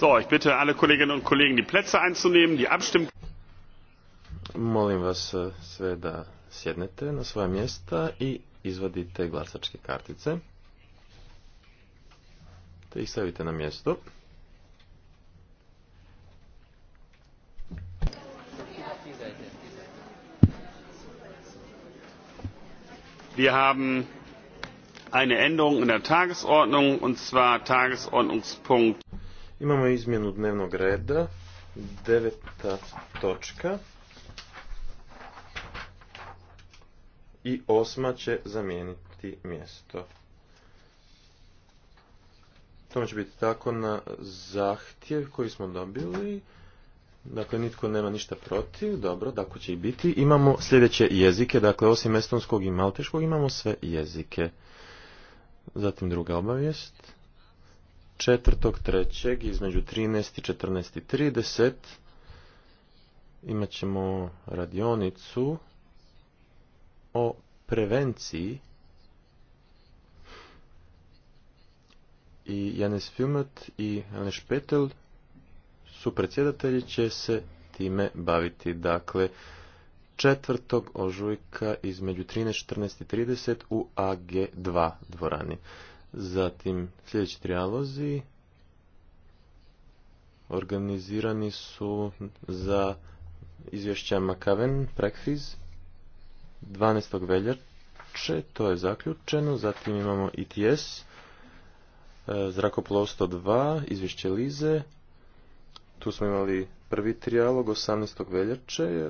So, ich bitte alle Kolleginnen und Kollegen, die Plätze einzunehmen, die Abstimmung. Molim vas eh, sve da sjednete na svoje mjesta i izvadite glasačke kartice. Te ih stavite na mjesto. Wir haben eine Änderung in der Tagesordnung, und zwar Tagesordnungspunkt Imamo izmjenu dnevnog reda, deveta točka i osma će zamijeniti mjesto. To će biti tako na zahtjev koji smo dobili. Dakle, nitko nema ništa protiv. Dobro, tako će i biti. Imamo sljedeće jezike. Dakle, osim estonskog i malteškog imamo sve jezike. Zatim druga obavijest trećeg između 13 i 14.30 imat ćemo radionicu o prevenciji i Janes Fumet i Anne Špetel su predsjedatelji će se time baviti. Dakle, četvrtog ožujka između 13.14.30 u AG2 dvorani. Zatim sljedeći trijalozi organizirani su za izvješća Makaven, Prekfiz, 12. veljače, to je zaključeno. Zatim imamo ITS, e e, zrakoplovstvo dva izvješće Lize. Tu smo imali prvi trijalog 18. veljače,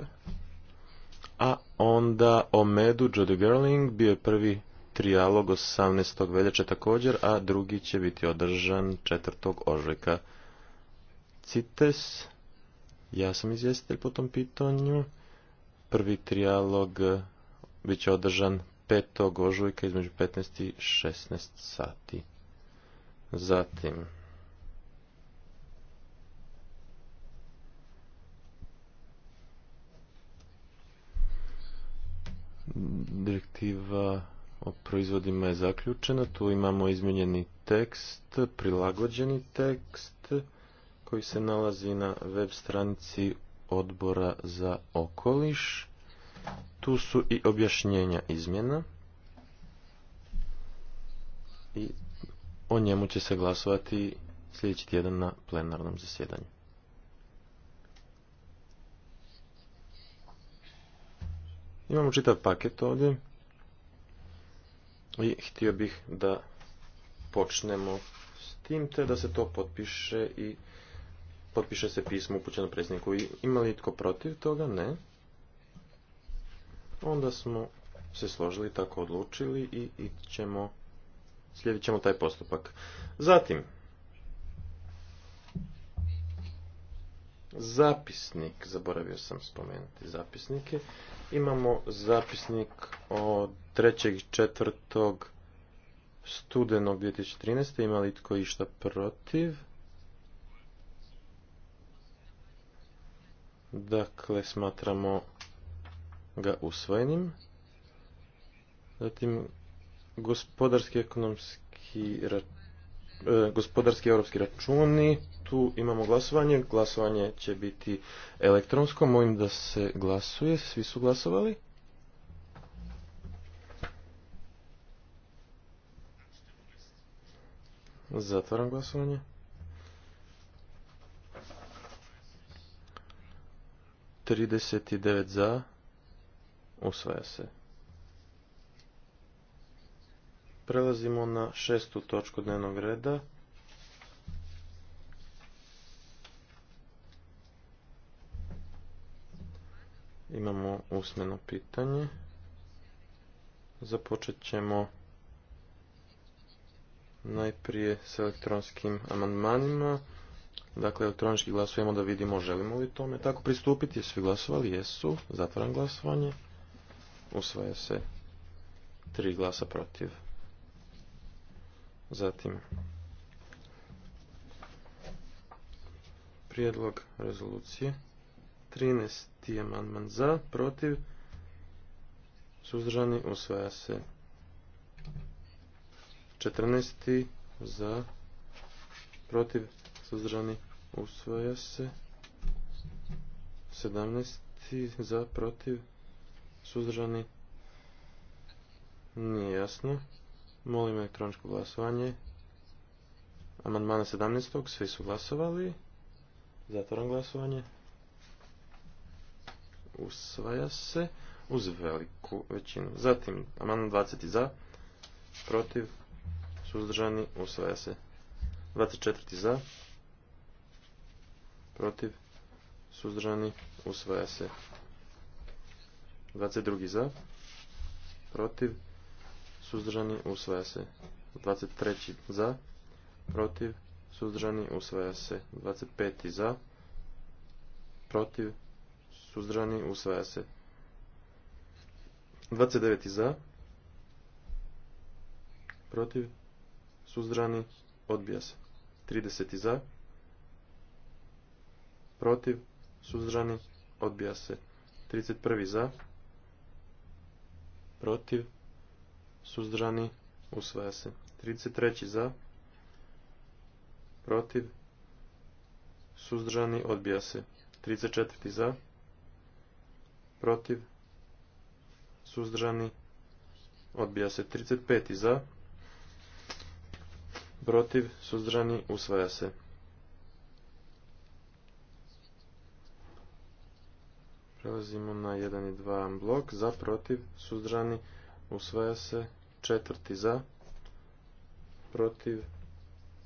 a onda o medu Jody Gerling bio je prvi trijalog 18. veljače također, a drugi će biti održan 4. ožujka. CITES, ja sam izvjestitelj po tom pitanju. Prvi trijalog eh, bit će održan 5. ožujka između 15 i 16 sati. Zatim... direktiva o proizvodima je zaključena Tu imamo izmijenjeni tekst, prilagođeni tekst koji se nalazi na web stranici odbora za okoliš. Tu su i objašnjenja izmjena. I o njemu će se glasovati sljedeći tjedan na plenarnom zasjedanju. Imamo čitav paket ovdje. I htio bih da počnemo s tim, te da se to potpiše i potpiše se pismo upućeno predsjedniku. Ima li tko protiv toga? Ne. Onda smo se složili, tako odlučili i ćemo, slijedit ćemo taj postupak. Zatim, zapisnik, zaboravio sam spomenuti zapisnike, Imamo zapisnik od 3. četvrtog studenog 2013. Ima li tko išta protiv? Dakle, smatramo ga usvojenim. Zatim, gospodarski ekonomski e, gospodarski europski računi tu imamo glasovanje. Glasovanje će biti elektronsko. Molim da se glasuje. Svi su glasovali. Zatvaram glasovanje. devet za. Usvaja se. Prelazimo na šestu točku dnevnog reda. Imamo usmeno pitanje. Započet ćemo najprije s elektronskim amandmanima. Dakle, elektronički glasujemo da vidimo želimo li tome tako pristupiti. svi glasovali? Jesu. Zatvaram glasovanje. Usvaja se tri glasa protiv. Zatim prijedlog rezolucije. 13. amandman za, protiv, suzdržani, usvaja se. 14. za, protiv, suzdržani, usvaja se. 17. za, protiv, suzdržani, nije jasno. Molim elektroničko glasovanje. Amandmana 17. Svi su glasovali. Zatvoram glasovanje usvaja se uz veliku većinu. Zatim, amandman 20 za, protiv, suzdržani, usvaja se. 24 za, protiv, suzdržani, usvaja se. 22 za, protiv, suzdržani, usvaja se. 23 za, protiv, suzdržani, usvaja se. 25 za, protiv, suzdržani, usvaja se. 29. za, protiv, suzdržani, odbija se. 30. za, protiv, suzdržani, odbija se. 31. za, protiv, suzdržani, usvaja se. 33. za, protiv, suzdržani, odbija se. 34. za, protiv, suzdržani, odbija se 35. za, protiv, suzdržani, usvaja se. Prelazimo na 1 i 2 blok, za, protiv, suzdržani, usvaja se, četvrti za, protiv,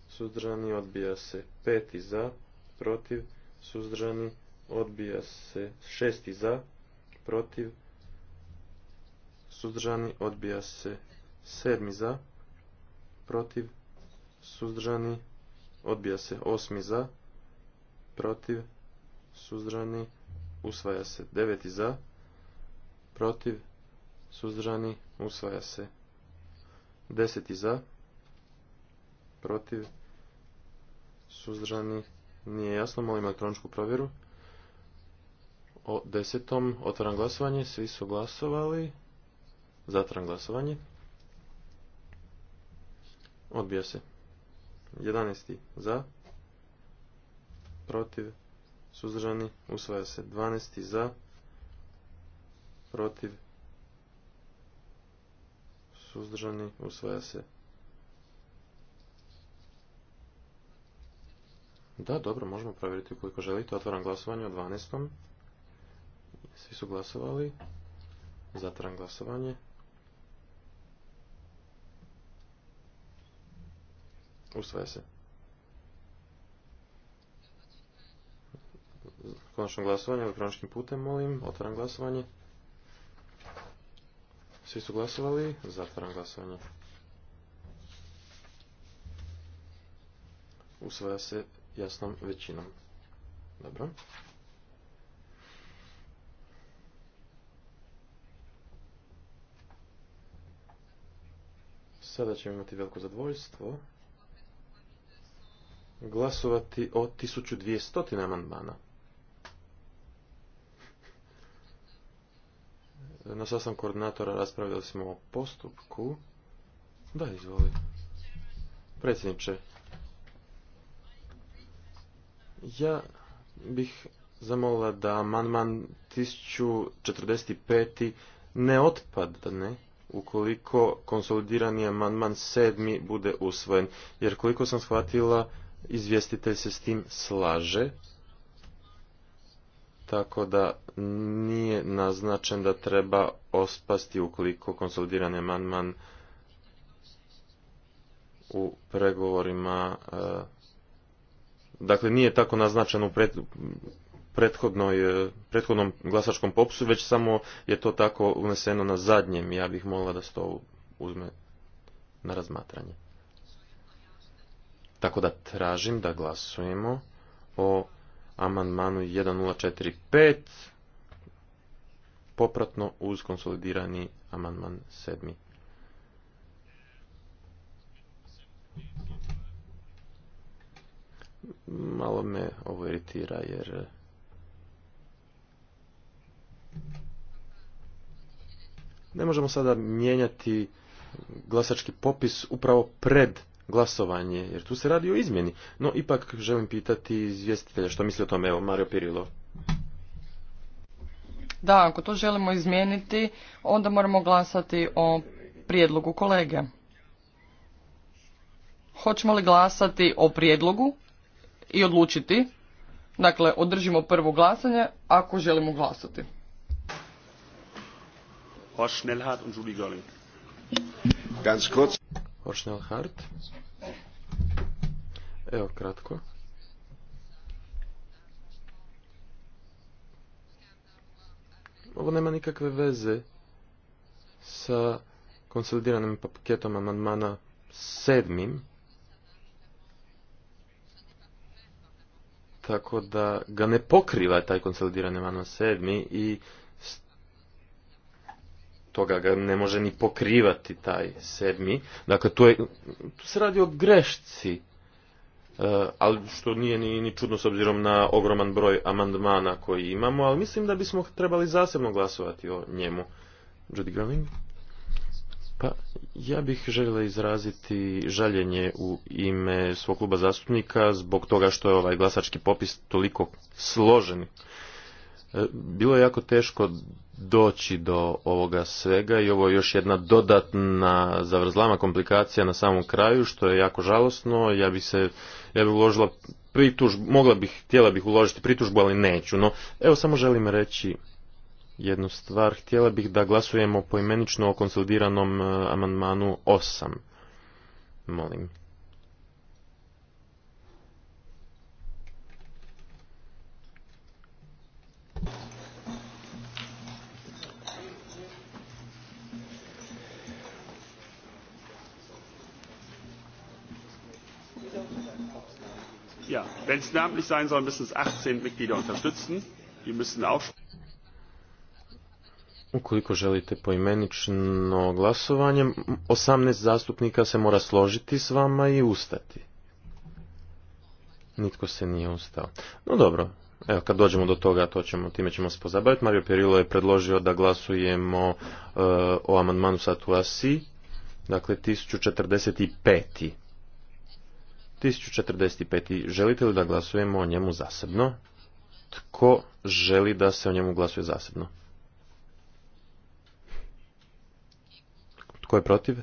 suzdržani, odbija se, peti za, protiv, suzdržani, odbija se, šesti za, protiv, suzdržani, odbija se. Sedmi za, protiv, suzdržani, odbija se. Osmi za, protiv, suzdržani, usvaja se. Deveti za, protiv, suzdržani, usvaja se. Deseti za, protiv, suzdržani, nije jasno, molim elektroničku provjeru o desetom. Otvaram glasovanje. Svi su glasovali. Zatvaram glasovanje. Odbija se. 11. za. Protiv. Suzdržani. Usvaja se. 12. za. Protiv. Suzdržani. Usvaja se. Da, dobro, možemo provjeriti ukoliko želite. Otvaram glasovanje o 12. Svi su glasovali. Zatran glasovanje. Usvaja se. Konačno glasovanje elektroničkim putem, molim. Otvaram glasovanje. Svi su glasovali. Zatvaram glasovanje. Usvaja se jasnom većinom. Dobro. Sada ćemo imati veliko zadovoljstvo glasovati o 1200 amandmana. Na sastanku koordinatora raspravljali smo o postupku. Da, izvoli. Predsjedniče, ja bih zamolila da amandman 1045. ne otpadne, ukoliko konsolidirani amandman sedmi bude usvojen. Jer koliko sam shvatila, izvjestitelj se s tim slaže, tako da nije naznačen da treba ospasti ukoliko konsolidirani amandman u pregovorima e, Dakle, nije tako naznačen u prethodnoj, e, prethodnom glasačkom popisu, već samo je to tako uneseno na zadnjem. Ja bih molila da se to uzme na razmatranje. Tako da tražim da glasujemo o amandmanu 1045 popratno uz konsolidirani amandman 7. Malo me ovo iritira jer Ne možemo sada mijenjati glasački popis upravo pred glasovanje, jer tu se radi o izmjeni. No, ipak želim pitati izvjestitelja što misli o tome, evo, Mario Pirilo. Da, ako to želimo izmijeniti, onda moramo glasati o prijedlogu kolege. Hoćemo li glasati o prijedlogu i odlučiti? Dakle, održimo prvo glasanje ako želimo glasati. Horst Schnellhardt und Julie Görling. Ganz kurz. Horst Schnellhardt. Evo, kratko. Ovo nema nikakve veze sa konsolidiranim paketom amandmana sedmim, tako da ga ne pokriva taj konsolidirani amandman sedmi i toga ga ne može ni pokrivati taj sedmi. Dakle, tu, je, se radi o grešci, e, ali što nije ni, ni čudno s obzirom na ogroman broj amandmana koji imamo, ali mislim da bismo trebali zasebno glasovati o njemu. Judy Pa, ja bih željela izraziti žaljenje u ime svog kluba zastupnika zbog toga što je ovaj glasački popis toliko složen. E, bilo je jako teško doći do ovoga svega i ovo je još jedna dodatna zavrzlama komplikacija na samom kraju što je jako žalosno. Ja bi se, ja bih uložila pritužbu, mogla bih, htjela bih uložiti pritužbu, ali neću. No, evo samo želim reći jednu stvar. Htjela bih da glasujemo poimenično o konsolidiranom eh, amandmanu 8. Molim. Wenn es namentlich sein soll, müssen es 18 Mitglieder unterstützen. Die müssen auch. Ukoliko želite poimenično glasovanje, 18 zastupnika se mora složiti s vama i ustati. Nitko se nije ustao. No dobro, evo kad dođemo do toga, to ćemo, time ćemo se pozabaviti. Mario Perilo je predložio da glasujemo uh, o amandmanu Satuasi, dakle 1045. 1045. Želite li da glasujemo o njemu zasebno? Tko želi da se o njemu glasuje zasebno? Tko je protiv?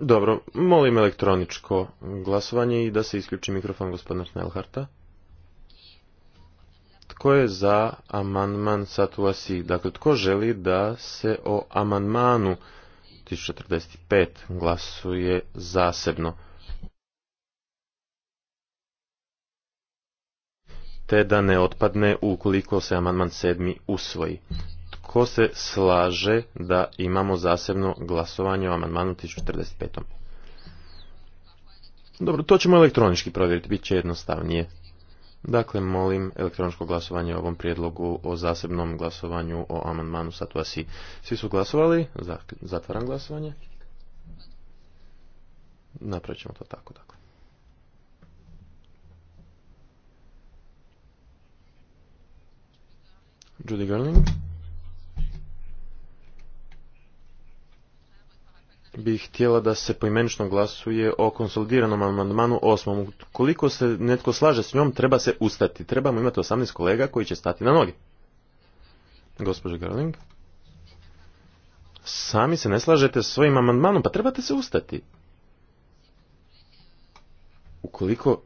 Dobro, molim elektroničko glasovanje i da se isključi mikrofon gospodina Snellharta. Tko je za amandman Satuasi? Dakle, tko želi da se o amandmanu 1045 glasuje zasebno? Te da ne otpadne ukoliko se amandman sedmi usvoji. Tko se slaže da imamo zasebno glasovanje o amandmanu 1045? Dobro, to ćemo elektronički provjeriti, bit će jednostavnije. Dakle, molim elektroničko glasovanje o ovom prijedlogu o zasebnom glasovanju o amandmanu Satuasi. Svi su glasovali, zatvaram glasovanje. Napravit ćemo to tako, dakle. Judy Gerling. bi htjela da se poimenično glasuje o konsolidiranom amandmanu osmom. Koliko se netko slaže s njom, treba se ustati. Trebamo imati 18 kolega koji će stati na noge. Gospođo Garling. Sami se ne slažete s svojim amandmanom, pa trebate se ustati. Ukoliko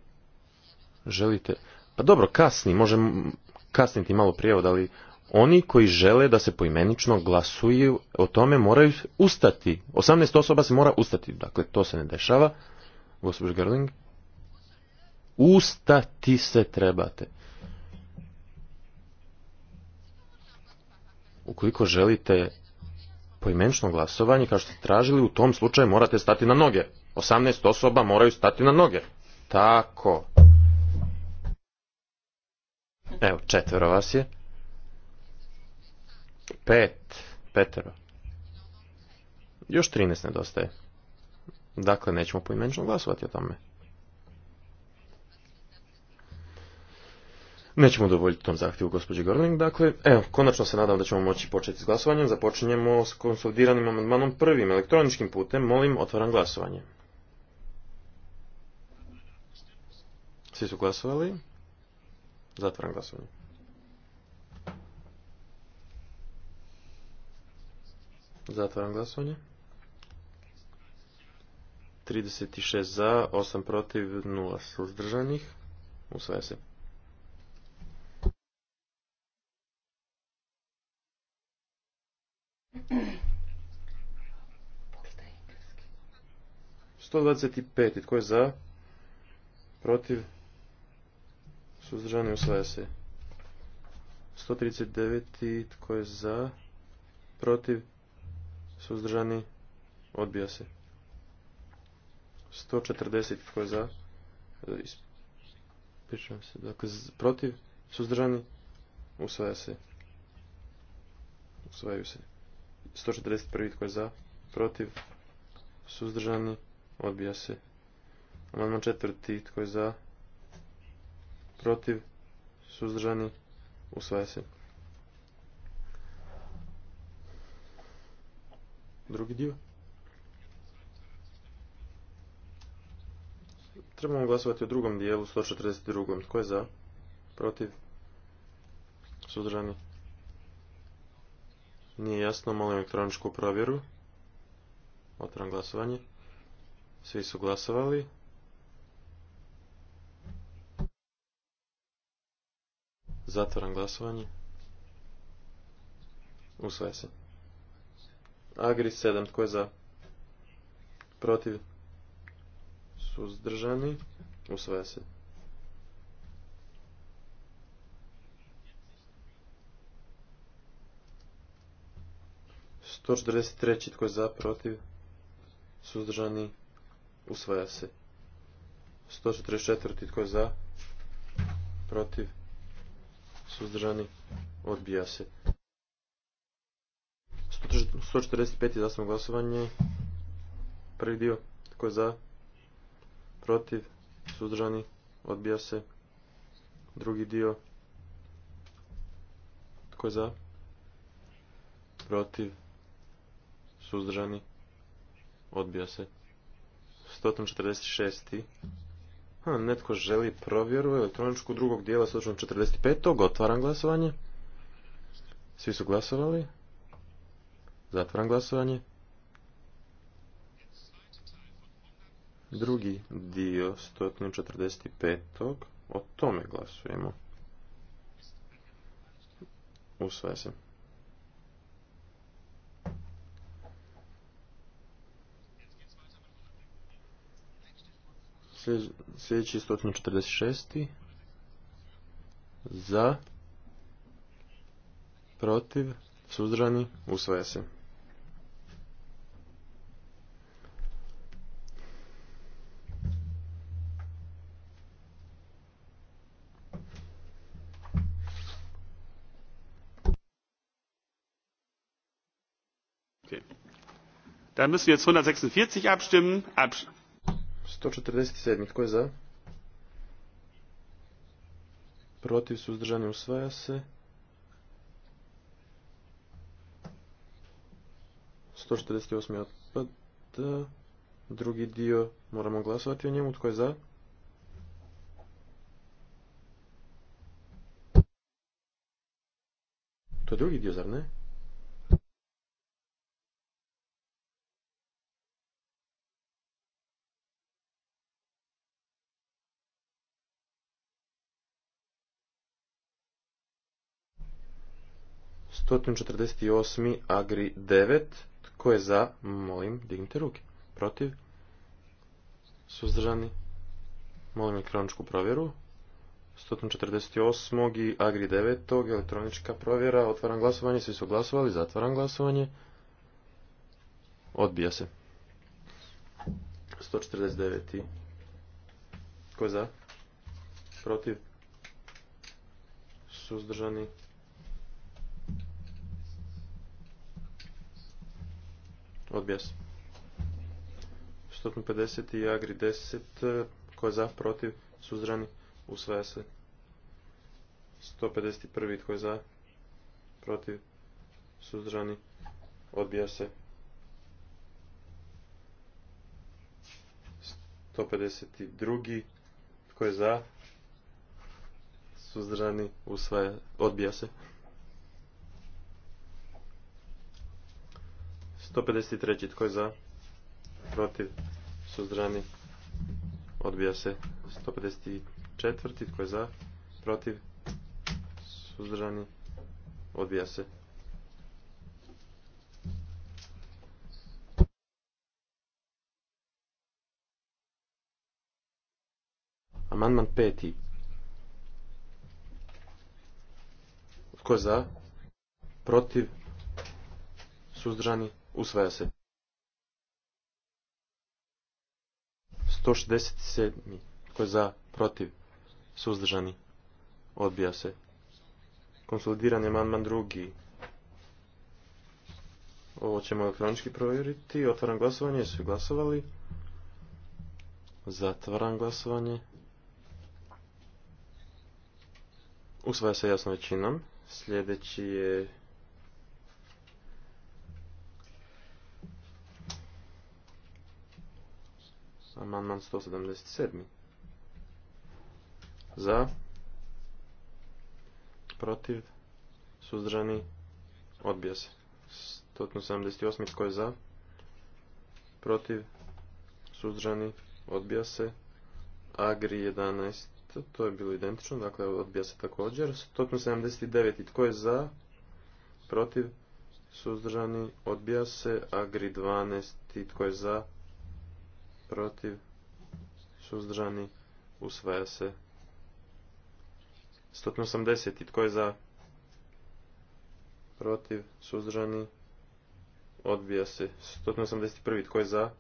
želite... Pa dobro, kasni, možemo kasniti malo prijevod, ali oni koji žele da se poimenično glasuju o tome moraju ustati. 18 osoba se mora ustati. Dakle, to se ne dešava. Gospodin Gerling. Ustati se trebate. Ukoliko želite poimenično glasovanje, kao što ste tražili, u tom slučaju morate stati na noge. 18 osoba moraju stati na noge. Tako. Evo, četvero vas je. Pet. Petero. Još 13 nedostaje. Dakle, nećemo poimenično glasovati o tome. Nećemo dovoljiti tom zahtjevu gospođi Gorling. Dakle, evo, konačno se nadam da ćemo moći početi s glasovanjem. Započinjemo s konsolidiranim amandmanom prvim elektroničkim putem. Molim, otvaram glasovanje. Svi su glasovali. Zatvaram glasovanje. Zatvaram glasovanje. 36 za, 8 protiv, 0 suzdržanih. Usvaja se. Sto dvadeset pet. Tko je za? Protiv? Suzdržani usvaja se. Sto trideset devet. Tko je za? Protiv? suzdržani, odbija se. 140 tko je za, ispričavam se, dakle protiv, suzdržani, usvaja se. Usvajaju se. 141 tko je za, protiv, suzdržani, odbija se. Amandman četvrti tko je za, protiv, suzdržani, usvaja se. drugi dio. Trebamo glasovati o drugom dijelu, 142. Tko je za? Protiv? Suzdržani? Nije jasno, molim elektroničku provjeru. Otvaram glasovanje. Svi su glasovali. Zatvaram glasovanje. Usvaja se. Agri 7. Tko je za? Protiv? Suzdržani? Usvaja se. Sto četrdeset tko je za, protiv, suzdržani, usvaja se. Sto četrdeset tko je za, protiv, suzdržani, odbija se. 145. zasno glasovanje. Prvi dio. Tko je za? Protiv? Suzdržani? Odbija se. Drugi dio. Tko je za? Protiv? Suzdržani? Odbija se. 146. Ha, netko želi provjeru elektroničku drugog dijela 145. Otvaram glasovanje. Svi su glasovali. Zatvaram glasovanje. Drugi dio 145. O tome glasujemo. Usvaja se. Sljedeći 146. Za. Protiv. Suzdržani. Usvaja se. Da müssen wir jetzt 146 abstimmen. 147. Tko je za? Protiv suzdržani usvaja se. 148. Drugi dio moramo glasovati o njemu. Tko je za? To je drugi dio, zar ne? 148. Agri 9. Tko je za? Molim, dignite ruke. Protiv? Suzdržani? Molim elektroničku provjeru. 148. i Agri 9. Elektronička provjera. Otvaram glasovanje. Svi su glasovali. Zatvaram glasovanje. Odbija se. 149. Tko je za? Protiv? Suzdržani? Odbija se. 150 i Agri 10. E, ko je za, protiv, suzrani. usvaja se. 151. ko je za, protiv, suzrani. odbija se. 152. ko je za, suzrani. usvaja, odbija se. 153. Tko je za? Protiv? suzdrani, Odbija se. 154. Tko je za? Protiv? suzdrani, Odbija se. Amandman peti. Tko je za? Protiv? suzdrani Usvaja se. 167. Tko je za? Protiv? Suzdržani? Odbija se. je amandman drugi. Ovo ćemo elektronički provjeriti. Otvaram glasovanje. su glasovali? Zatvaram glasovanje. Usvaja se jasno većinom. Sljedeći je Amandman 177. Za. Protiv. Suzdržani. Odbija se. 178. Tko je za? Protiv. Suzdržani. Odbija se. Agri 11. To je bilo identično. Dakle, odbija se također. 179. Tko je za? Protiv. Suzdržani. Odbija se. Agri 12. Tko je za? protiv, suzdržani, usvaja se. 180. Tko je za? Protiv, suzdržani, odbija se. 181. Tko je za?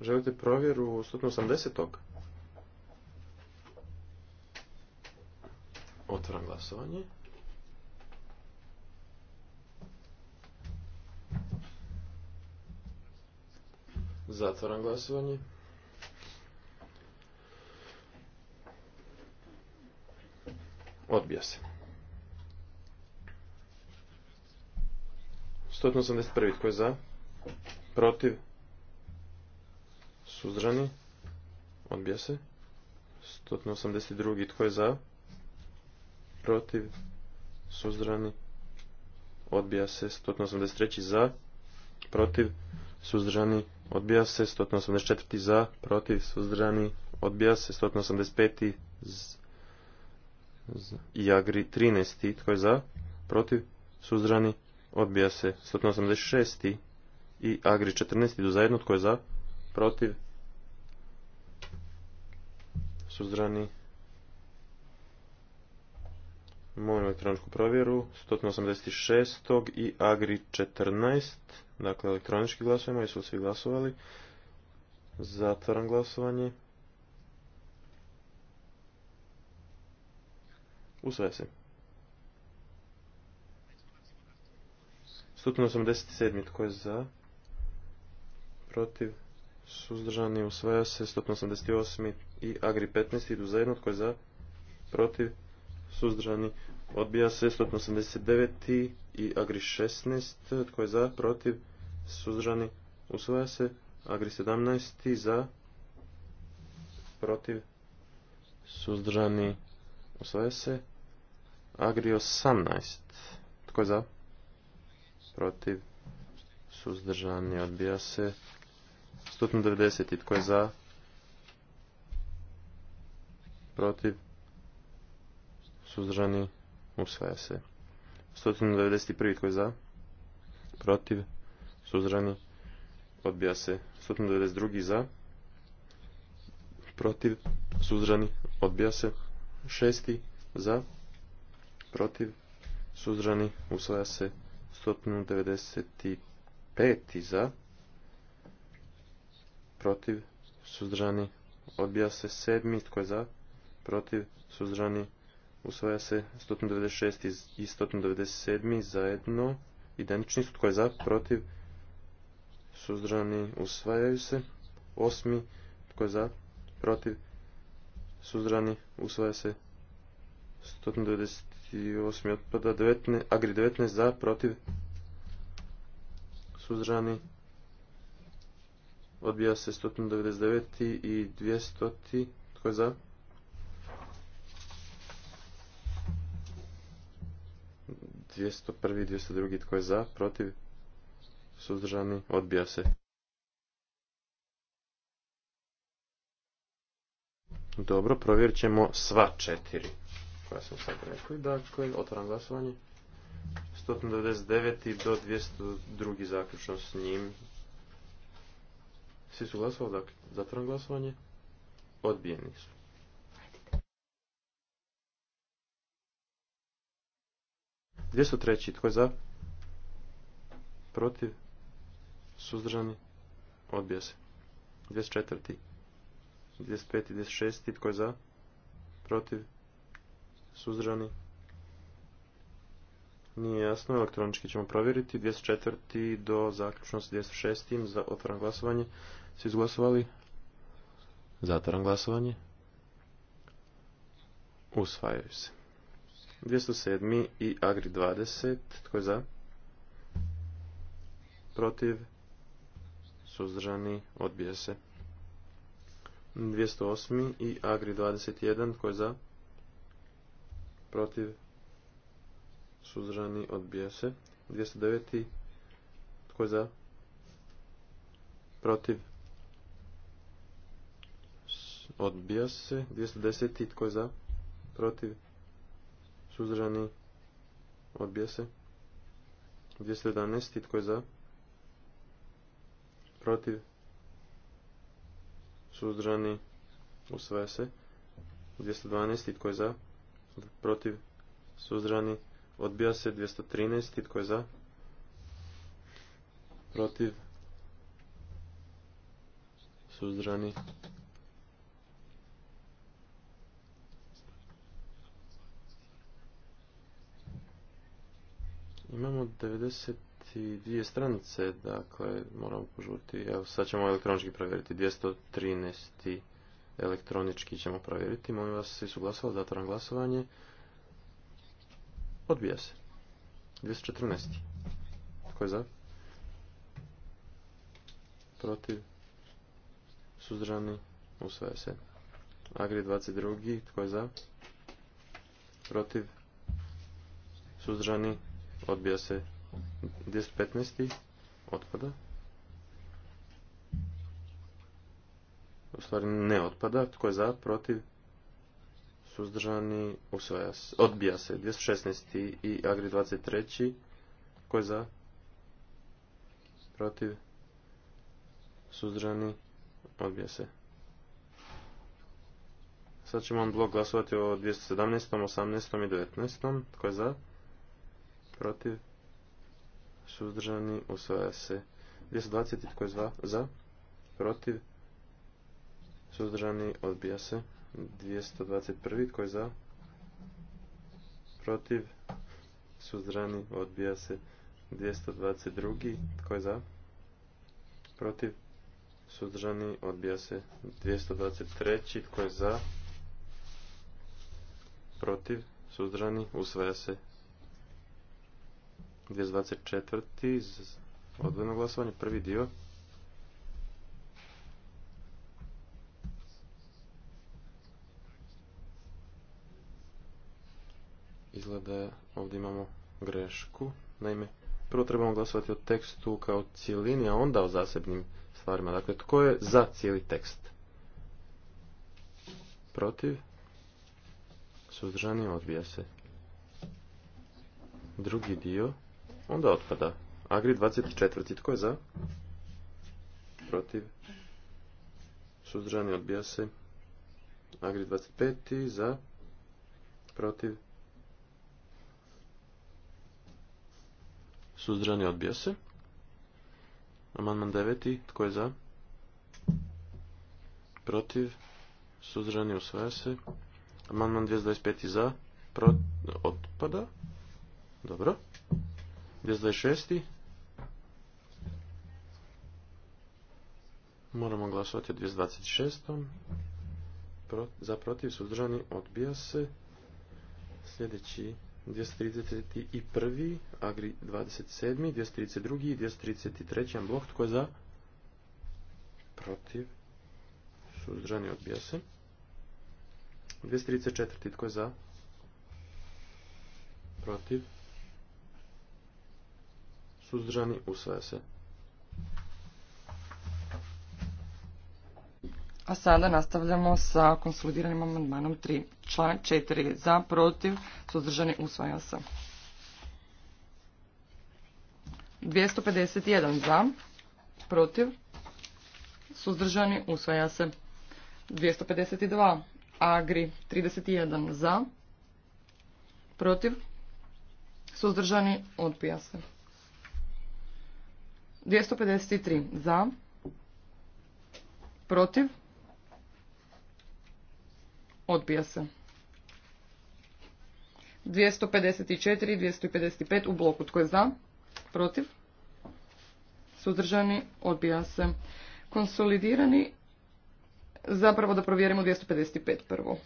Želite provjeru 180. Otvaram glasovanje. Zatvaram glasovanje. Odbija se. 181. Tko je za? Protiv? Suzdrani? Odbija se. 182. Tko je za? Protiv? Suzdrani? Odbija se. 183. Za? Protiv? Suzdržani? odbija se 184. za, protiv, suzdržani, odbija se 185. Z, z, i agri 13. tko je za, protiv, suzdržani, odbija se 186. i agri 14. do zajedno, tko je za, protiv, suzdržani, molim elektroničku provjeru 186. i agri 14. Dakle, elektronički glasujemo, jesu svi glasovali? Zatvaram glasovanje. Usvaja se. 187. Tko je za? Protiv? Suzdržani usvaja se. 188. i Agri 15. Idu zajedno. Tko je za? Protiv? Suzdržani odbija se. 189 i Agri 16, tko je za, protiv, suzdržani, usvaja se. Agri 17 za, protiv, suzdržani, usvaja se. Agri 18, tko je za, protiv, suzdržani, odbija se. 190, tko je za, protiv, suzdržani, usvaja se. 191. tko je za? Protiv? suzrani, Odbija se. 192. za? Protiv? Suzdržani? Odbija se. 6. za? Protiv? Suzdržani? Usvaja se. 195. za? Protiv? Suzdržani? Odbija se. 7. tko je za? Protiv? Suzdržani? Usvaja se 196 i 197 zajedno. Identični su tko je za, protiv, suzdrani, usvajaju se. Osmi, tko je za, protiv, suzdrani, usvaja se. 198 otpada, 19, agri 19 za, protiv, suzdržani, odbija se 199 i 200, tko je za, 201. i 202. tko je za, protiv, suzdržani, odbija se. Dobro, provjerit ćemo sva četiri koja smo sad rekli. Dakle, otvaram glasovanje. 199. do 202. zaključno s njim. Svi su glasovali, dakle, zatvaram glasovanje. Odbijeni su. 203. Tko je za? Protiv? Suzdržani? Odbija se. 204. 205. 206. Tko je za? Protiv? Suzdržani? Nije jasno, elektronički ćemo provjeriti. 204. do zaključno s 206. za otvoran glasovanje. Svi izglasovali? Zatvoran glasovanje. Usvajaju se. 207. i Agri 20. Tko je za? Protiv? Suzdržani? Odbije se. 208. i Agri 21. Tko je za? Protiv? Suzdržani? Odbije se. 209. Tko je za? Protiv? Odbija se. 210. Tko je za? Protiv? suzdržani, odbija se. 211. Tko je za? Protiv? Suzdržani? Usvaja se. 212. Tko je za? Protiv? Suzdržani? Odbija se. 213. Tko je za? Protiv? Suzdržani? Imamo 92 stranice, dakle moramo požuti Evo sad ćemo elektronički provjeriti. 213. elektronički ćemo provjeriti. Molim vas, svi su glasovali, zatvoram glasovanje. Odbija se. 214. Tko je za? Protiv? Suzdržani? Usvaja se. Agri 22. Tko je za? Protiv? Suzdržani? Odbija se 215. Otpada. U stvari ne otpada. Tko je za? Protiv? Suzdržani? Usvaja se. Odbija se 216. i Agri 23. Tko je za? Protiv? Suzdržani? Odbija se. Sad ćemo on blok glasovati o 217., 18. i 19. Tko je za? protiv, suzdržani, usvaja se. 220. Tko je zva? za? Protiv, suzdržani, odbija se. 221. Tko je za? Protiv, suzdržani, odbija se. 222. Tko je za? Protiv, suzdržani, odbija se. 223. Tko je za? Protiv, suzdržani, usvaja se. 224. Odvojeno glasovanje, prvi dio. Izgleda ovdje imamo grešku. Naime, prvo trebamo glasovati o tekstu kao cijelini, a onda o zasebnim stvarima. Dakle, tko je za cijeli tekst? Protiv? Suzdržani odbija se. Drugi dio. Onda otpada. Agri 24. Tko je za? Protiv. Suzdržani odbija se. Agri 25. Za. Protiv. Suzdržani odbija se. Amandman 9. Tko je za? Protiv. Suzdržani usvaja se. Amandman 225. Za. Odpada. Otpada. Dobro. 226. Moramo glasovati o 226. za protiv suzdržani odbija se. Sljedeći 231. Agri 27. 232. i 233. Blok tko je za? Protiv. Suzdržani odbija se. 234. Tko je za? Protiv suzdržani, usvaja se. A sada nastavljamo sa konsolidiranim amandmanom 3. Članak 4. Za, protiv, suzdržani, usvaja se. 251 za, protiv, suzdržani, usvaja se. 252, agri, 31 za, protiv, suzdržani, odpija se. 253 za, protiv, odbija se. 254 i 255 u bloku. Tko je za? Protiv? Suzdržani? Odbija se. Konsolidirani? Zapravo da provjerimo 255 prvo.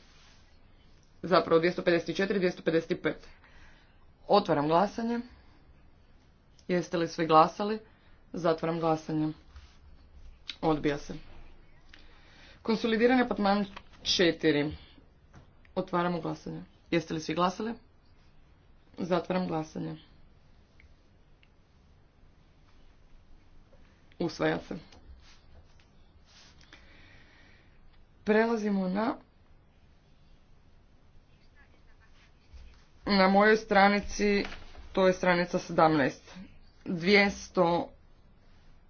Zapravo 254 255. Otvaram glasanje. Jeste li svi glasali? Zatvaram glasanje. Odbija se. Konsolidirani apartman 4. Otvaramo glasanje. Jeste li svi glasali? Zatvaram glasanje. Usvaja se. Prelazimo na... Na mojoj stranici, to je stranica 17. 200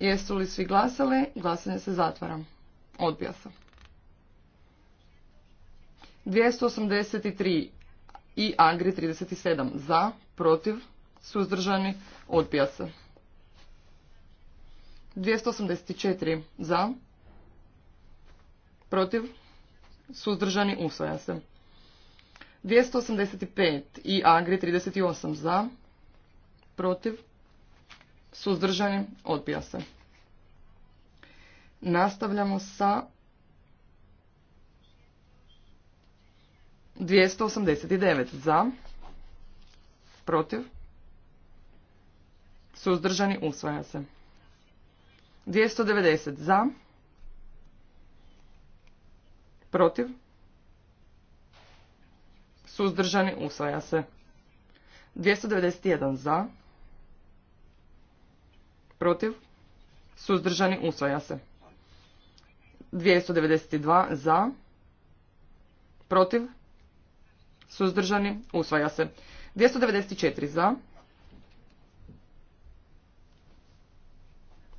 Jesu li svi glasali? Glasanje se zatvara. Odbija se. 283 i Agri 37 za, protiv, suzdržani, odbija se. 284 za, protiv, suzdržani, usvaja se. 285 i Agri 38 za, protiv, Suzdržanim, Odbija se. Nastavljamo sa 289 za, protiv, suzdržani, usvaja se. 290 za, protiv, suzdržani, usvaja se. 291 za, protiv, suzdržani, usvaja se. 292 za, protiv, suzdržani, usvaja se. 294 za,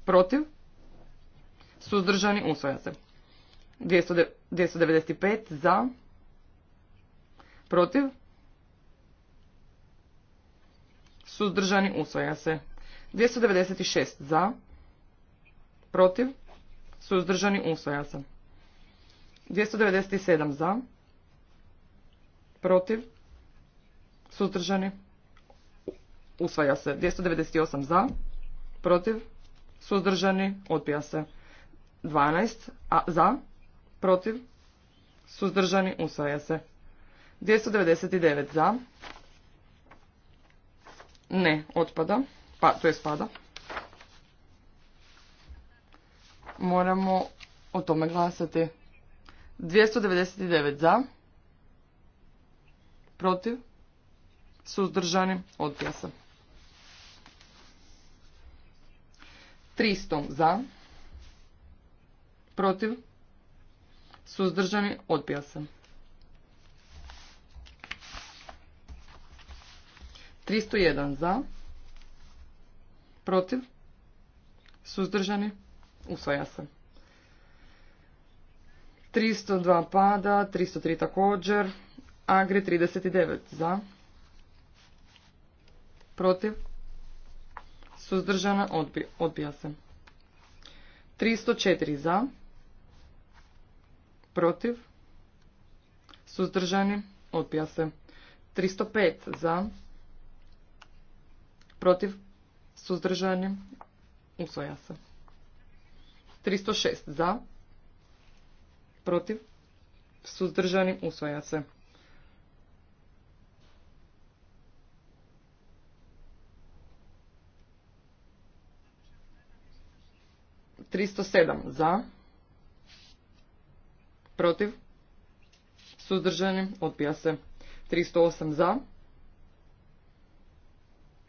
protiv, suzdržani, usvaja se. 295 za, protiv, suzdržani, usvaja se. 296 za, protiv, suzdržani, usvaja se. 297 za, protiv, suzdržani, usvaja se. 298 za, protiv, suzdržani, odbija se. 12 a, za, protiv, suzdržani, usvaja se. 299 za, ne, otpada pa, to je spada, moramo o tome glasati. 299 za, protiv, suzdržani, odbija se. 300 za, protiv, suzdržani, odbija se. 301 za, Protiv? Suzdržani? Usvaja se. 302 pada, 303 također, Agri 39 za, protiv, suzdržana, odbija, se. 304 za, protiv, suzdržani, odbija se. 305 za, protiv, suzdržani, usvoja se. 306 za, protiv, suzdržani, usvoja se. 307 za, protiv, suzdržani, odbija se. 308 za,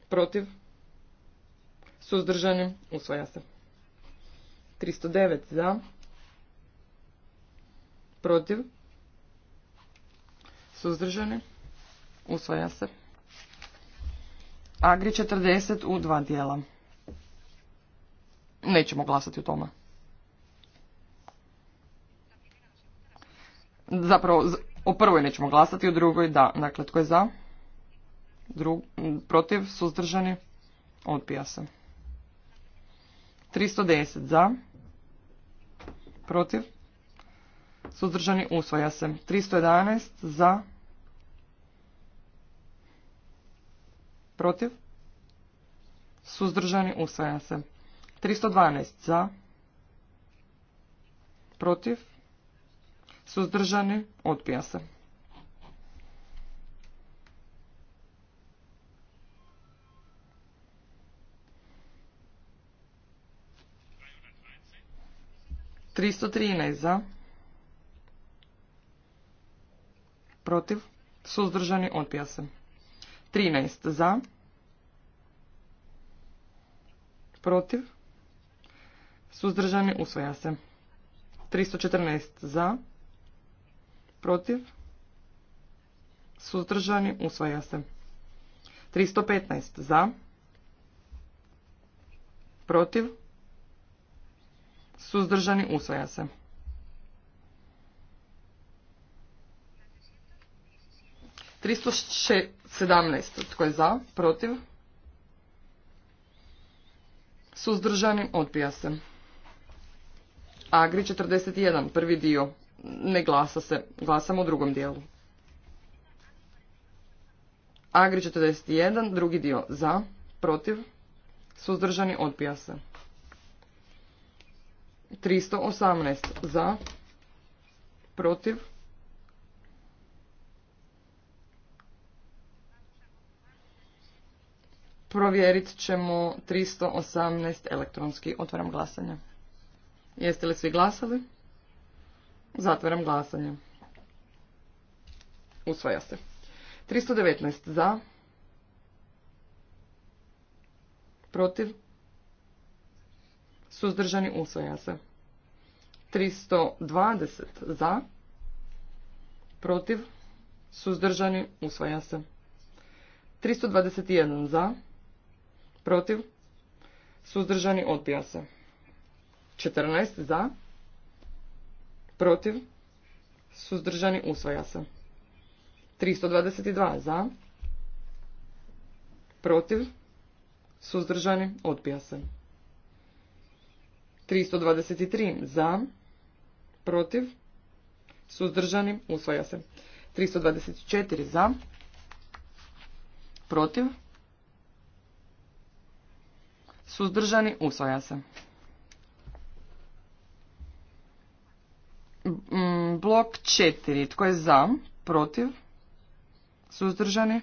protiv, Suzdržani. Usvaja se. 309 za. Protiv. Suzdržani. Usvaja se. Agri 40 u dva dijela. Nećemo glasati u tome. Zapravo, o prvoj nećemo glasati, u drugoj da. Dakle, tko je za? protiv, suzdržani, odbija se. 310 za, protiv, suzdržani usvaja se. 311 za, protiv, suzdržani usvaja se. 312 za, protiv, suzdržani odbija se. 313 za. Protiv. Suzdržani odbija se. 13 za. Protiv. Suzdržani usvaja se. 314 za. Protiv. Suzdržani usvaja se. 315 za. Protiv suzdržani, usvaja se. 317. Tko je za? Protiv? Suzdržani? Odbija se. Agri 41. Prvi dio. Ne glasa se. Glasamo u drugom dijelu. Agri 41. Drugi dio. Za? Protiv? Suzdržani? Odbija se. 318 za, protiv, Provjerit ćemo 318 elektronski. Otvaram glasanje. Jeste li svi glasali? Zatvaram glasanje. Usvaja se. 319 za. Protiv suzdržani usvaja se. 320 za, protiv, suzdržani usvaja se. 321 za, protiv, suzdržani odbija se. 14 za, protiv, suzdržani usvaja se. 322 za, protiv, suzdržani odbija se. 323 za, protiv, suzdržani, usvaja se. 324 za, protiv, suzdržani, usvaja se. Mm, blok 4. Tko je za? Protiv? Suzdržani?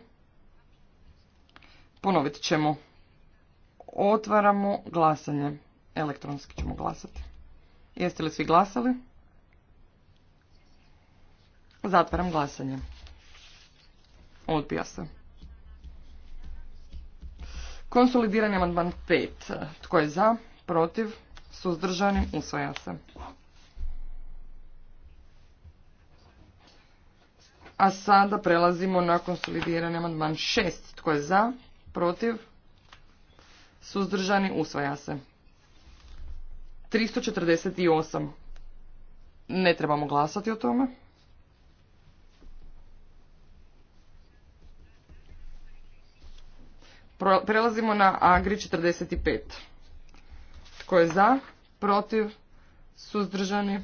Ponovit ćemo. Otvaramo glasanje. Elektronski ćemo glasati. Jeste li svi glasali? Zatvaram glasanje. Odbija se. Konsolidirani amandman 5. Tko je za? Protiv? Suzdržani? Usvaja se. A sada prelazimo na konsolidirani amandman 6. Tko je za? Protiv? Suzdržani? Usvaja se. 348. Ne trebamo glasati o tome. Prelazimo na Agri 45. Tko je za? Protiv? Suzdržani?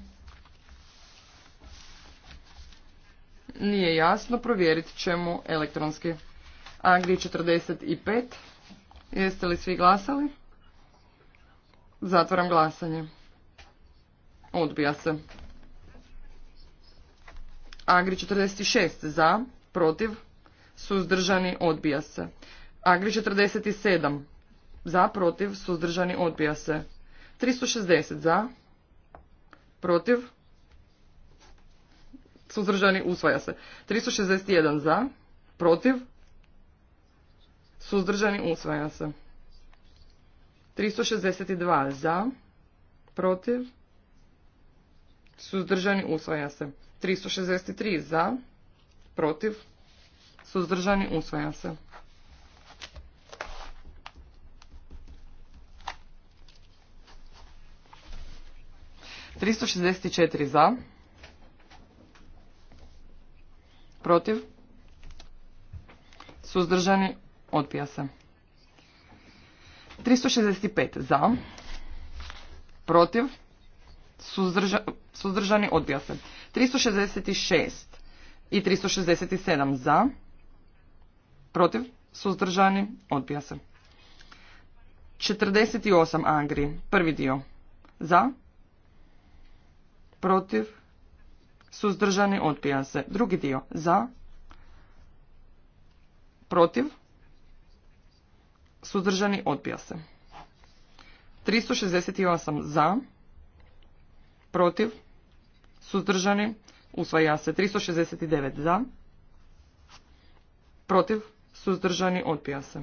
Nije jasno, provjerit ćemo elektronski. Agri 45. Jeste li svi glasali? Zatvaram glasanje. Odbija se. Agri 46 za, protiv, suzdržani, odbija se. Agri 47 za, protiv, suzdržani, odbija se. 360 za, protiv, suzdržani, usvaja se. 361 za, protiv, suzdržani, usvaja se. 362 za, protiv, suzdržani, usvaja se. 363 za, protiv, suzdržani, usvaja se. Tristo šezdeset četiri za protiv suzdržani odpija se 365 za, protiv, suzdržani, odbija se. 366 i 367 za, protiv, suzdržani, odbija se. 48 Angri, prvi dio, za, protiv, suzdržani, odbija se. Drugi dio, za, protiv, Suzdržani odbija se. 368 za. Protiv. Suzdržani. Usvaja se. 369 za. Protiv. Suzdržani odbija se.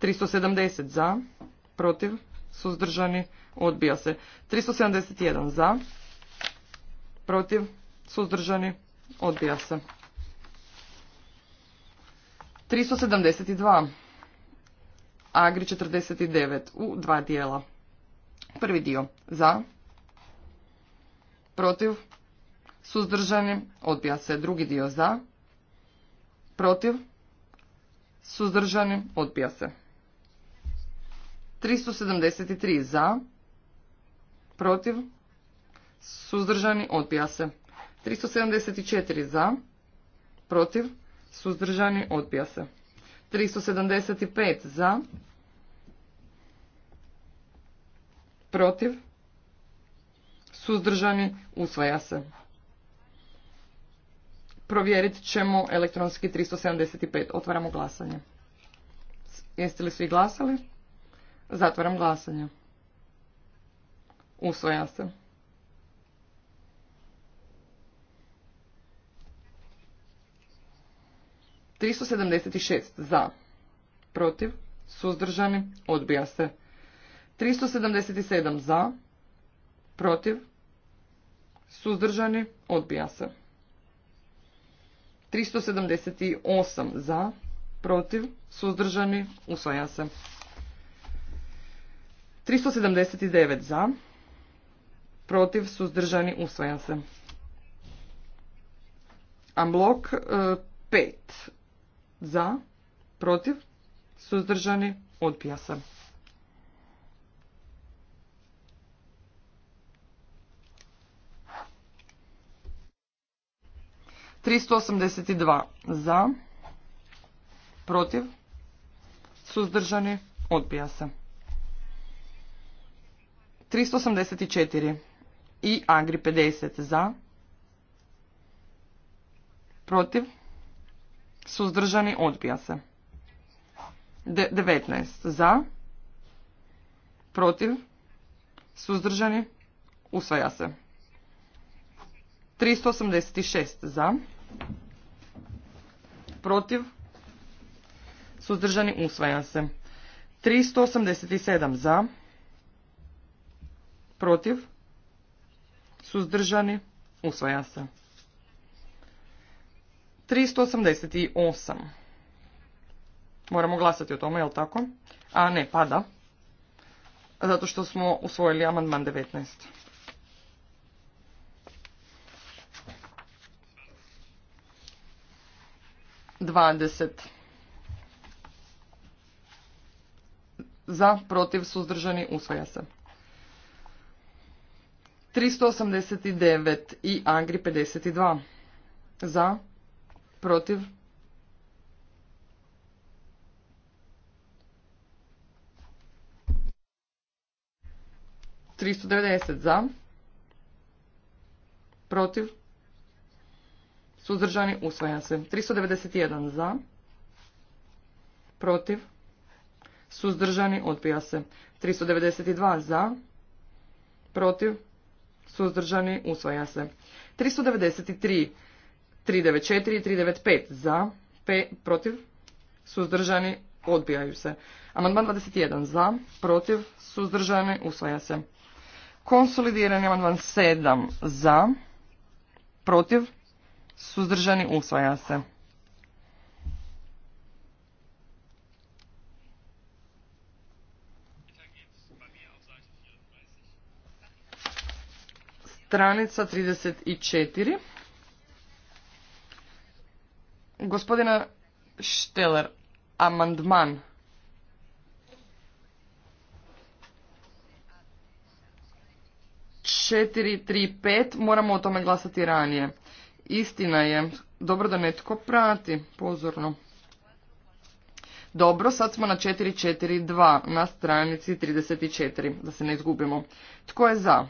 370 za. Protiv. Suzdržani odbija se. 371 za. Protiv. Suzdržani odbija se. 372 Agri 49 u dva dijela. Prvi dio za, protiv, suzdržani, odbija se. Drugi dio za, protiv, suzdržani, odbija se. 373 za, protiv, suzdržani, odbija se. 374 za, protiv, suzdržani, odbija se. 375 za, protiv, suzdržani, usvaja se. Provjerit ćemo elektronski 375. Otvaramo glasanje. Jeste li svi glasali? Zatvaram glasanje. Usvaja se. 376 za, protiv, suzdržani, odbija se. 377 za, protiv, suzdržani, odbija se. 378 za, protiv, suzdržani, usvaja se. 379 za, protiv, suzdržani, usvaja se. Amblok 5 eh, za, protiv, suzdržani, odbija se. Tristo osamdeset dva za, protiv, suzdržani, odbija se. 384 i Agri 50 za, protiv, suzdržani, odbija se. 19 za, protiv, suzdržani, usvaja se. 386 za, protiv, suzdržani, usvaja se. 387 za, protiv, suzdržani, usvaja se. 388. Moramo glasati o tome, jel tako? A ne, pada. Zato što smo usvojili amandman 19. Dvadeset. Za, protiv, suzdržani, usvaja se. 389 i Angri 52. Za, protiv tristo devedeset za protiv suzdržani usvaja se tristo devedeset jedan za protiv suzdržani odbija se 392 za protiv suzdržani usvaja se 393 394 i 395 za, 5 protiv, suzdržani, odbijaju se. Amandman 21 za, protiv, suzdržani, usvaja se. Konsolidirani amandman 7 za, protiv, suzdržani, usvaja se. Stranica 34. Gospodina Šteler, amandman. Četiri, tri, pet, moramo o tome glasati ranije. Istina je, dobro da netko prati, pozorno. Dobro, sad smo na 442, na stranici 34, da se ne izgubimo. Tko je za?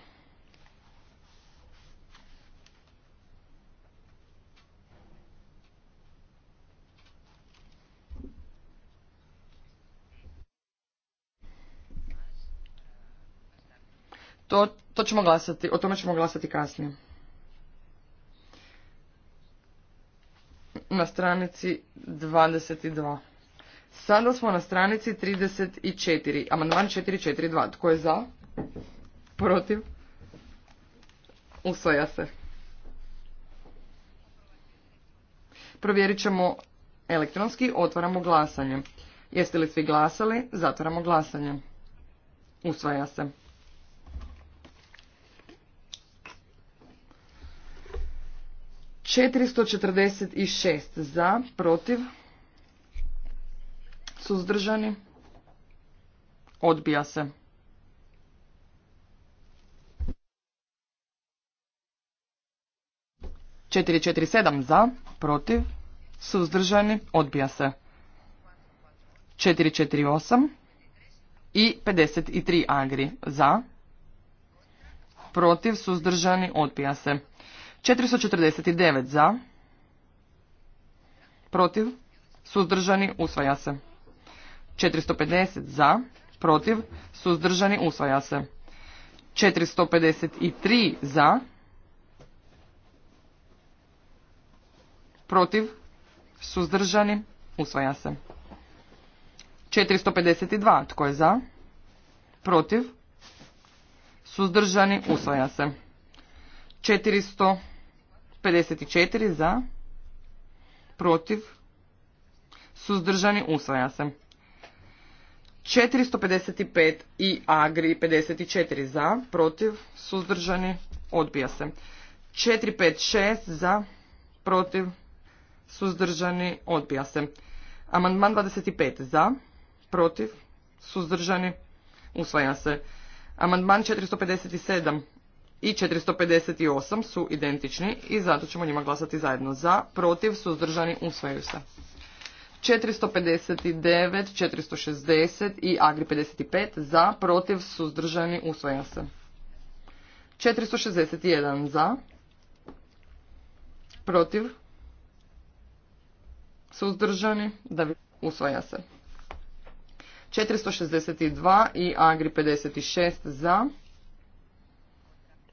To, ćemo glasati, o tome ćemo glasati kasnije. Na stranici 22. Sada smo na stranici 34. Amandman 442. Tko je za? Protiv? Usvaja se. Provjerit ćemo elektronski. Otvaramo glasanje. Jeste li svi glasali? Zatvaramo glasanje. Usvaja se. 446 za, protiv, suzdržani, odbija se. Četiri sedam za, protiv, suzdržani, odbija se. Četiri osam i pedeset tri agri za, protiv, suzdržani, odbija se. 449 za, protiv, suzdržani, usvaja se. 450 za, protiv, suzdržani, usvaja se. 453 za, protiv, suzdržani, usvaja se. 452 tko je za, protiv, suzdržani, usvaja se. 400 54 za, protiv, suzdržani, usvaja se. 455 i Agri 54 za, protiv, suzdržani, odbija se. 456 za, protiv, suzdržani, odbija se. Amandman 25 za, protiv, suzdržani, usvaja se. Amandman 457 i 458 su identični i zato ćemo njima glasati zajedno za, protiv, suzdržani, usvajaju se. 459, 460 i Agri 55 za, protiv, suzdržani, usvaja se. 461 za, protiv, suzdržani, da usvaja se. 462 i Agri 56 za,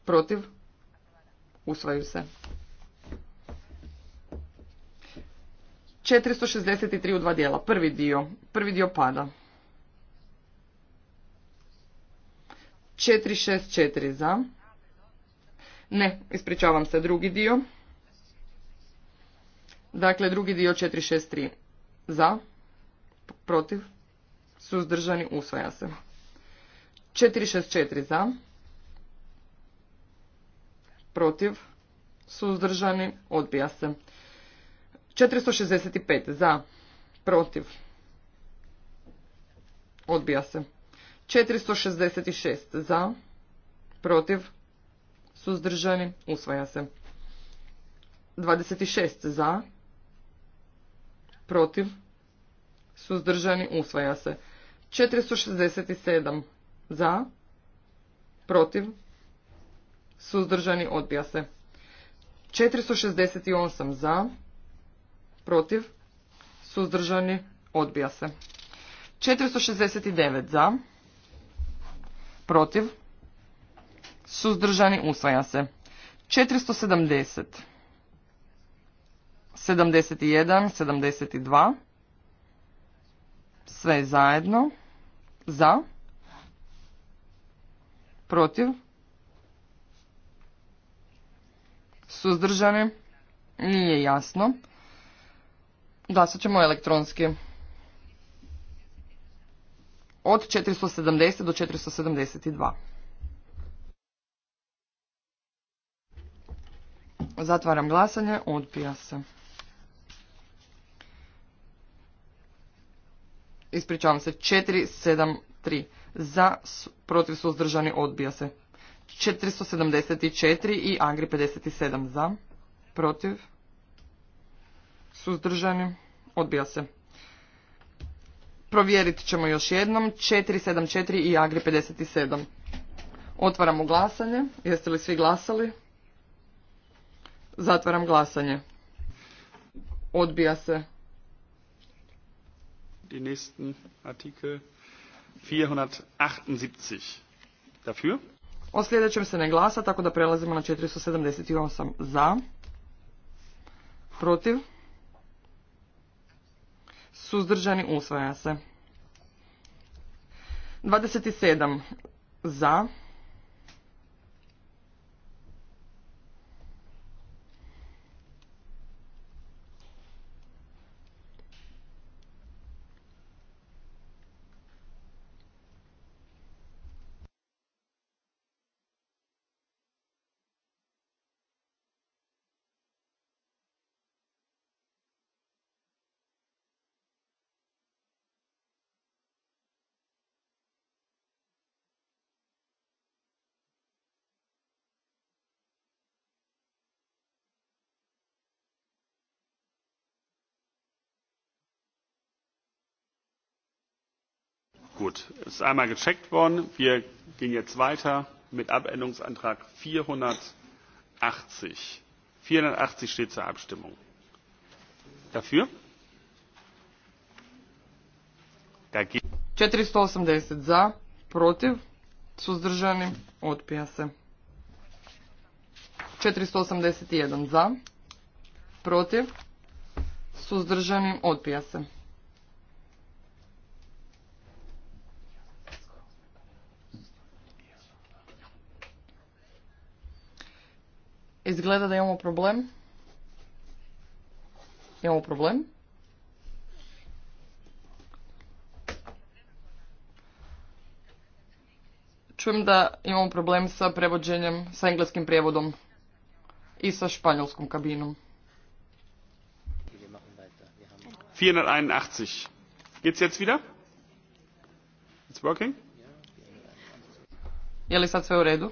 protiv, usvaju se. 463 u dva dijela. Prvi dio. Prvi dio pada. 464 za. Ne, ispričavam se, drugi dio. Dakle, drugi dio 463 za. Protiv. Suzdržani usvaja se. 464 za protiv, suzdržani, odbija se. 465 za, protiv, odbija se. 466 za, protiv, suzdržani, usvaja se. 26 za, protiv, suzdržani, usvaja se. 467 za, protiv, suzdržani, odbija se. 468 za, protiv, suzdržani, odbija se. 469 za, protiv, suzdržani, usvaja se. 470, 71, 72, sve zajedno, za, protiv, suzdržani, nije jasno. Glasat ćemo elektronski. Od 470 do 472. Zatvaram glasanje, odpija se. Ispričavam se, 473. Za, protiv, suzdržani, odbija se. 474 i Agri 57 za, protiv, suzdržani, odbija se. Provjerit ćemo još jednom, 474 i Agri 57. Otvaramo glasanje, jeste li svi glasali? Zatvaram glasanje. Odbija se. Die nächsten Artikel 478. Dafür? O sljedećem se ne glasa, tako da prelazimo na 478 za, protiv, suzdržani usvaja se. 27 za, Gut, ist einmal gecheckt worden. Wir gehen jetzt weiter mit Abänderungsantrag 480. 480 steht zur Abstimmung. Dafür? Dagegen? 480 za, protiv, suzdržani, odpija se. 481 za, protiv, suzdržani, odpija se. Izgleda da imamo problem. Imamo problem. Čujem da imamo problem sa prevođenjem, sa engleskim prijevodom i sa španjolskom kabinom. 481. Geht's jetzt wieder? It's working? Je li sad sve u redu?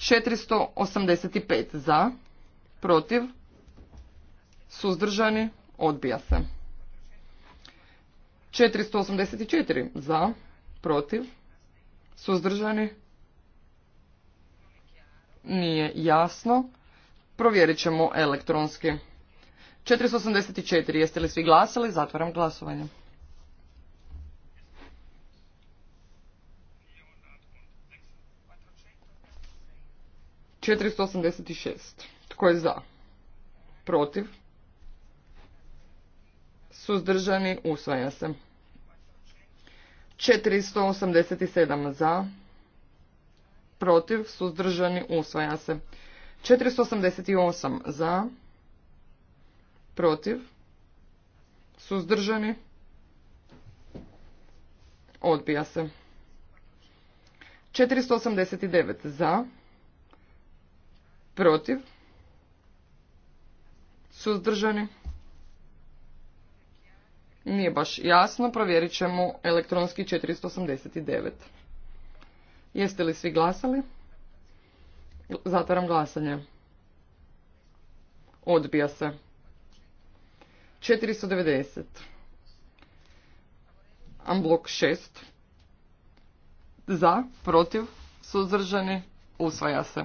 485 za, protiv, suzdržani, odbija se. 484 za, protiv, suzdržani, nije jasno. Provjerit ćemo elektronski. 484, jeste li svi glasali? Zatvaram glasovanje. 486. Tko je za? Protiv? Suzdržani? Usvaja se. 487 za. Protiv? Suzdržani? Usvaja se. 488 za. Protiv? Suzdržani? Odbija se. 489 za Protiv? Suzdržani? Nije baš jasno, provjerit ćemo elektronski 489. Jeste li svi glasali? Zatvaram glasanje. Odbija se. 490. Amblok 6. Za, protiv, suzdržani, usvaja se.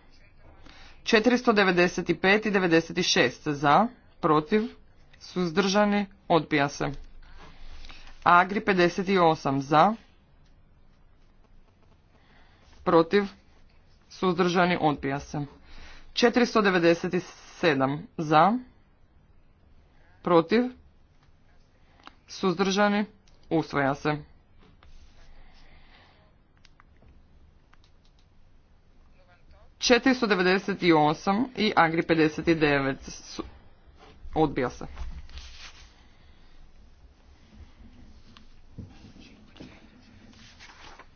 495 i 96 za, protiv, suzdržani, odbija se. Agri 58 za, protiv, suzdržani, odbija se. 497 za, protiv, suzdržani, usvoja se. 498 i Agri 59 odbija se.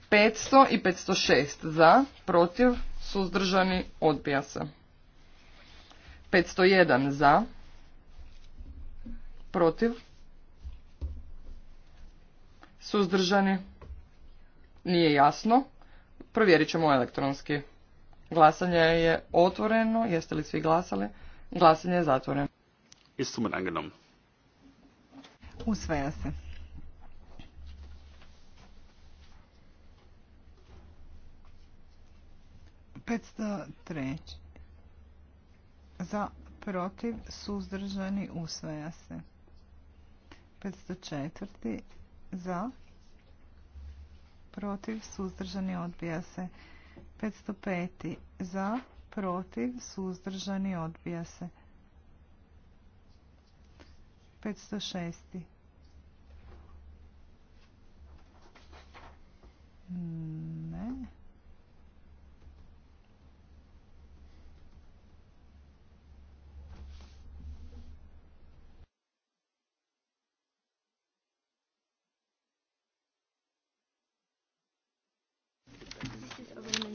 Petsto i 506 za, protiv, suzdržani, odbija se. 501 za, protiv, suzdržani, nije jasno. Provjerit ćemo elektronski. Glasanje je otvoreno. Jeste li svi glasali? Glasanje je zatvoreno. Istumen angenommen. Usvaja se. Petsto treći. Za, protiv, suzdržani, usvaja se. 504. Za, protiv, suzdržani, odbija se. 505. Za, protiv, suzdržani, odbija se. 506. Hmm.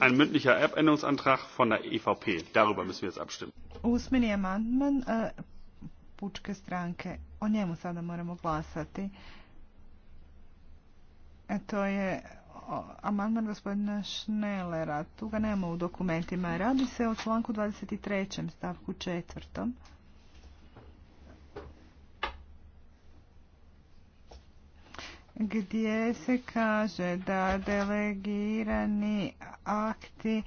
ein mündlicher Änderungsantrag von der EVP. Darüber müssen wir jetzt abstimmen. Usmeni amandman e, pučke stranke. O njemu sada moramo glasati. E, to je amandman gospodina Schnellera. Tu ga nema u dokumentima. Radi se o članku 23. stavku 4. gdje se kaže da delegirani akti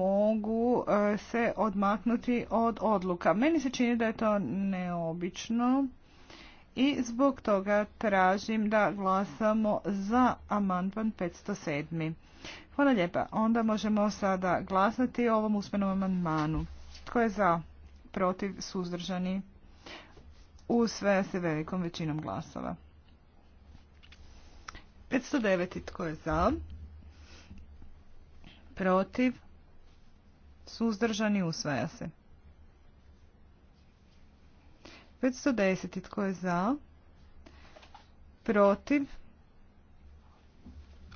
mogu e, se odmaknuti od odluka. Meni se čini da je to neobično i zbog toga tražim da glasamo za amandman 507. Hvala lijepa. Onda možemo sada glasati o ovom usmenom amandmanu. Tko je za? Protiv? Suzdržani? sve se velikom većinom glasova. 509. Tko je za? Protiv? Suzdržani usvaja se. 510. Tko je za? Protiv?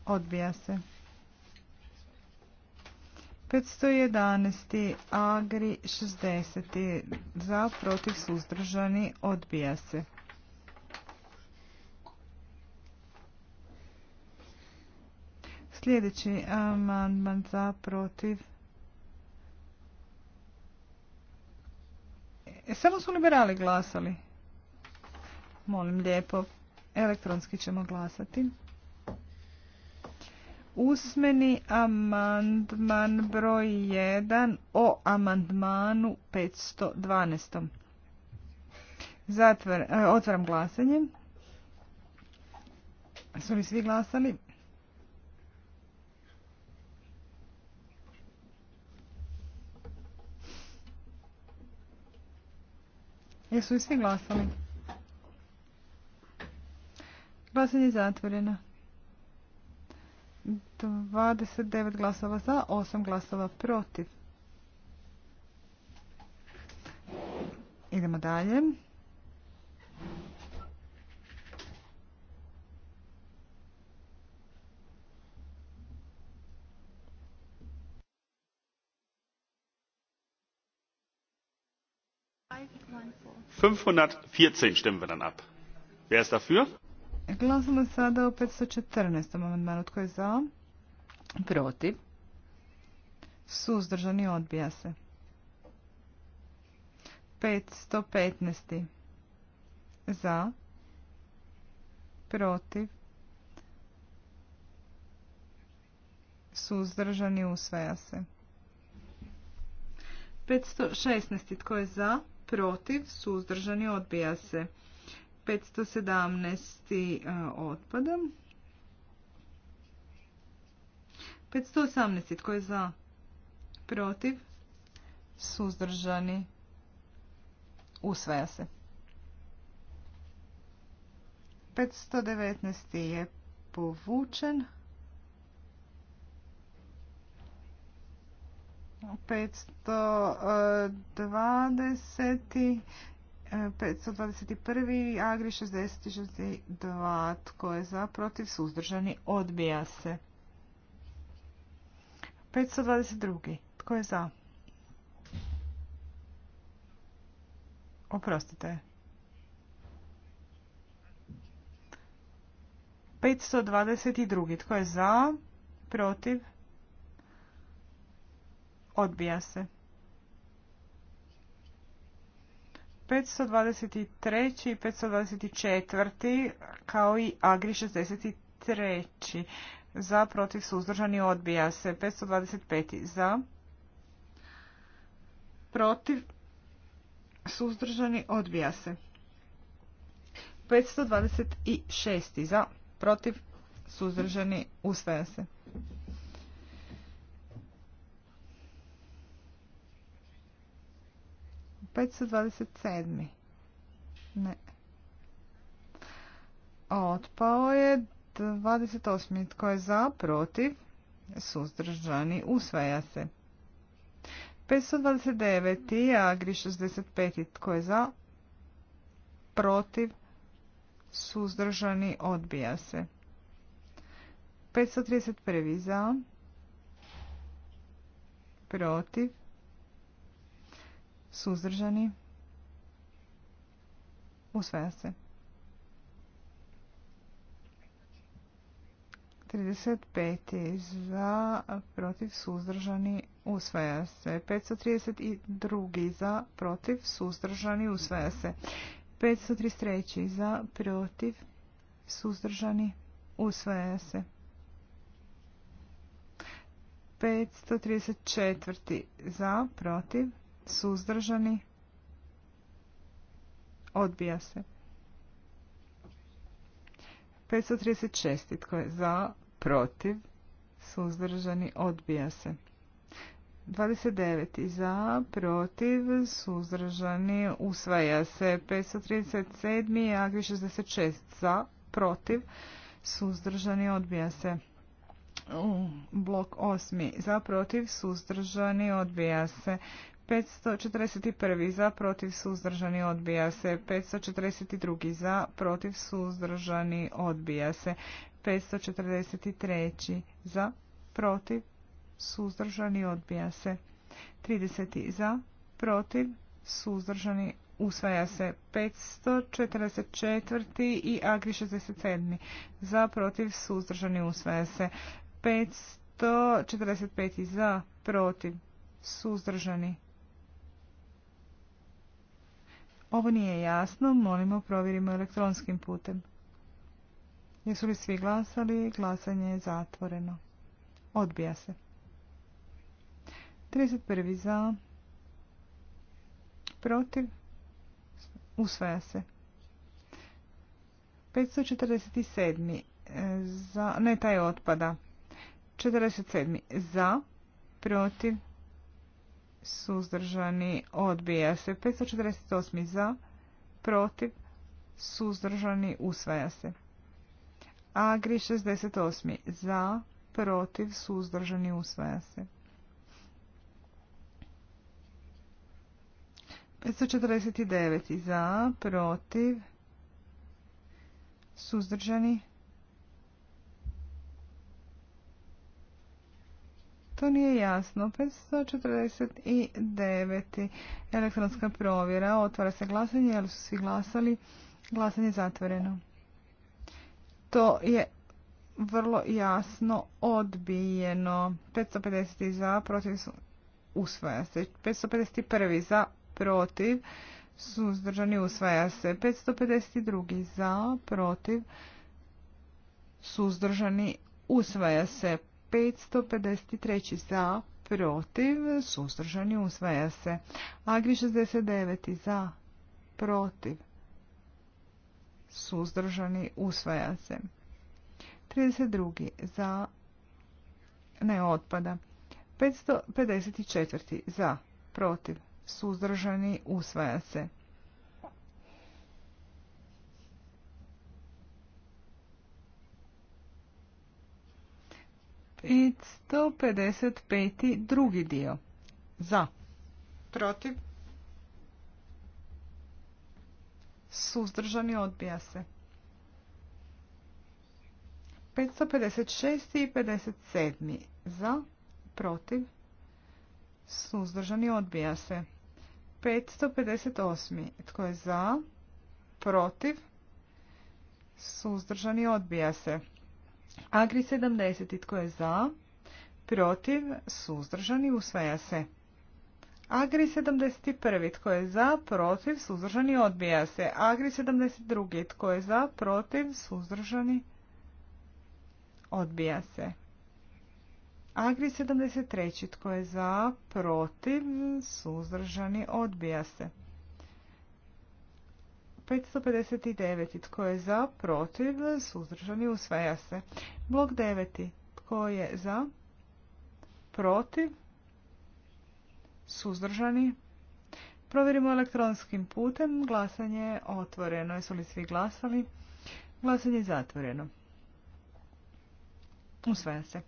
Odbija se. 511. Agri 60. Za, protiv, suzdržani, odbija se. Sljedeći amandman za protiv. E, samo su liberali glasali. Molim lijepo, elektronski ćemo glasati. Usmeni amandman broj 1 o amandmanu 512. Zatvar, e, otvaram glasanje. Su li svi glasali? Jesu li svi glasali? Glasanje je zatvoreno. 29 glasova za, 8 glasova protiv. Idemo dalje. 514 stimmen wir dann ab. Wer ist dafür? Glasamo sada o 514. amandmanu. Tko je za? Protiv? Suzdržani odbija se. 515. Za? Protiv? Suzdržani usvaja se. 516. Tko je za? protiv, suzdržani, odbija se. 517. E, otpada. 518. tko je za? Protiv, suzdržani, usvaja se. 519. je povučen. 520. 521. E, e, Agri 62. Tko je za? Protiv? Suzdržani? Odbija se. 522. Tko je za? Oprostite. 522. Tko je za? Protiv? Odbija se. 523. i 524. kao i Agri 63. Za protiv suzdržani odbija se. 525. Za protiv suzdržani odbija se. 526. Za protiv suzdržani ustaja se. 527. Ne. Otpao je 28. Tko je za, protiv, suzdržani, usvaja se. 529. Agri 65. Tko je za, protiv, suzdržani, odbija se. 531. za, protiv, suzdržani, usvaja se. 35. za, protiv, suzdržani, usvaja se. 532. za, protiv, suzdržani, usvaja se. 533. za, protiv, suzdržani, usvaja se. 534. za, protiv, suzdržani, odbija se. 536. Tko je za, protiv, suzdržani, odbija se. 29. Za, protiv, suzdržani, usvaja se. 537. Agri 66. Za, protiv, suzdržani, odbija se. blok 8. Za, protiv, suzdržani, odbija se. 541. za, protiv, suzdržani, odbija se. 542. za, protiv, suzdržani, odbija se. 543. za, protiv, suzdržani, odbija se. 30. za, protiv, suzdržani, usvaja se. 544. i Agri 67. za, protiv, suzdržani, usvaja se. 545. za, protiv, suzdržani, ovo nije jasno, molimo provjerimo elektronskim putem. Jesu li svi glasali? Glasanje je zatvoreno. Odbija se. 31. za. Protiv. Usvaja se. 547. E, za, ne, taj otpada. 47. Za. Protiv suzdržani, odbija se. 548. za, protiv, suzdržani, usvaja se. Agri 68. za, protiv, suzdržani, usvaja se. 549. za, protiv, suzdržani, usvaja se. To nije jasno. 549. elektronska provjera. Otvara se glasanje. ali su svi glasali? Glasanje je zatvoreno. To je vrlo jasno odbijeno. 550. za, protiv su usvaja se. 551. za, protiv suzdržani usvaja se. 552. za, protiv suzdržani usvaja se. 553 za, protiv, suzdržani usvaja se. Agri 69 za, protiv, suzdržani usvaja se. 32 za, ne otpada. 554 za, protiv, suzdržani usvaja se. I 155. drugi dio. Za. Protiv. Suzdržani odbija se. 556. i 57. Za. Protiv. Suzdržani odbija se. 558. Tko je za? Protiv. Suzdržani odbija se. Agri 70. Tko je za? Protiv? Suzdržani? Usvaja se. Agri 71. Tko je za? Protiv? Suzdržani? Odbija se. Agri 72. Tko je za? Protiv? Suzdržani? Odbija se. Agri 73. Tko je za? Protiv? Suzdržani? Odbija se. 559. Tko je za? Protiv? Suzdržani? Usvaja se. Blok 9. Tko je za? Protiv? Suzdržani? Provjerimo elektronskim putem. Glasanje je otvoreno. Jesu li svi glasali? Glasanje je zatvoreno. Usvaja se.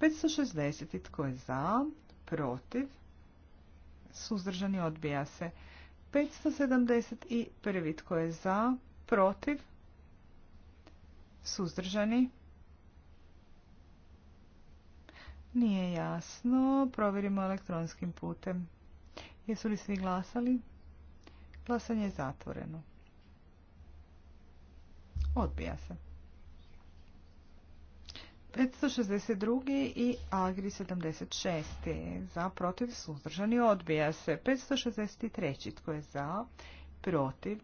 560. Tko je za? Protiv? Suzdržani odbija se. 571. Tko je za? Protiv? Suzdržani? Nije jasno. Provjerimo elektronskim putem. Jesu li svi glasali? Glasanje je zatvoreno. Odbija se. 562. i Agri 76. Za, protiv, suzdržani, odbija se. 563. Tko je za, protiv,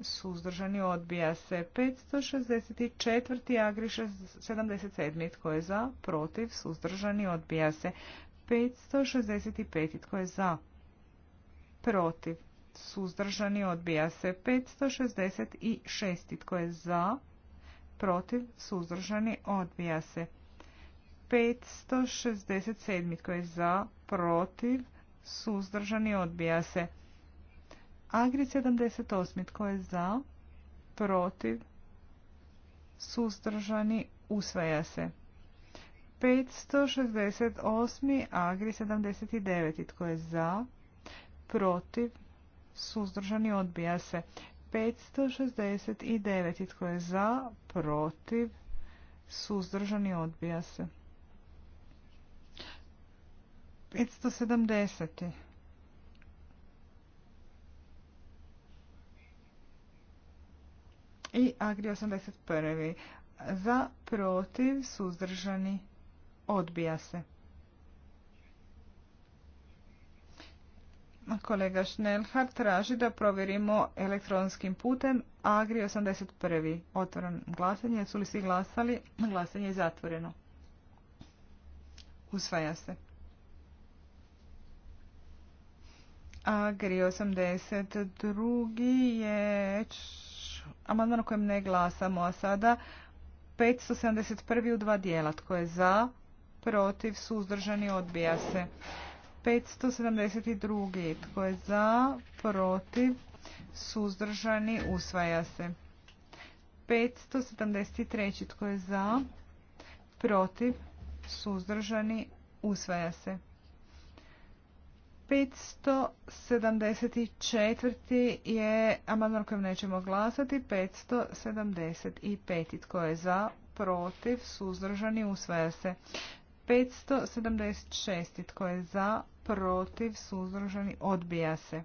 suzdržani, odbija se. 564. Agri 77. Tko je za, protiv, suzdržani, odbija se. 565. Tko je za, protiv, suzdržani, odbija se. 566. Tko je za, protiv, protiv, suzdržani, odbija se. 567. Tko je za, protiv, suzdržani, odbija se. Agri 78. Tko je za, protiv, suzdržani, usvaja se. 568. Agri 79. Tko je za, protiv, suzdržani, odbija se. 569 i tko je za, protiv, suzdržani, odbija se. 570. I Agri 81. Za, protiv, suzdržani, odbija se. Kolega Šnelhard traži da provjerimo elektronskim putem Agri 81. Otvoren glasanje. Su li svi glasali? Glasanje je zatvoreno. Usvaja se. Agri 82. je amandman o kojem ne glasamo, a sada 571. u dva dijela. Tko je za, protiv, suzdržani, odbija se. 572. Tko je za, protiv, suzdržani, usvaja se. 573. Tko je za, protiv, suzdržani, usvaja se. 574. je amandman kojem nećemo glasati. 575. Tko je za, protiv, suzdržani, usvaja se. 576. Tko je za, protiv, suzdržani, odbija se.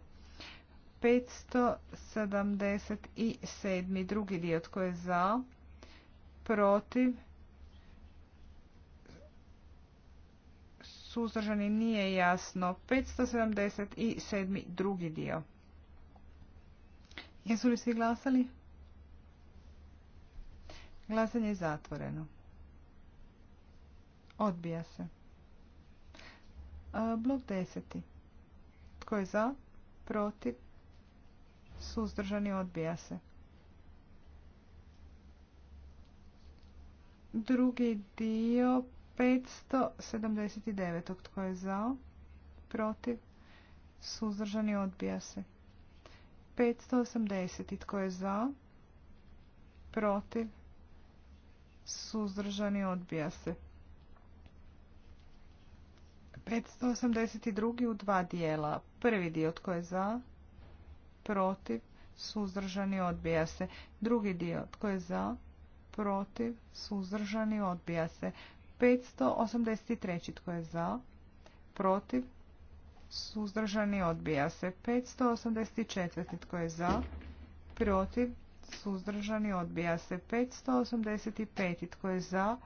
577. drugi dio tko je za, protiv, suzdržani nije jasno. 577. drugi dio. Jesu li svi glasali? Glasanje je zatvoreno. Odbija se. Blok deseti. Tko je za? Protiv? Suzdržani odbija se. Drugi dio 579. Tko je za? Protiv? Suzdržani odbija se. 580. Tko je za? Protiv? Suzdržani odbija se. 582. u dva dijela. Prvi dio tko je za, protiv, suzdržani, odbija se. Drugi dio tko je za, protiv, suzdržani, odbija se. 583. tko je za, protiv, suzdržani, odbija se. 584. tko je za, protiv, suzdržani, odbija se. 585. tko je za,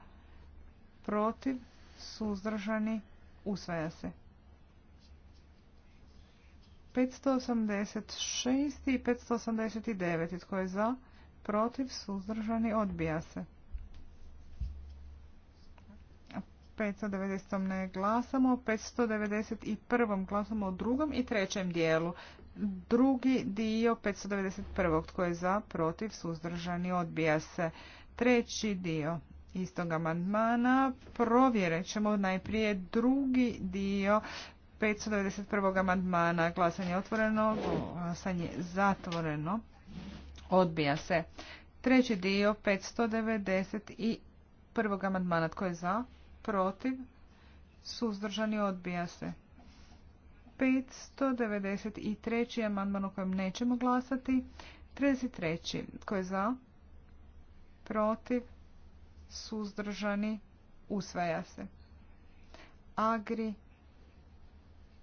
protiv, suzdržani, Usvaja se. 586 i 589. Tko je za? Protiv? Suzdržani? Odbija se. 590. ne glasamo. 591. glasamo o drugom i trećem dijelu. Drugi dio 591. Tko je za? Protiv? Suzdržani? Odbija se. Treći dio istog amandmana. Provjerit ćemo najprije drugi dio 591. amandmana. Glasanje je otvoreno, glasanje je zatvoreno. Odbija se. Treći dio 591. amandmana. Tko je za? Protiv? Suzdržani odbija se. 593. amandman o kojem nećemo glasati. 33. Tko je za? Protiv? suzdržani, usvaja se. Agri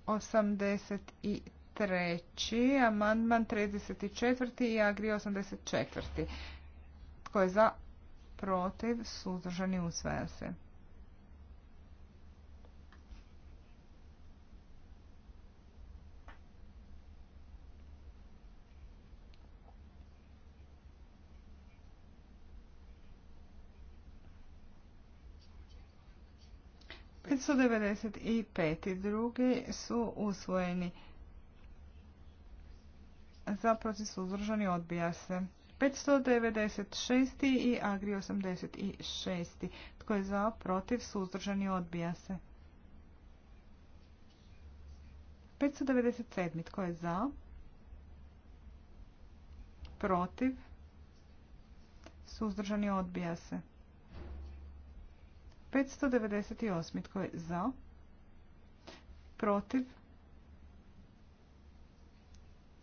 83. Amandman 34. i Agri 84. Tko je za? Protiv, suzdržani, usvaja se. 595 drugi su usvojeni. Za protiv uzdržani odbija se. 596. i Agri 86. Tko je za protiv uzdržani odbija se. 597. Tko je za? Protiv? uzdržani odbija se. 598. Tko je za? Protiv?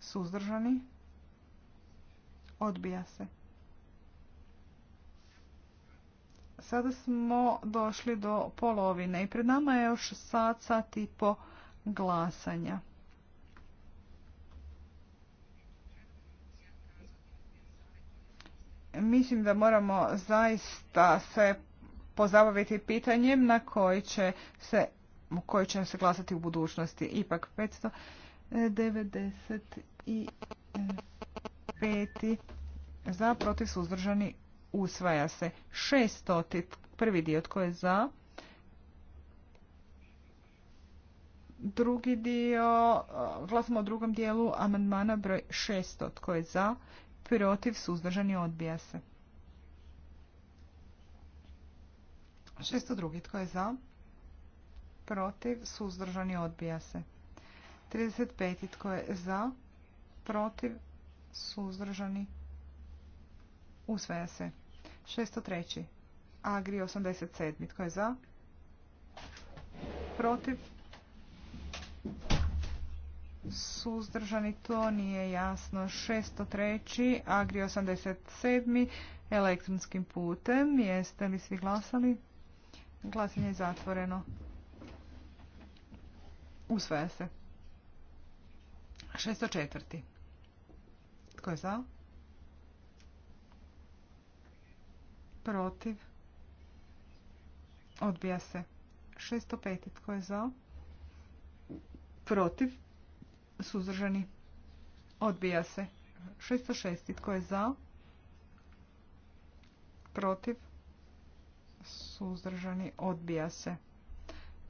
Suzdržani? Odbija se. Sada smo došli do polovine i pred nama je još sat, sat i po glasanja. Mislim da moramo zaista se pozabaviti pitanjem na koji će se koji će se glasati u budućnosti. Ipak 595 za protiv suzdržani usvaja se. 600 prvi dio tko je za drugi dio, glasamo o drugom dijelu amandmana broj 600. Tko je za? Protiv, suzdržani, odbija se. 602. Tko je za? Protiv. Suzdržani odbija se. 35. Tko je za? Protiv. Suzdržani. Usvaja se. 603. Agri 87. Tko je za? Protiv. Suzdržani to nije jasno. 603. Agri 87. Elektronskim putem. Jeste li svi glasali? Glasanje je zatvoreno. Usvaja se. 604. Tko je za? Protiv. Odbija se. 605. Tko je za? Protiv. Suzdržani. Odbija se. 606. Tko je za? Protiv suzdržani, odbija se.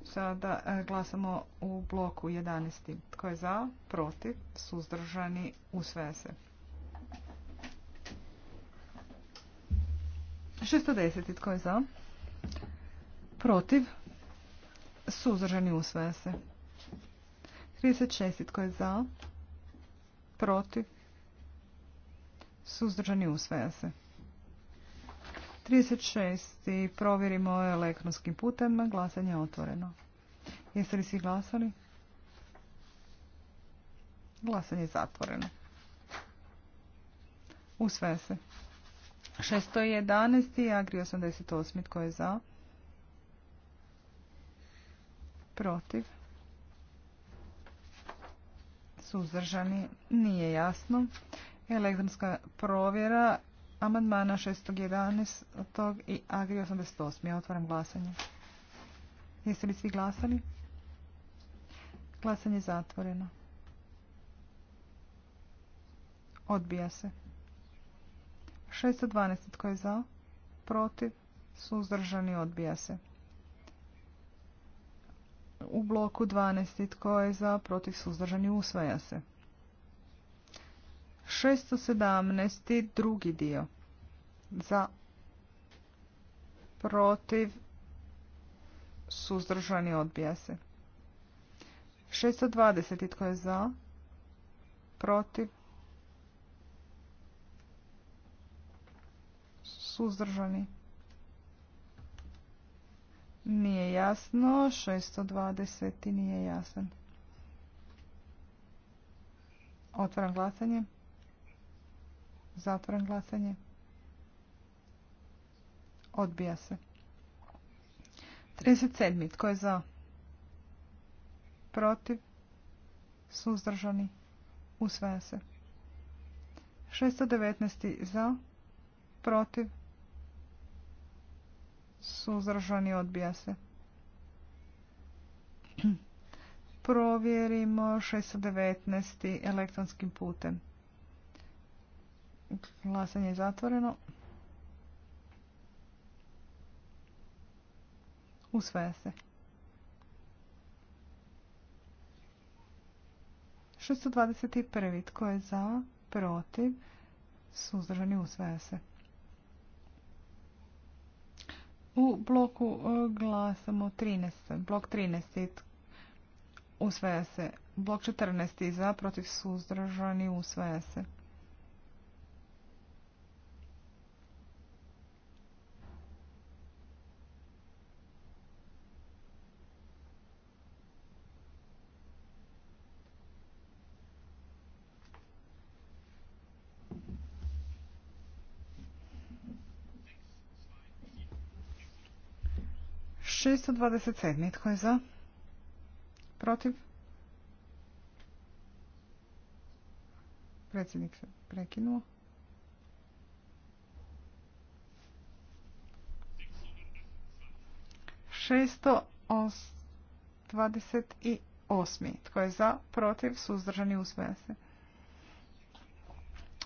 Sada e, glasamo u bloku 11. Tko je za, protiv, suzdržani, usvaja se. 610. Tko je za? Protiv. Suzdržani usvaja se. 36. Tko je za? Protiv. Suzdržani usvaja se. 36. Provjerimo elektronskim putem. Glasanje je otvoreno. Jeste li svi glasali? Glasanje je zatvoreno. sve se. 611. Agri 88. Tko je za? Protiv. Suzdržani. Nije jasno. Elektronska provjera amandmana 611 i Agri 88. Ja otvaram glasanje. Jeste li svi glasali? Glasanje je zatvoreno. Odbija se. 612. Tko je za? Protiv? Suzdržani? Odbija se. U bloku 12. Tko je za? Protiv? Suzdržani? Usvaja se. 617. drugi dio za protiv suzdržani odbija se. 620. tko je za protiv suzdržani nije jasno. 620. nije jasan. Otvaram glasanje. Zatvoram glasanje. Odbija se. 37. Tko je za? Protiv? Suzdržani? Usvaja se. 619. Za? Protiv? Suzdržani? Odbija se. Provjerimo 619. elektronskim putem. Glasanje je zatvoreno. Usvaja se. 621. Tko je za? Protiv? Suzdržani usvaja se. U bloku e, glasamo 13. Blok 13. Usvaja se. Blok 14. Za? Protiv? Suzdržani usvaja se. 627. Tko je za? Protiv? Predsjednik se prekinuo. 628. Tko je za? Protiv? Suzdržani usvaja se.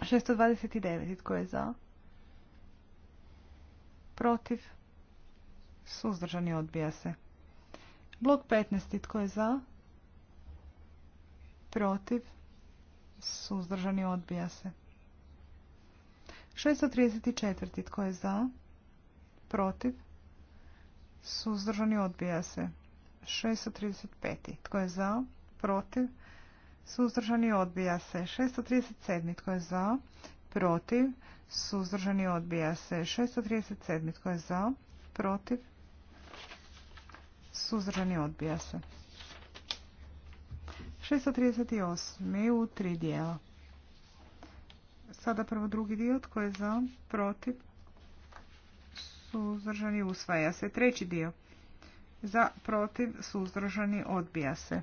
629. Tko je za? Protiv? Suzdržani odbija se. Blok 15. Tko je za? Protiv. Suzdržani odbija se. 634. Tko je za? Protiv. Suzdržani odbija se. 635. Tko je za? Protiv. Suzdržani odbija se. 637. Tko je za? Protiv. Suzdržani odbija se. 637. Tko je za? Protiv suzdržani odbija se. 638. u tri dijela. Sada prvo drugi dio, tko je za, protiv, suzdržani usvaja se. Treći dio, za, protiv, suzdržani odbija se.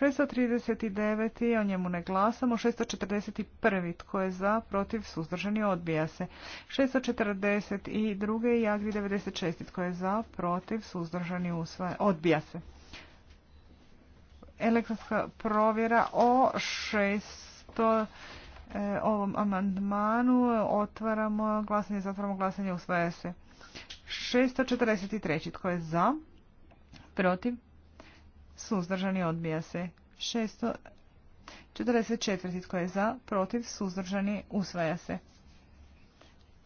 639. o njemu ne glasamo. 641. tko je za, protiv, suzdržani, odbija se. 642. i 96. tko je za, protiv, suzdržani, odbija se. Elektronska provjera o 600 e, ovom amandmanu. Otvaramo glasanje, zatvaramo glasanje, usvaja se. 643. tko je za, protiv, suzdržani odbija se. 644. Tko je za? Protiv? Suzdržani usvaja se.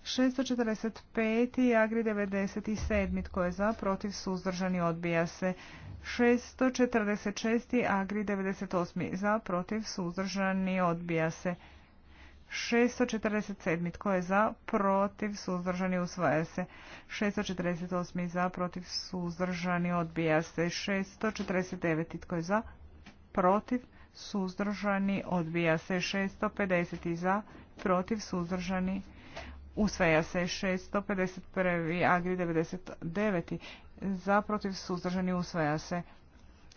645. i Agri 97. Tko je za? Protiv? Suzdržani odbija se. 646. Agri 98. Za? Protiv? Suzdržani odbija se. 647. Tko je za? Protiv. Suzdržani usvaja se. 648. Za. Protiv. Suzdržani odbija se. 649. Tko je za? Protiv. Suzdržani odbija se. 650. Za. Protiv. Suzdržani usvaja se. 651. Agri 99. Za. Protiv. Suzdržani usvaja se.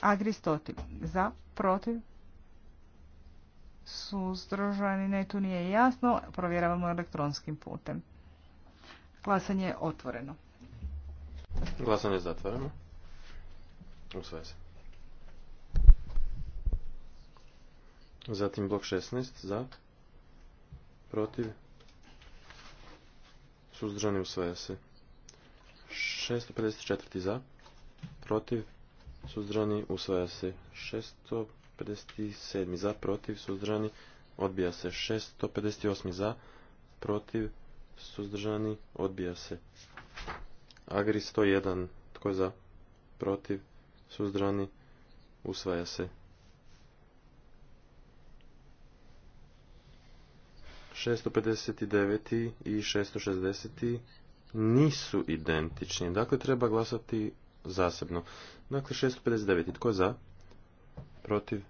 Agri 100. Za. Protiv suzdržani, ne, tu nije jasno, provjeravamo elektronskim putem. Glasanje je otvoreno. Glasanje je zatvoreno. Usvaja se. Zatim blok 16 za, protiv, suzdržani usvaja se. 654 za, protiv, suzdržani usvaja se. 600 157 za, protiv, suzdržani, odbija se. 658 za, protiv, suzdržani, odbija se. Agri 101, tko je za, protiv, suzdržani, usvaja se. 659. i 660. nisu identični. Dakle, treba glasati zasebno. Dakle, 659. Tko je za? protiv,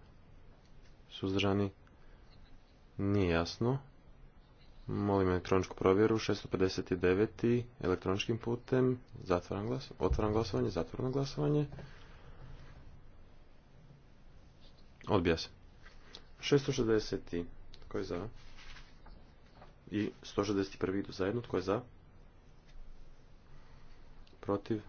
suzdržani, nije jasno. Molim elektroničku provjeru, 659. elektroničkim putem, zatvaram glas, otvaram glasovanje, zatvorno glasovanje. Odbija se. 660. Tko je za? I 161. idu zajedno. Tko je za? Protiv?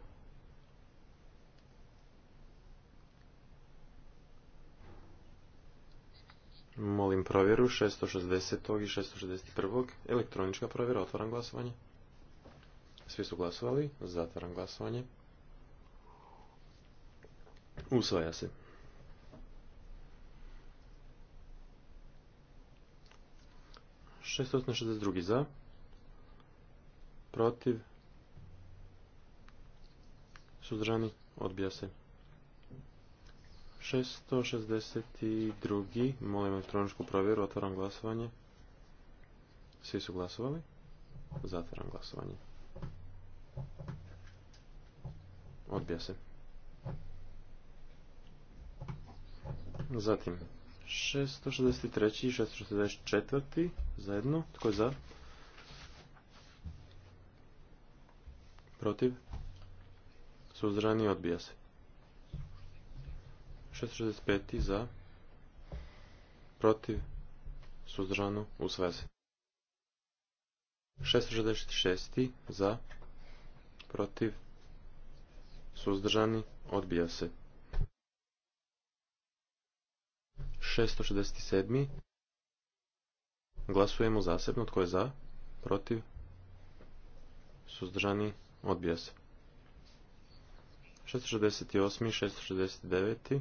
Molim provjeru 660. i 661. Elektronička provjera. Otvaram glasovanje. Svi su glasovali. Zatvaram glasovanje. Usvaja se. šezdeset za. Protiv. Suzdržani. Odbija se. 662. Molim elektroničku provjeru. Otvaram glasovanje. Svi su glasovali. Zatvaram glasovanje. Odbija se. Zatim, 663. i 664. Zajedno. Tko je za? Protiv? Suzdržani odbija se. 665. za, protiv, suzdržano, u se. 666. za, protiv, suzdržani, odbija se. 667. Glasujemo zasebno tko je za, protiv, suzdržani, odbija se. 668. 669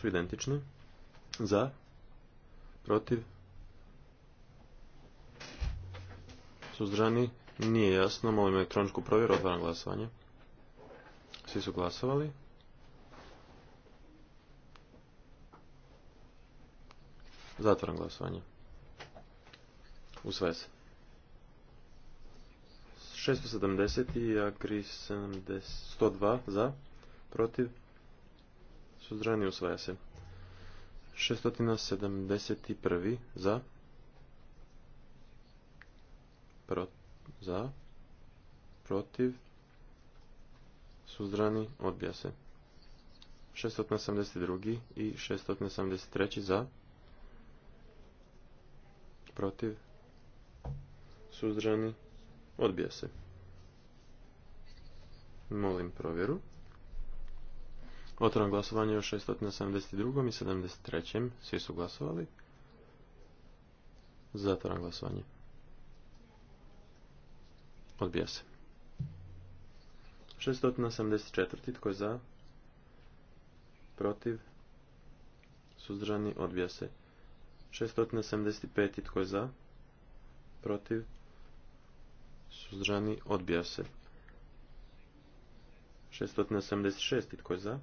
su identične. Za, protiv, suzdržani, nije jasno. Molim elektroničku provjeru, otvaram glasovanje. Svi su glasovali. Zatvaram glasovanje. U sve se. 670 i Agri 102 za, protiv, suzdržani, usvaja se. 671. za. Pro, za. Protiv. Suzdržani, odbija se. 672. i 673. za. Protiv. Suzdržani, odbija se. Molim provjeru. Otvoreno glasovanje o 672. i 73. Svi su glasovali. Zatvoreno glasovanje. Odbija se. 674. Tko je za? Protiv? Suzdržani? Odbija se. 675. Tko je za? Protiv? Suzdržani? Odbija se. 676. Tko je za?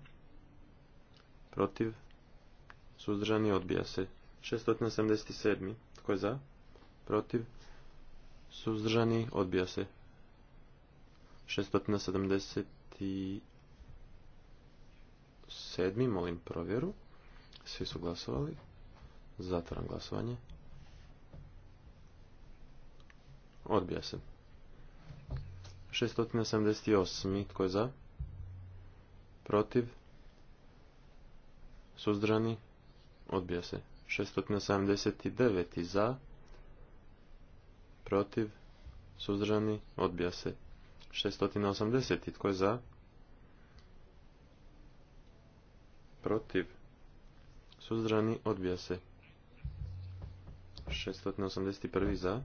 protiv, suzdržani, odbija se. 677. Tko je za? Protiv, suzdržani, odbija se. 677. Molim provjeru. Svi su glasovali. Zatvaram glasovanje. Odbija se. 678. Tko je za? Protiv? suzdržani, odbija se. 679. za, protiv, suzdržani, odbija se. 680. tko je za, protiv, suzdržani, odbija se. 681. za,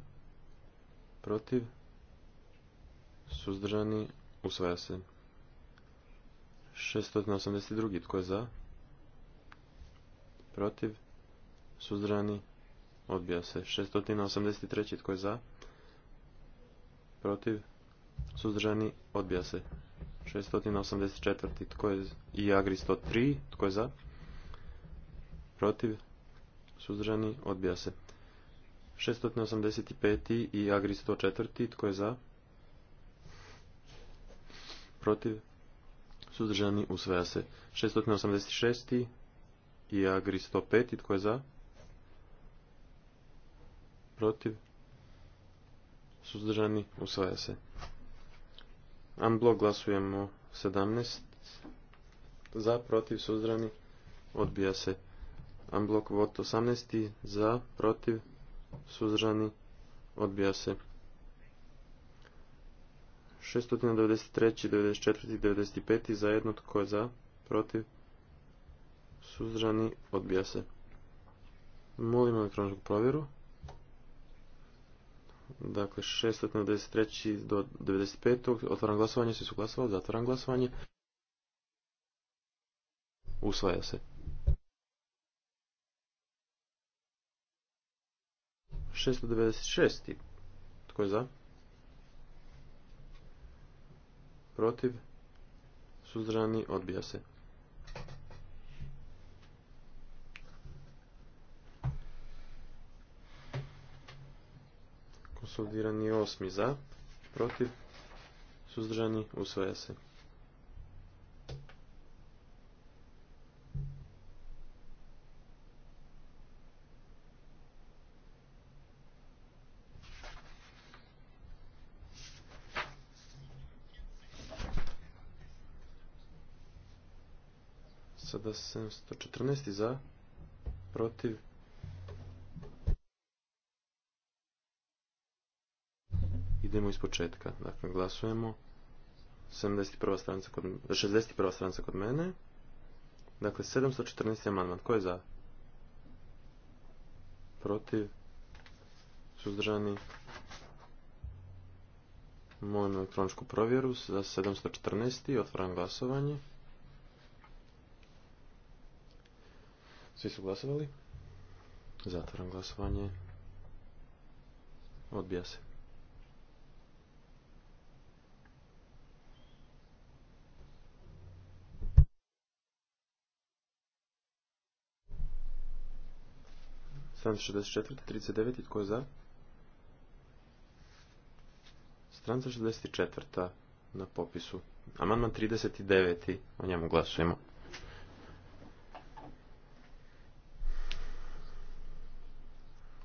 protiv, suzdržani, usvaja se. 682. tko je za, protiv, suzdržani, odbija se. 683. tko je za, protiv, suzdržani, odbija se. 684. tko je i agri 103, tko je za, protiv, suzdržani, odbija se. 685. i agri 104. tko je za, protiv, suzdržani, usvaja se. 686 i Agri 105. tko je za? Protiv? Suzdržani? Usvaja se. Unblock glasujemo 17. Za, protiv, suzdržani? Odbija se. Unblock vot 18. Za, protiv, suzdržani? Odbija se. 693. 94. 95. Zajedno tko je za? Protiv? suzdržani, odbija se. Molim elektroničku provjeru. Dakle, 693. do 95. Otvaram glasovanje, svi su glasovali, zatvaram glasovanje. Usvaja se. 696. Tko je za? Protiv? Suzdržani, odbija se. je osmi za, protiv, suzdržani, usvaja se. Sada 714 za, protiv, idemo iz početka. Dakle, glasujemo. 71. stranica kod, 61. stranica kod mene. Dakle, 714. amandman. Ko je za? Protiv? Suzdržani? Molim elektroničku provjeru za 714. Otvaram glasovanje. Svi su glasovali? Zatvaram glasovanje. Odbija se. Stranca 64. 39. Tko je za? Stranca 64. na popisu. Amandman 39. O njemu glasujemo.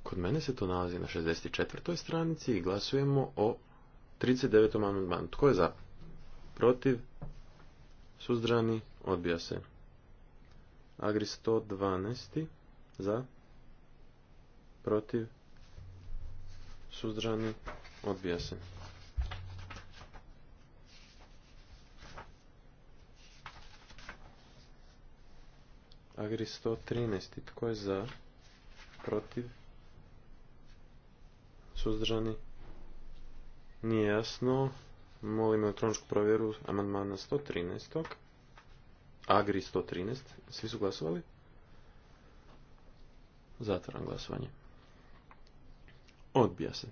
Kod mene se to nalazi na 64. stranici i glasujemo o 39. amandmanu. Tko je za? Protiv? Suzdrani? Odbija se. Agri 112. Za? protiv, suzdržani, odbija se. Agri 113. Tko je za? Protiv? Suzdržani? Nije jasno. Molim elektroničku provjeru amandmana 113. Agri 113. Svi su glasovali? Zatvaram glasovanje. Odbija se.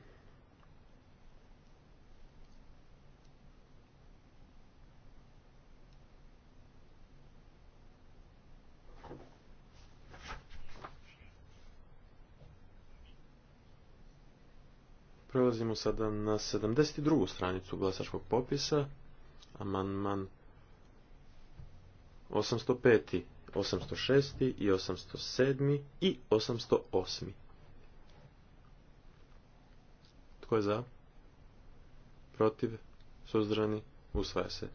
Prelazimo sada na 72. stranicu glasačkog popisa, amandman 805. 806. i 807. i 808. Tko je za? Protiv? suzdrani, Usvaja se.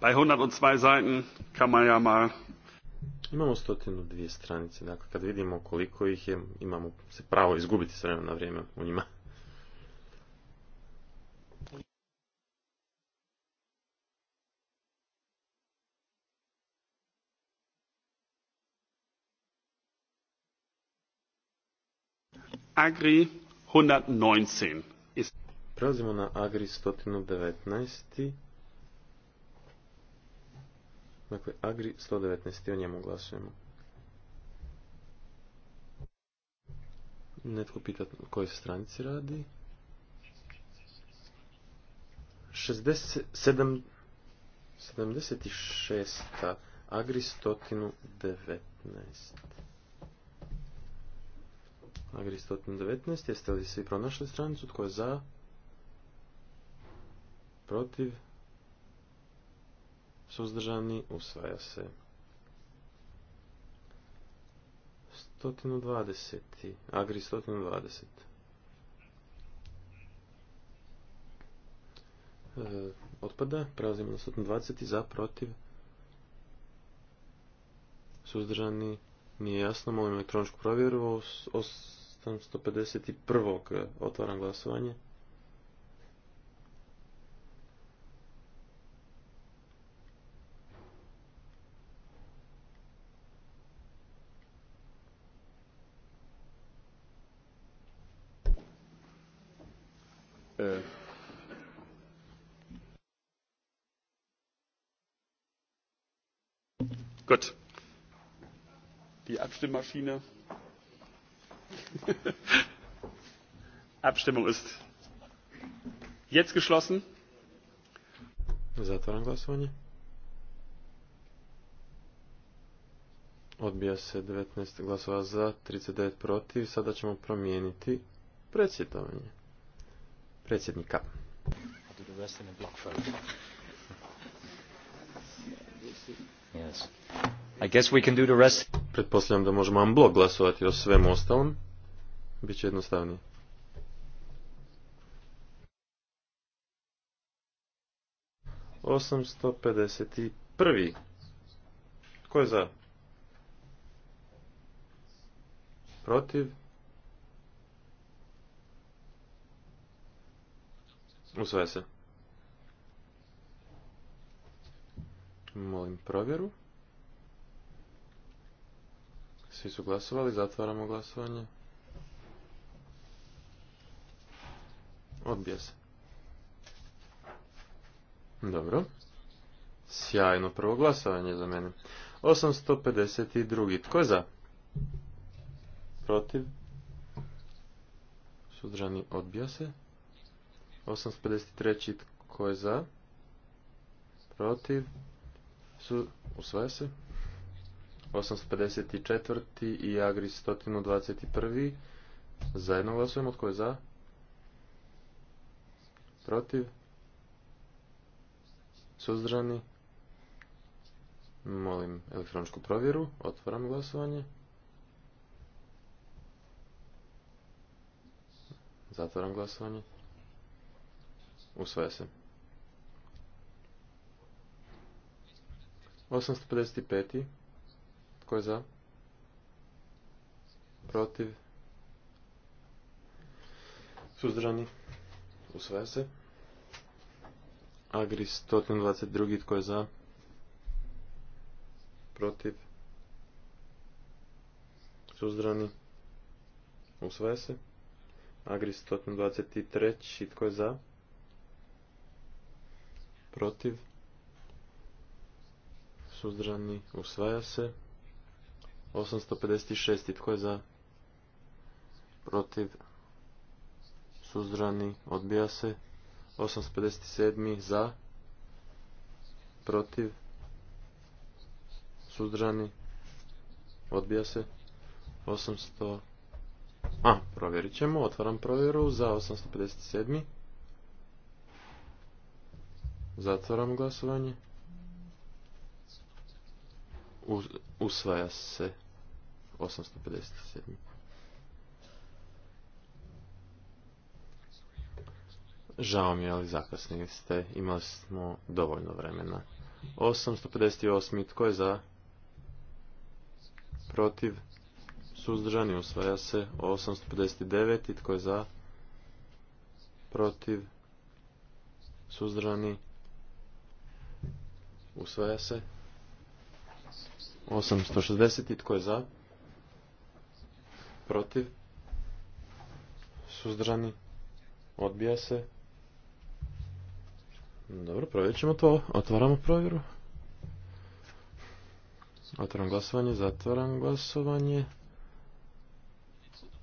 Bei 102 Seiten kann man ja mal Imamo stotinu dvije stranice, dakle kad vidimo koliko ih je, imamo se pravo izgubiti s vremena na vrijeme u njima. Agri 119. Prelazimo na Agri 119. Dakle, Agri 119. O njemu glasujemo. Netko pita o se stranici radi. 76. Agri 119. Agri 119. Jeste li svi pronašli stranicu? Tko je za? Protiv? suzdržani, usvaja se. 120. Agri 120. E, otpada, prelazimo na 120. Za, protiv, suzdržani, nije jasno. Molim elektroničku provjeru 851. Otvaram glasovanje. Gut. Die Abstimmmaschine. Abstimmung ist jetzt geschlossen. Zatvaram glasovanje. Odbija se 19 glasova za, 39 protiv. Sada ćemo promijeniti predsjedovanje. Predsjednika. Yes. I guess we can do the rest. Pretpostavljam da možemo unblock glasovati o svemu ostalom. Biće jednostavnije. Osamsto pedeset prvi. Tko je za? Protiv? Usvaja se. Molim provjeru. Svi su glasovali, zatvaramo glasovanje. Odbija se. Dobro. Sjajno prvo glasovanje za mene. 852. Tko je za? Protiv? Sudrani odbija se. 853. Tko je za? Protiv? su usvaja se. 854. i Agri 121. Zajedno glasujemo. Tko je za? Protiv? Suzdržani? Molim elektroničku provjeru. Otvaram glasovanje. Zatvaram glasovanje. Usvaja se. 855. Tko je za? Protiv? Suzdrani. Usvaja se. Agri 122. Tko je za? Protiv? Suzdrani. Usvaja se. Agri 123. Tko je za? Protiv? suzdržani, usvaja se. 856. Tko je za? Protiv, suzdržani, odbija se. 857. Za, protiv, suzdržani, odbija se. 800. A, provjerit ćemo. Otvaram provjeru za 857. Zatvaram glasovanje usvaja se 857. Žao mi je, ali zakasnili ste. Imali smo dovoljno vremena. 858. Tko je za? Protiv? Suzdržani usvaja se. 859. Tko je za? Protiv? Suzdržani? Usvaja se. 860. Tko je za? Protiv? Suzdržani? Odbija se? Dobro, provjerit ćemo to. Otvaramo provjeru. Otvaram glasovanje, zatvaram glasovanje.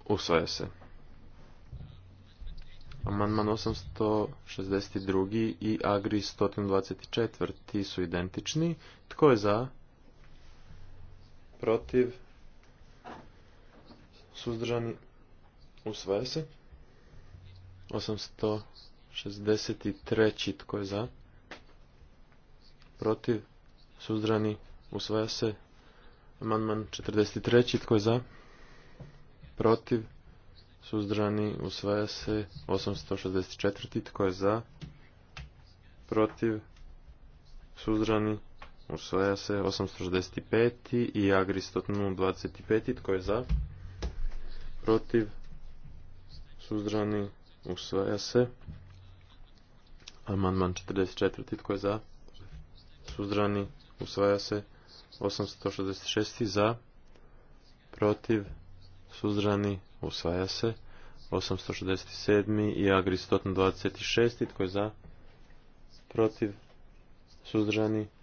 Usvaja se. Amandman 862. i Agri 124. su identični. Tko je za? protiv, suzdržani, usvaja se. 863. Tko je za? Protiv, suzdržani, usvaja se. Amandman 43. Tko je za? Protiv, suzdržani, usvaja se. 864. Tko je za? Protiv, suzdržani, Usvaja se 865. i Agri pet Tko je za? Protiv? Suzdrani. Usvaja se. Amandman 44. Tko je za? Suzdrani. Usvaja se. 866. Za? Protiv? Suzdrani. Usvaja se. 867. i dvadeset šest Tko je za? Protiv? Suzdržani?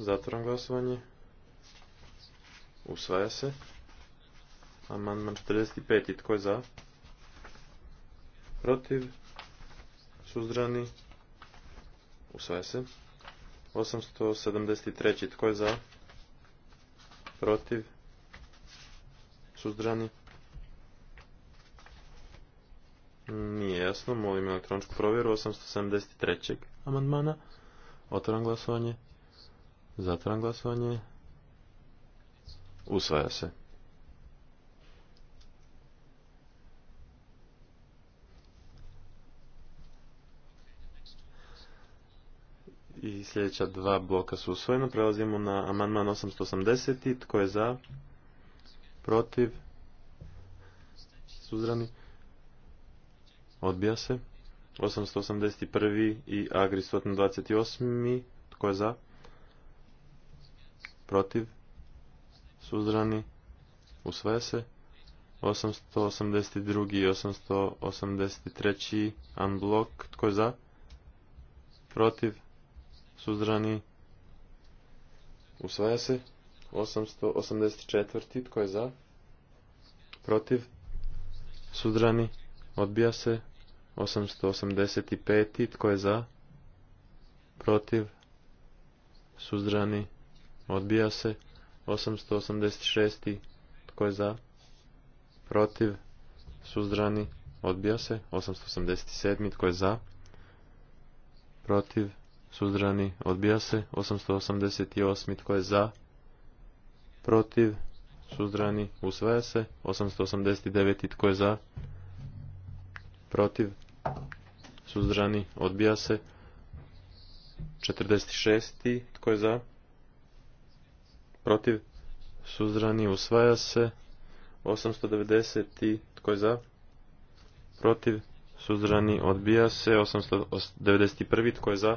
Zatvoram glasovanje. Usvaja se. Amandman 45. Tko je za? Protiv? Suzdrani? Usvaja se. 873. Tko je za? Protiv? Suzdrani? Nije jasno. Molim elektroničku provjeru 873. amandmana. Otvoram glasovanje. Zatvaram glasovanje. Usvaja se. I sljedeća dva bloka su usvojena. Prelazimo na amandman 880. Tko je za? Protiv? Suzrani? Odbija se. 881. i Agri 128. Tko je za? protiv, suzdrani, usvaja se. 882. i 883. unblock, tko je za, protiv, suzdrani, usvaja se. 884. tko je za, protiv, suzdrani, odbija se. 885. tko je za, protiv, suzdrani, Odbija se. 886. Tko je za? Protiv. Suzdrani. Odbija se. 887. Tko je za? Protiv. Suzdrani. Odbija se. 888. Tko je za? Protiv. Suzdrani. Usvaja se. 889. Tko je za? Protiv. Suzdrani. Odbija se. 46. Tko je za? protiv, suzrani usvaja se. 890. Tko je za? Protiv, suzrani odbija se. 891. Tko je za?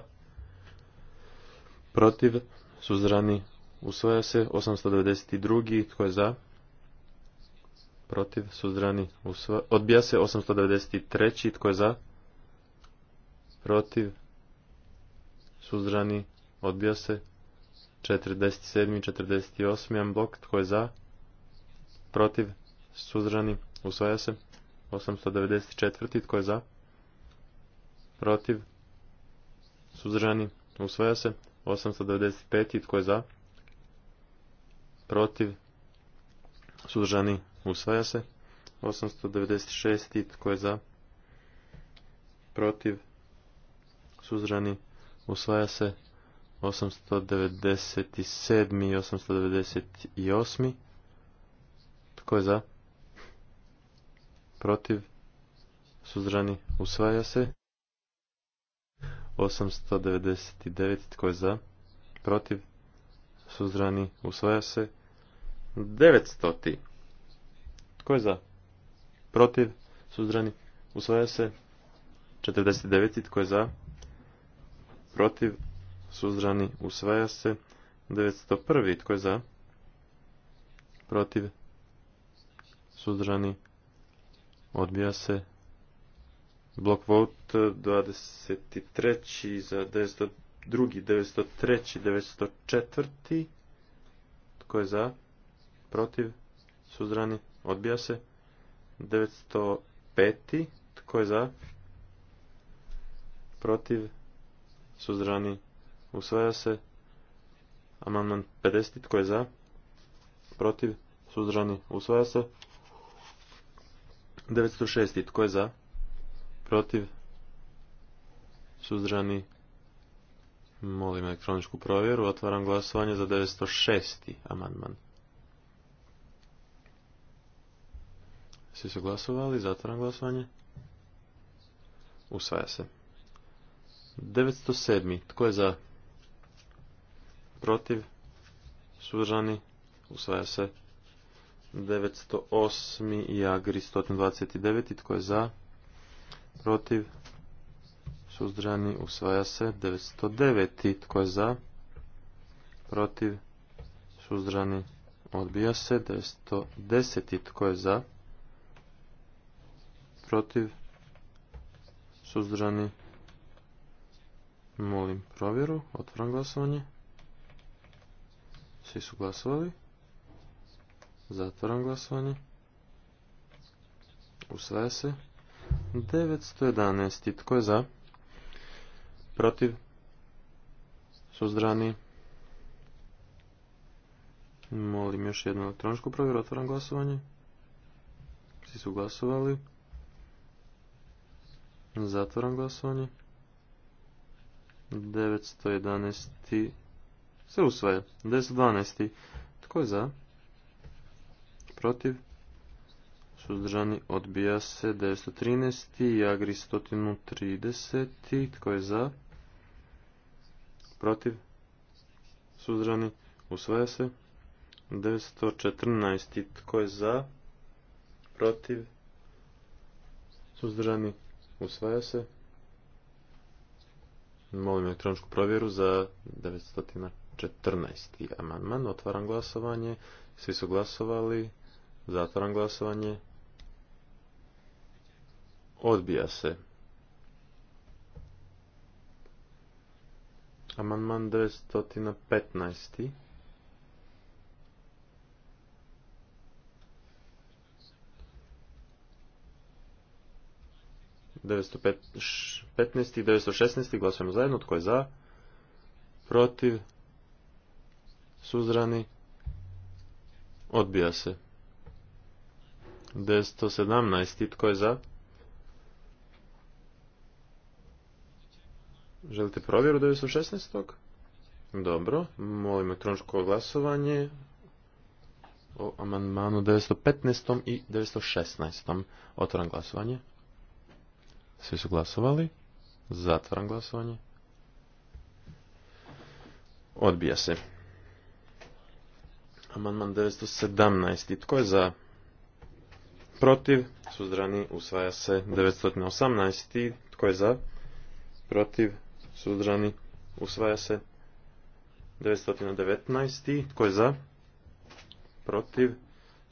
Protiv, suzrani usvaja se. 892. Tko je za? Protiv, suzrani Odbija se. 893. Tko je za? Protiv, suzrani odbija se. 47. i 48. blok, tko je za, protiv, suzdržani, usvaja se. 894. tko je za, protiv, suzdržani, usvaja se. 895. tko je za, protiv, suzdržani, usvaja se. 896. tko je za, protiv, suzdržani, usvaja se. 897. i 898. Tko je za? Protiv? Suzdrani? Usvaja se. 899. Tko je za? Protiv? Suzdrani? Usvaja se. 900. Tko je za? Protiv? Suzdrani? Usvaja se. 49. Tko je za? Protiv? suzdržani, usvaja se. 901. Tko je za? Protiv? Suzdržani? Odbija se. Block vote 23. za 902. 903. 904. Tko je za? Protiv? Suzdržani? Odbija se. 905. Tko je za? Protiv? Suzdržani? Usvaja se. Amandman 50. Tko je za? Protiv? Suzdržani? Usvaja se. 906. Tko je za? Protiv? Suzdržani? Molim elektroničku provjeru. Otvaram glasovanje za 906. amandman. Svi su glasovali. Zatvaram glasovanje. Usvaja se. 907. Tko je za? protiv, suzdržani, usvaja se 908 i Agri 129. Tko je za? Protiv? Suzdržani? Usvaja se. 909. Tko je za? Protiv? suzdrani Odbija se. 910. Tko je za? Protiv? Suzdržani? Molim provjeru. otvaram glasovanje. Svi su glasovali. Zatvaram glasovanje. Usvaja se. 911. Tko je za? Protiv? Suzdrani? Molim još jednu elektroničku provjeru. Otvaram glasovanje. Svi su glasovali. Zatvaram glasovanje. 911 se usvaja. 10.12. Tko je za? Protiv? Suzdržani odbija se. 913. Agri 130. Tko je za? Protiv? Suzdržani usvaja se. 914. Tko je za? Protiv? Suzdržani usvaja se. Molim elektroničku provjeru za 900. 14. amandman. Otvaram glasovanje. Svi su glasovali. Zatvaram glasovanje. Odbija se. Amandman 915. devetsto i devetsto glasujemo zajedno tko je za protiv suzrani Odbija se. 917. Tko je za? Želite provjeru 916. Dobro. Molim elektroničko glasovanje o amandmanu 915. i 916. otvoran glasovanje. Svi su glasovali. Zatvoram glasovanje. Odbija se. Amandman 917. Tko je za? Protiv. Suzdrani usvaja se 918. Tko je za? Protiv. Suzdrani usvaja se 919. Tko je za? Protiv.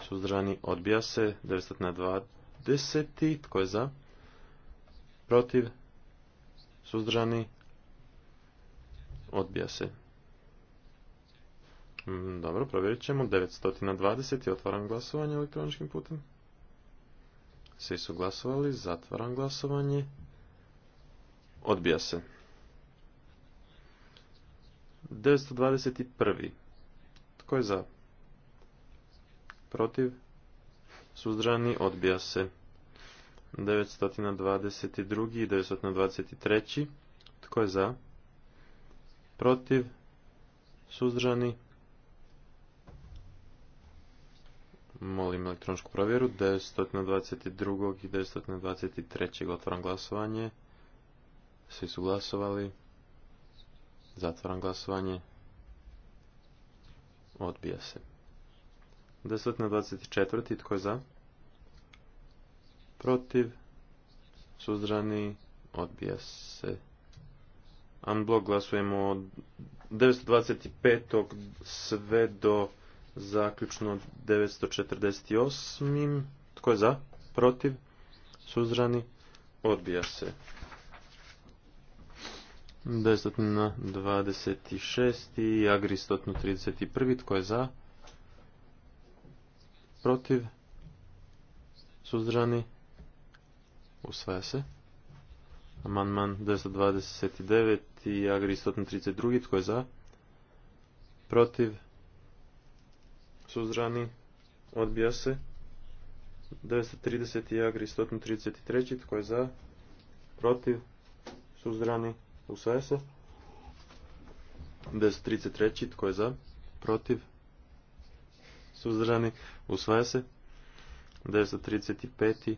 Suzdrani odbija se 920. Tko je za? Protiv. Suzdrani odbija se Mhm, dobro, provjerit ćemo. 920 i otvaram glasovanje elektroničkim putem. Svi su glasovali, zatvaram glasovanje. Odbija se. 921. Tko je za? Protiv? Suzdrani. odbija se. 922. i 923. Tko je za? Protiv? Suzdrani. Molim elektroničku provjeru 922. i 923. Otvaram glasovanje. Svi su glasovali. Zatvaram glasovanje. Odbija se. 924. Tko je za? Protiv. Suzdrani. Odbija se. Unblock glasujemo od 925. sve do zaključno 948. Tko je za? Protiv? Suzrani? Odbija se. 10 i agristotno 31. Tko je za? Protiv? Suzdrani? Usvaja se. Amanman 229. i agristotno 32. Tko je za? Protiv? Suzrani odbija se. 930 i 133, tko je za, protiv, Suzrani usvaja se. 933, tko je za, protiv, Suzrani usvaja se. 935,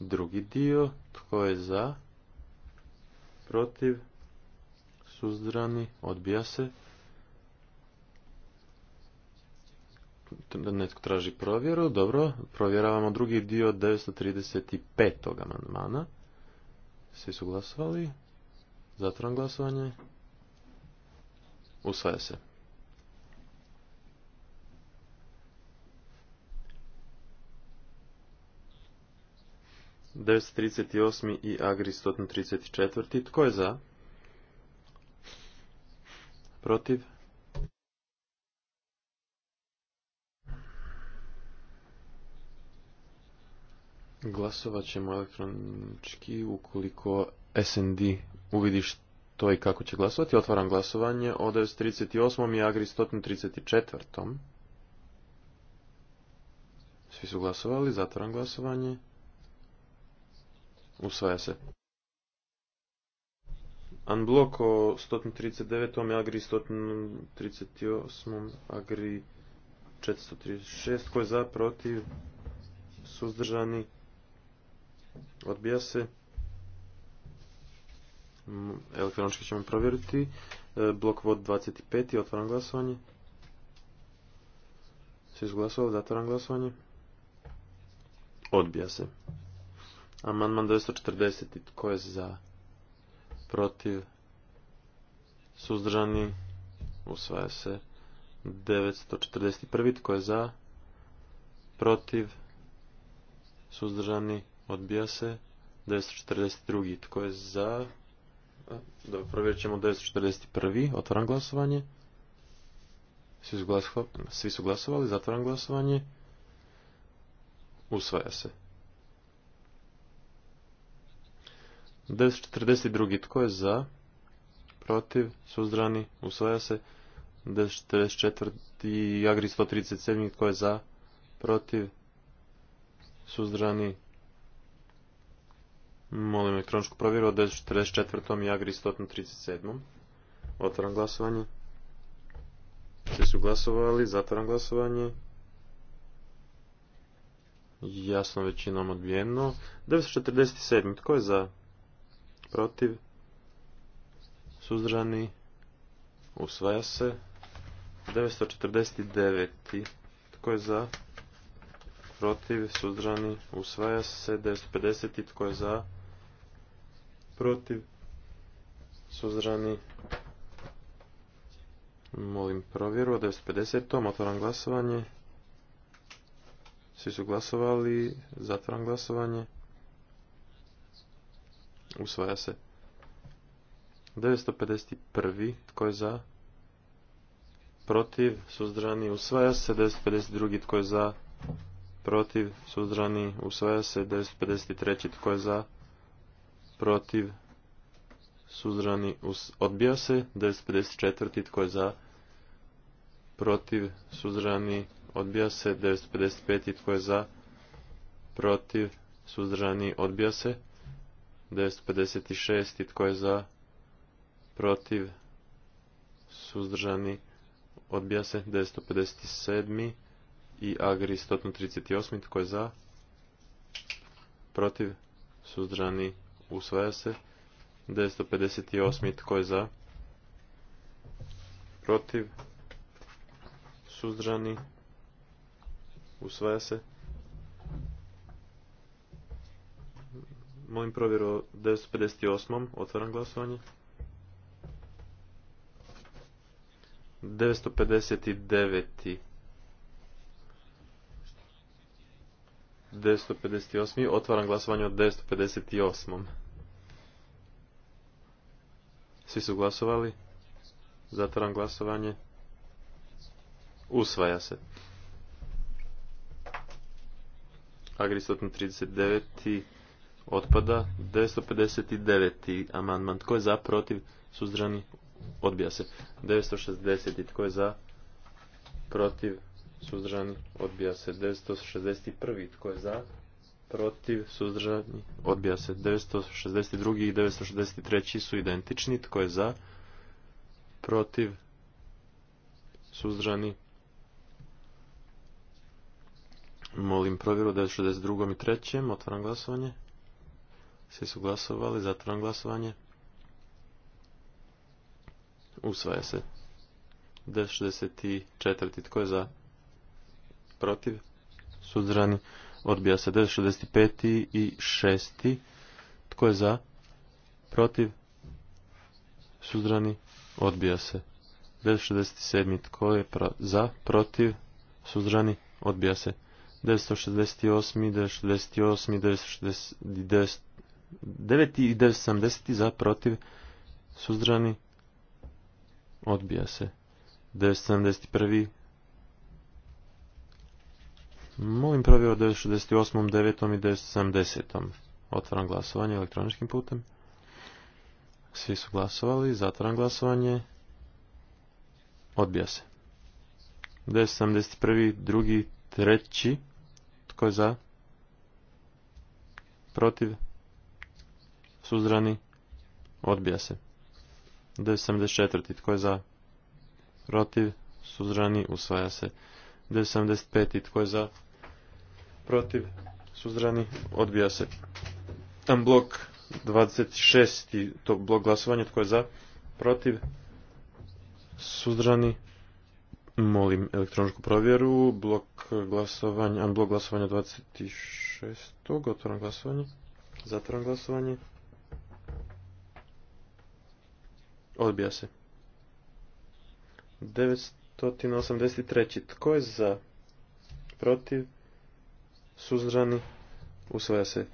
drugi dio, tko je za, protiv, Suzrani odbija se. netko traži provjeru, dobro, provjeravamo drugi dio 935. amandmana. Svi su glasovali. Zatvoram glasovanje. Usvaja se. 938. i agri 134. tko je za protiv Glasovat ćemo elektronički ukoliko SND uvidi što i kako će glasovati. Otvaram glasovanje o 938. i Agri 134. Svi su glasovali, zatvaram glasovanje. Usvaja se. Unblock o 139. Agri 138. Agri 436. Ko je za, protiv, suzdržani, Odbija se. Elektronički ćemo provjeriti. E, blok vod 25. Otvaram glasovanje. Se glasovali. Zatvaram glasovanje. Odbija se. Amandman 240. Tko je za? Protiv? Suzdržani? Usvaja se. 941. Tko je za? Protiv? Suzdržani? Odbija se. 942. Tko je za? Dobro, provjerit ćemo 941. Otvoram glasovanje. Svi su, Svi su glasovali. Zatvaram glasovanje. Usvaja se. 942. Tko je za? Protiv? Suzdrani? Usvaja se. 944. Agri 137. Tko je za? Protiv? Suzdrani? Molim elektroničku provjeru od 44. i Agri 137. Otvaram glasovanje. Svi su glasovali, zatvaram glasovanje. Jasno većinom odbijeno. 947. Tko je za? Protiv? Suzdržani? Usvaja se. 949. Tko je za? Protiv? Suzdržani? Usvaja se. 950. Tko je za? protiv, suzdržani, molim provjeru, 950. Otvaram glasovanje. Svi su glasovali, zatvaram glasovanje. Usvaja se. 951. Tko je za? Protiv, suzdržani, usvaja se. 952. Tko je za? Protiv, suzdržani, usvaja se. 953. Tko je za? protiv, suzdržani, odbija se, 954. tko je za, protiv, suzdržani, odbija se, 955. tko je za, protiv, suzdržani, odbija se, 956. tko je za, protiv, suzdržani, odbija se, 957. i Agri 138. tko je za, protiv, suzdržani, usvaja se. 958. Tko je za? Protiv? Suzdržani? Usvaja se. Molim provjeru o 958. Otvaram glasovanje. 959. 958. Otvaram glasovanje o 958. Svi su glasovali. Zatvaram glasovanje. Usvaja se. Agri 139. Otpada. 959. Amandman. Tko je za? Protiv? Suzdrani? Odbija se. 960. Tko je za? Protiv? suzdržani, odbija se 961. Tko je za? Protiv, suzdržani, odbija se 962. i 963. su identični. Tko je za? Protiv, suzdržani, Molim provjeru da i 3. Otvaram glasovanje. Svi su glasovali. Zatvaram glasovanje. Usvaja se. 64. Tko je za? protiv, suzdržani, odbija se 965. i 6. Tko je za? Protiv, suzdržani, odbija se. 967. Tko je za? Protiv, suzdržani, odbija se. 968. i 968. 969. 9 i 970 za protiv suzdržani odbija se 971 Molim provjeru 968, 9 i 970. Otvaram glasovanje elektroničkim putem. Svi su glasovali, zatvaram glasovanje. Odbija se. 971, drugi, treći. Tko je za? Protiv? Suzdrani? Odbija se. 974. Tko je za? Protiv? Suzdrani? Usvaja se. 975. Tko je za? protiv, suzdrani, odbija se. Tam blok 26. to blok glasovanja, tko je za, protiv, suzdrani molim elektroničku provjeru, blok glasovanja, blok glasovanja 26. otvoran glasovanje, Zatvaram glasovanje, odbija se. 983. Tko je za? Protiv? suzdržani, usvaja se.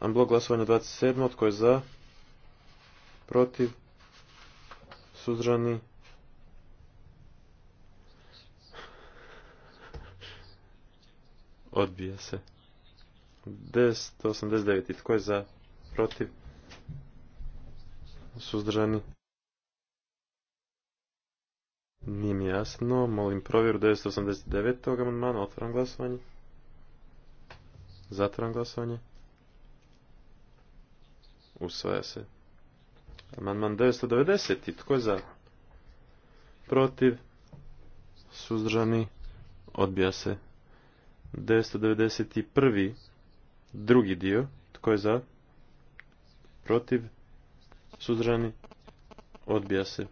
Amblok glasovanja 27. Tko je za? Protiv? Suzdržani? Odbija se. 989. Tko je za? Protiv? Suzdržani? Nije mi jasno. Molim provjeru 989. amandmana. Otvaram glasovanje. Zatvaram glasovanje. Usvaja se. Amandman 990. Tko je za? Protiv. Suzdržani. Odbija se. 991. Drugi dio. Tko je za? Protiv. Suzdržani. Odbija se.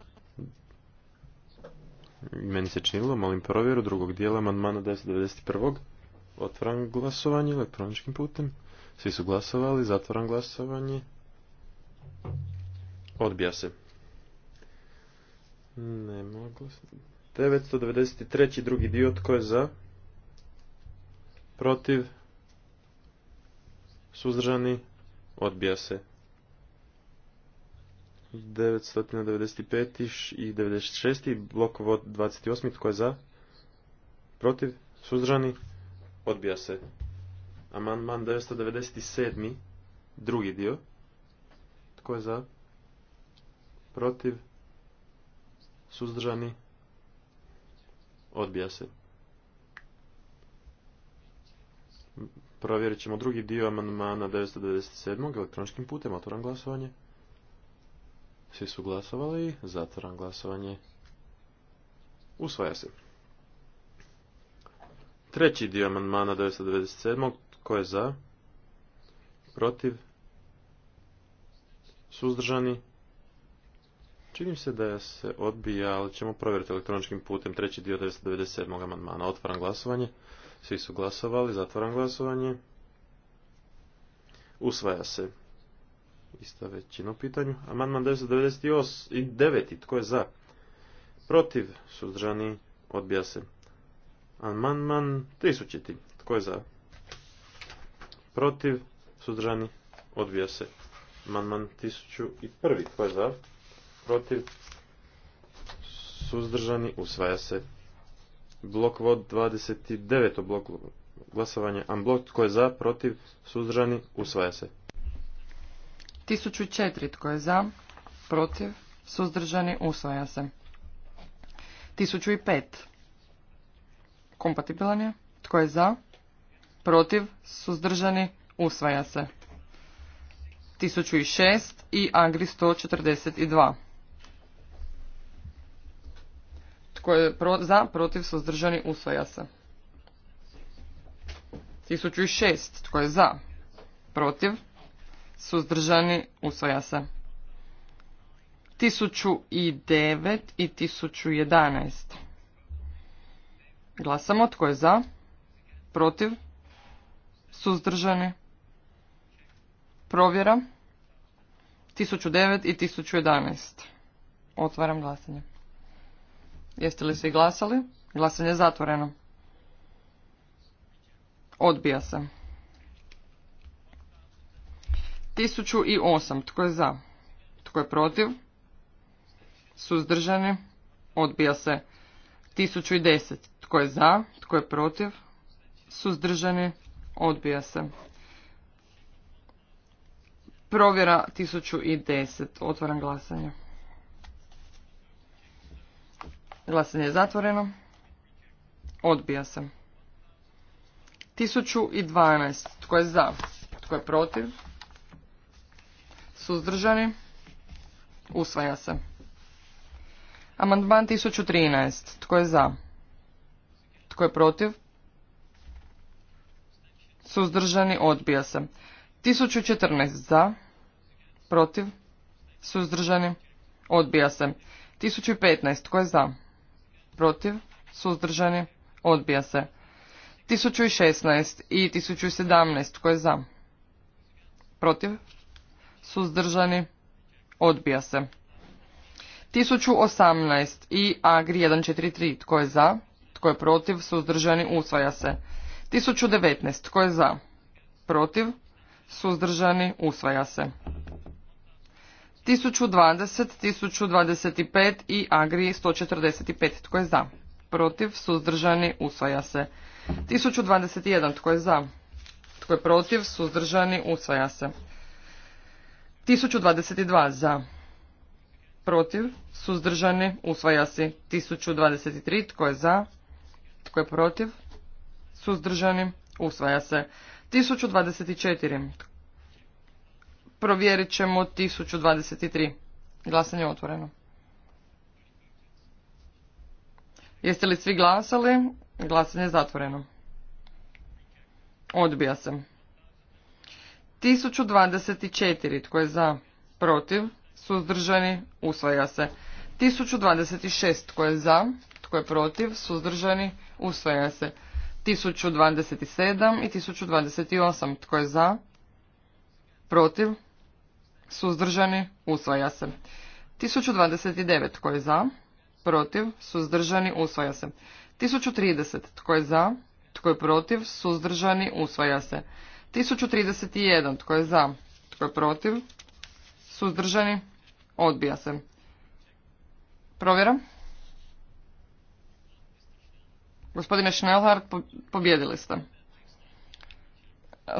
Meni se činilo, molim provjeru drugog dijela amandmana 991. Otvaram glasovanje elektroničkim putem. Svi su glasovali, zatvaram glasovanje. Odbija se. Nema mogu... 993. drugi dio, tko je za? Protiv? Suzdržani? Odbija se. 995. i 96. blok 28. tko je za? Protiv? Suzdržani? Odbija se. Amandman 997. Drugi dio. Tko je za? Protiv? Suzdržani? Odbija se. Provjerit ćemo drugi dio amandmana 997. elektroničkim putem. Otvoram glasovanje. Svi su glasovali. Zatvoram glasovanje. Usvaja se. Treći dio amandmana 997. Tko je za? Protiv? Suzdržani? Čini se da se odbija, ali ćemo provjeriti elektroničkim putem treći dio 997. amandmana. Otvaram glasovanje. Svi su glasovali. Zatvaram glasovanje. Usvaja se. Ista većina u pitanju. Amandman 998. I 9. Tko je za? Protiv? Suzdržani? Odbija se. Amandman tisućiti Tko je za? Protiv. Suzdržani. Odbija se. Amandman prvi, Tko je za? Protiv. Suzdržani. Usvaja se. Blok vod 29. Blok glasovanje. Amblok. Tko je za? Protiv. Suzdržani. Usvaja se. četiri, Tko je za? Protiv. Suzdržani. Usvaja se. pet Kompatibilan je. Tko je za? Protiv? Suzdržani? Usvaja se. 1006 i Agri 142. Tko je pro, za? Protiv? Suzdržani? Usvaja se. 1006. Tko je za? Protiv? Suzdržani? Usvaja se. 1009 i 1011. Glasamo tko je za, protiv, suzdržani, provjera, 1009 i 1011. Otvaram glasanje. Jeste li svi glasali? Glasanje je zatvoreno. Odbija se. 1008. Tko je za? Tko je protiv? Suzdržani. Odbija se. 1010. Tko je za? Tko je protiv? Suzdržani? Odbija se. Provjera 1010. Otvaram glasanje. Glasanje je zatvoreno. Odbija se. 1012. Tko je za? Tko je protiv? Suzdržani? Usvaja se. Amandman 1013. Tko je za? Tko je protiv? Suzdržani odbija se. 1014 za. Protiv. Suzdržani odbija se. 1015 tko je za? Protiv. Suzdržani odbija se. 1016 i 1017 tko je za? Protiv. Suzdržani odbija se. 1018 i Agri 143 tko je za? Tko je protiv? Suzdržani? Usvaja se. 1019. Tko je za? Protiv? Suzdržani? Usvaja se. 1020, 1025 i Agri 145. Tko je za? Protiv? Suzdržani? Usvaja se. 1021. Tko je za? Tko je protiv? Suzdržani? Usvaja se. 1022. Za? Protiv? Suzdržani? Usvaja se. 1023. Tko je za? Tko je protiv? Suzdržani. Usvaja se. 1024. Provjerit ćemo 1023. Glasanje je otvoreno. Jeste li svi glasali? Glasanje je zatvoreno. Odbija se. 1024. Tko je za? Protiv? Suzdržani? Usvaja se. 1026. Tko je za? Tko je protiv? Suzdržani? Usvaja se. 1027 i 1028. Tko je za? Protiv? Suzdržani? Usvaja se. 1029. Tko je za? Protiv? Suzdržani? Usvaja se. 1030. Tko je za? Tko je protiv? Suzdržani? Usvaja se. 1031. Tko je za? Tko je protiv? Suzdržani? Odbija se. Provjeram. Gospodine Schnellhardt, pobjedili ste.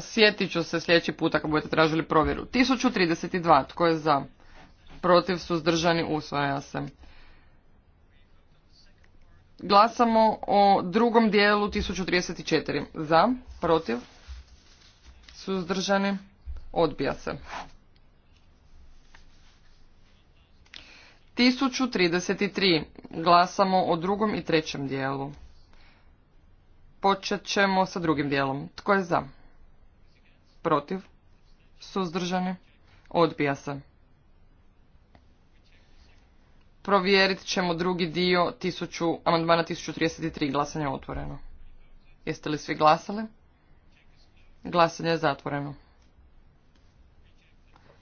Sjetit ću se sljedeći puta kad budete tražili provjeru. 1032. Tko je za? Protiv suzdržani usvaja se. Glasamo o drugom dijelu 1034. Za, protiv, suzdržani, odbija se. 1033. Glasamo o drugom i trećem dijelu. Počet ćemo sa drugim dijelom. Tko je za? Protiv? Suzdržani? Odbija se. Provjerit ćemo drugi dio amandmana 1033. Glasanje je otvoreno. Jeste li svi glasali? Glasanje je zatvoreno.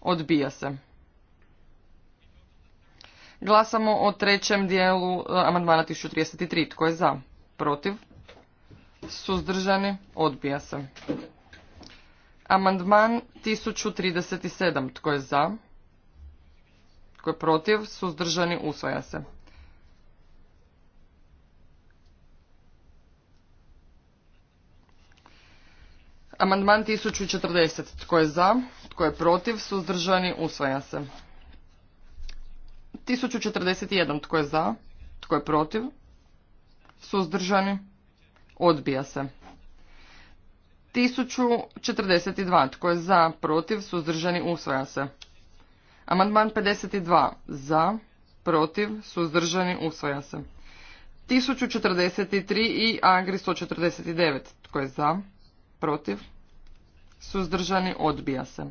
Odbija se. Glasamo o trećem dijelu eh, amandmana 1033. Tko je za? Protiv? suzdržani, odbija se. Amandman 1037. Tko je za? Tko je protiv? Suzdržani, usvaja se. Amandman 1040. Tko je za? Tko je protiv? Suzdržani, usvaja se. 1041. Tko je za? Tko je protiv? Suzdržani, Odbija se. 1042. Tko je za? Protiv? Suzdržani? Usvaja se. Amandman 52. Za? Protiv? Suzdržani? Usvaja se. 1043 i Agri 149. Tko je za? Protiv? Suzdržani? Odbija se.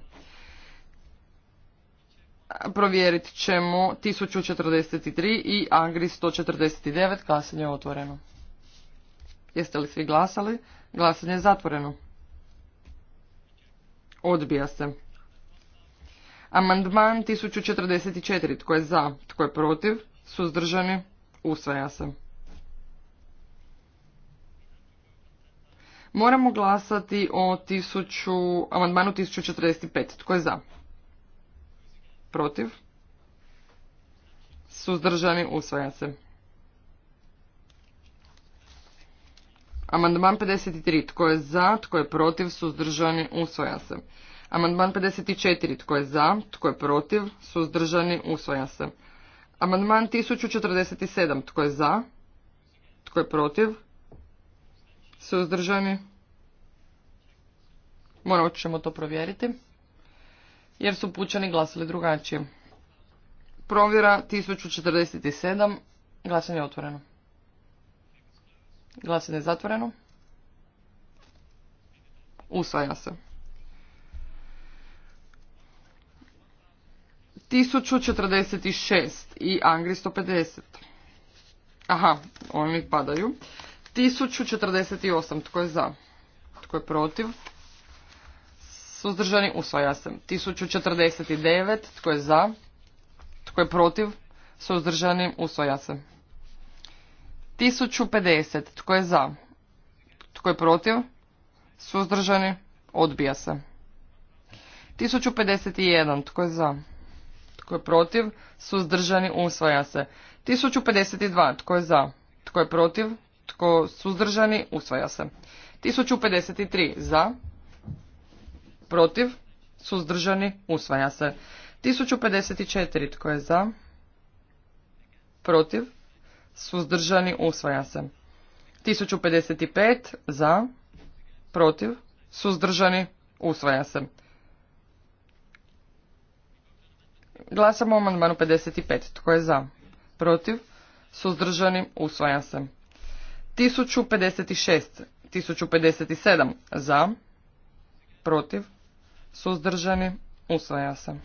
Provjerit ćemo 1043 i Agri 149. kasnije je otvoreno. Jeste li svi glasali? Glasanje je zatvoreno. Odbija se. Amandman 1044. Tko je za? Tko je protiv? Suzdržani? Usvaja se. Moramo glasati o amandmanu 1045. Tko je za? Protiv? Suzdržani? Usvaja se. Amandman 53. Tko je za? Tko je protiv? Suzdržani? usvoja se. Amandman 54. Tko je za? Tko je protiv? Suzdržani? usvoja se. Amandman 1047. Tko je za? Tko je protiv? Suzdržani? Moramo ćemo to provjeriti. Jer su pučani glasili drugačije. Provjera 1047. Glasanje je otvoreno. Glasanje je zatvoreno. Usvaja se. 1046 i Angri 150. Aha, mi padaju. 1048, tko je za? Tko je protiv? Suzdržani, usvaja se. 1049, tko je za? Tko je protiv? Suzdržani, usvaja se. 1050. Tko je za? Tko je protiv? Suzdržani? Odbija se. 1051. Tko je za? Tko je protiv? Suzdržani? Usvaja se. 1052. Tko je za? Tko je protiv? Tko suzdržani? Usvaja se. 1053. Za? Protiv? Suzdržani? Usvaja se. 1054. Tko je za? Protiv? suzdržani, usvaja se. 1055 za, protiv, suzdržani, usvaja se. Glasamo o amandmanu 55. Tko je za? Protiv? Suzdržani? Usvaja se. 1056. 1057. Za? Protiv? Suzdržani? Usvaja se.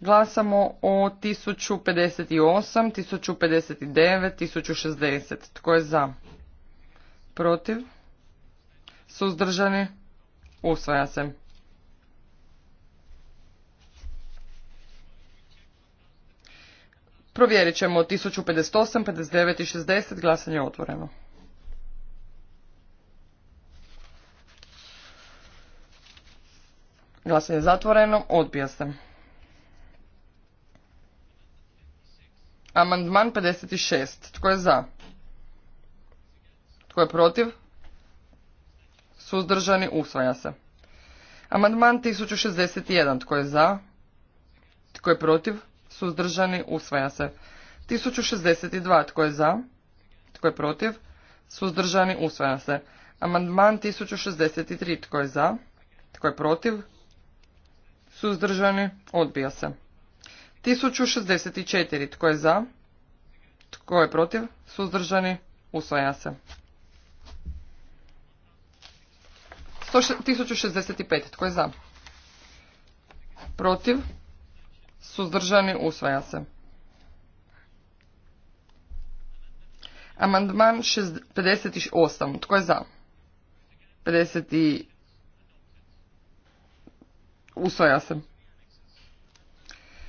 Glasamo o 1058, 1059, 1060. Tko je za? Protiv? Suzdržani? Usvaja se. Provjerit ćemo 1058, 59 i 60. Glasanje je otvoreno. Glasanje je zatvoreno. Odbija se. Amandman 56. Tko je za? Tko je protiv? Suzdržani usvaja se. Amandman 1061. Tko je za? Tko je protiv? Suzdržani usvaja se. 1062. Tko je za? Tko je protiv? Suzdržani usvaja se. Amandman 1063. Tko je za? Tko je protiv? Suzdržani odbija se. 1064. Tko je za? Tko je protiv? Suzdržani? Usvaja se. 1065. Tko je za? Protiv? Suzdržani? Usvaja se. Amandman 58. Tko je za? 50. I... Usvaja se.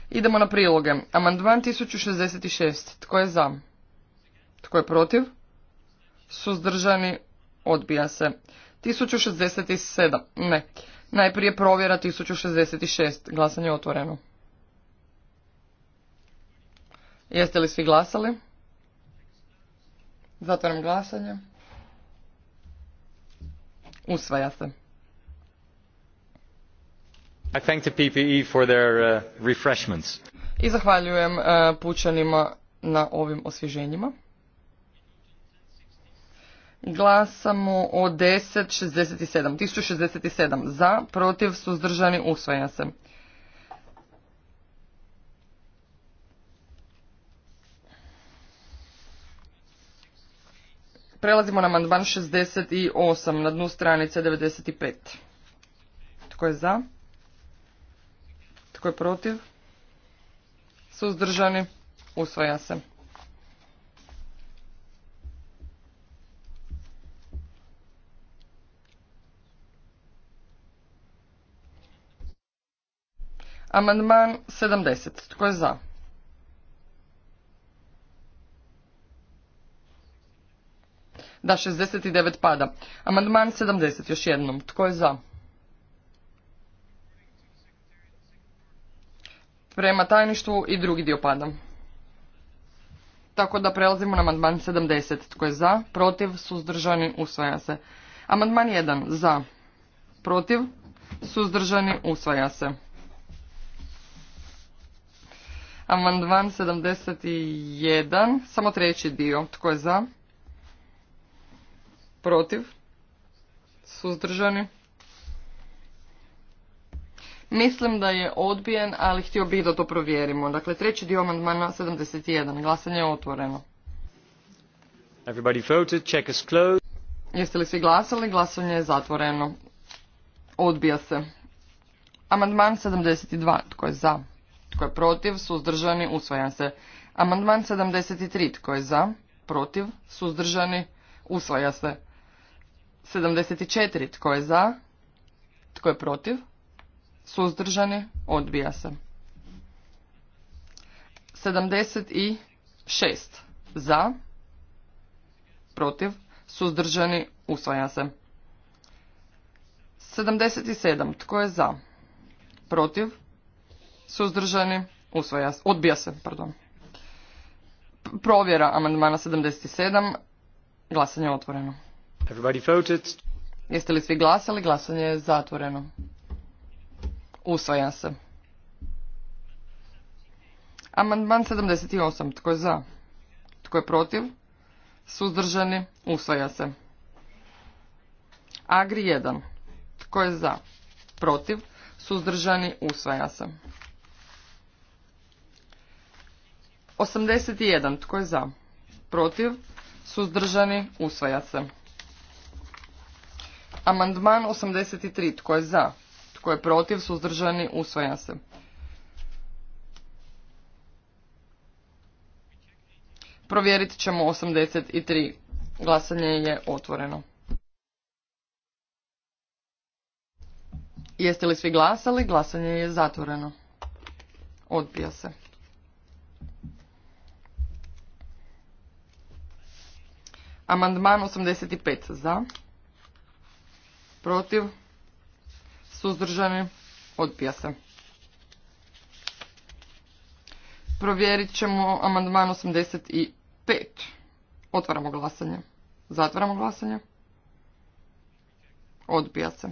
Idemo na priloge. Amandman 1066. Tko je za? Tko je protiv? Suzdržani odbija se. 1067. Ne. Najprije provjera 1066. Glasanje je otvoreno. Jeste li svi glasali? Zatvaram glasanje. Usvaja se. I thank the PPE for their uh, refreshments. I zahvaljujem uh, pučanima na ovim osvježenjima. Glasamo o 1067. 1067 za, protiv, suzdržani, usvaja se. Prelazimo na amandman 68 na dnu stranice 95. Tko je za? Tko je protiv? Suzdržani? Usvaja se. Amandman 70. Tko je za? Da, 69 pada. Amandman 70. Još jednom. Tko je za? prema tajništvu i drugi dio pada. Tako da prelazimo na amandman 70. Tko je za, protiv, suzdržani, usvaja se. Amandman 1. Za, protiv, suzdržani, usvaja se. Amandman 71. Samo treći dio. Tko je za? Protiv? Suzdržani? Mislim da je odbijen, ali htio bih da to provjerimo. Dakle, treći dio amandmana 71. Glasanje je otvoreno. Everybody Jeste li svi glasali? Glasanje je zatvoreno. Odbija se. Amandman 72. Tko je za? Tko je protiv? Suzdržani? Usvaja se. Amandman 73. Tko je za? Protiv? Suzdržani? Usvaja se. 74. Tko je za? Tko je protiv? suzdržani, odbija se. 76 za, protiv, suzdržani, usvaja se. 77 tko je za, protiv, suzdržani, usvaja se, odbija se, pardon. Provjera amandmana 77, glasanje je otvoreno. Jeste li svi glasali? Glasanje je zatvoreno. Usvaja se. Amandman 78. Tko je za? Tko je protiv? Suzdržani? Usvaja se. Agri 1. Tko je za? Protiv? Suzdržani? Usvaja se. 81. Tko je za? Protiv? Suzdržani? Usvaja se. Amandman 83. Tko je za? Tko je protiv? Suzdržani? Usvaja se. Provjerit ćemo 83. Glasanje je otvoreno. Jeste li svi glasali? Glasanje je zatvoreno. Odbija se. Amandman 85 za. Protiv suzdržani, odbija se. Provjerit ćemo amandman 85. Otvaramo glasanje. Zatvaramo glasanje. Odbija se.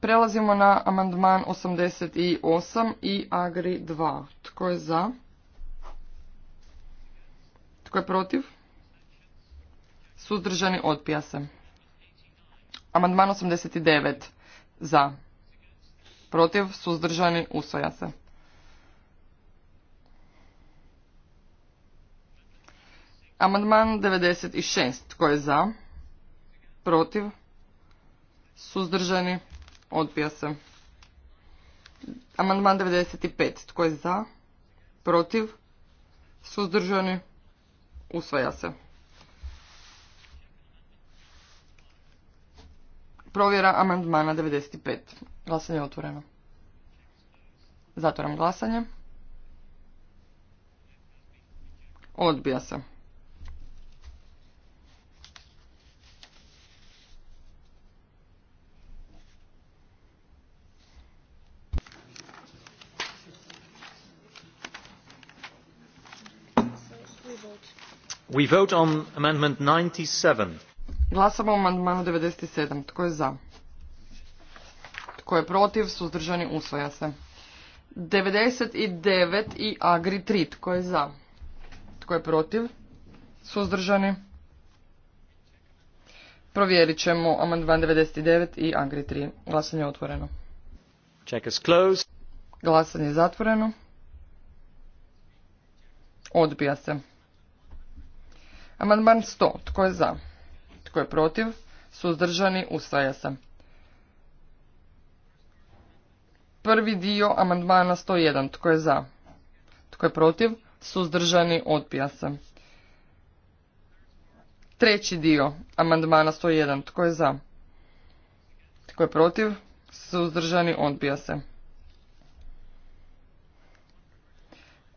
Prelazimo na amandman 88 i Agri 2. Tko je za? Tko je protiv? Suzdržani odbija se. Amandman 89. Za. Protiv. Suzdržani. Usvaja se. Amandman 96. Tko je za? Protiv. Suzdržani. Odbija se. Amandman 95. Tko je za? Protiv. Suzdržani. Usvaja se. Provjera amandmana 95. Glasanje je otvoreno. Zatvoram glasanje. Odbija se. We vote on amendment 97. Glasamo o amandmanu 97. Tko je za? Tko je protiv? Suzdržani Usvoja se. 99 i Agri 3. Tko je za? Tko je protiv? Suzdržani? Provjerit ćemo amandman 99 i Agri 3. Glasanje je otvoreno. Check closed. Glasanje je zatvoreno. Odbija se. Amandman 100. Tko je za? Tko je protiv? Suzdržani? ustaja se. Prvi dio amandmana 101. Tko je za? Tko je protiv? Suzdržani? Odbija se. Treći dio amandmana 101. Tko je za? Tko je protiv? Suzdržani? Odbija se.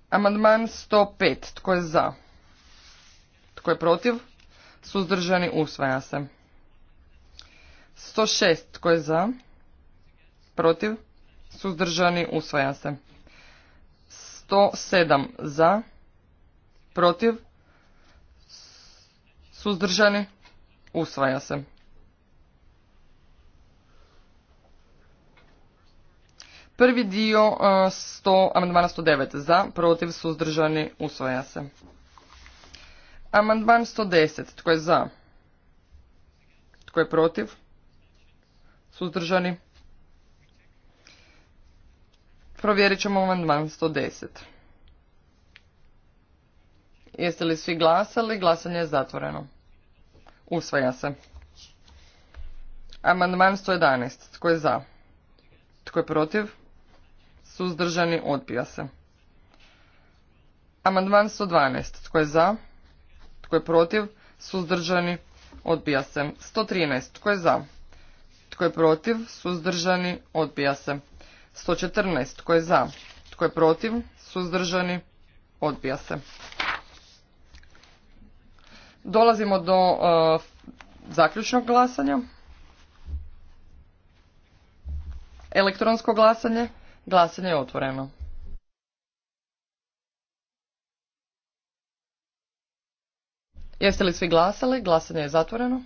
Amandman 105. Tko je za? Tko je protiv? suzdržani, usvaja se. 106 tko je za, protiv, suzdržani, usvaja se. 107 za, protiv, suzdržani, usvaja se. Prvi dio 100, eh, amandmana 109 za, protiv, suzdržani, usvaja se. Amandman 110. Tko je za? Tko je protiv? Suzdržani? Provjerit ćemo amandman 110. Jeste li svi glasali? Glasanje je zatvoreno. Usvaja se. Amandman 111. Tko je za? Tko je protiv? Suzdržani odbija se. Amandman 112. Tko je za? Tko je protiv? Suzdržani? Odbija se. 113. Tko je za? Tko je protiv? Suzdržani? Odbija se. 114. Tko je za? Tko je protiv? Suzdržani? Odbija se. Dolazimo do e, zaključnog glasanja. Elektronsko glasanje. Glasanje je otvoreno. Jeste li svi glasali? Glasanje je zatvoreno.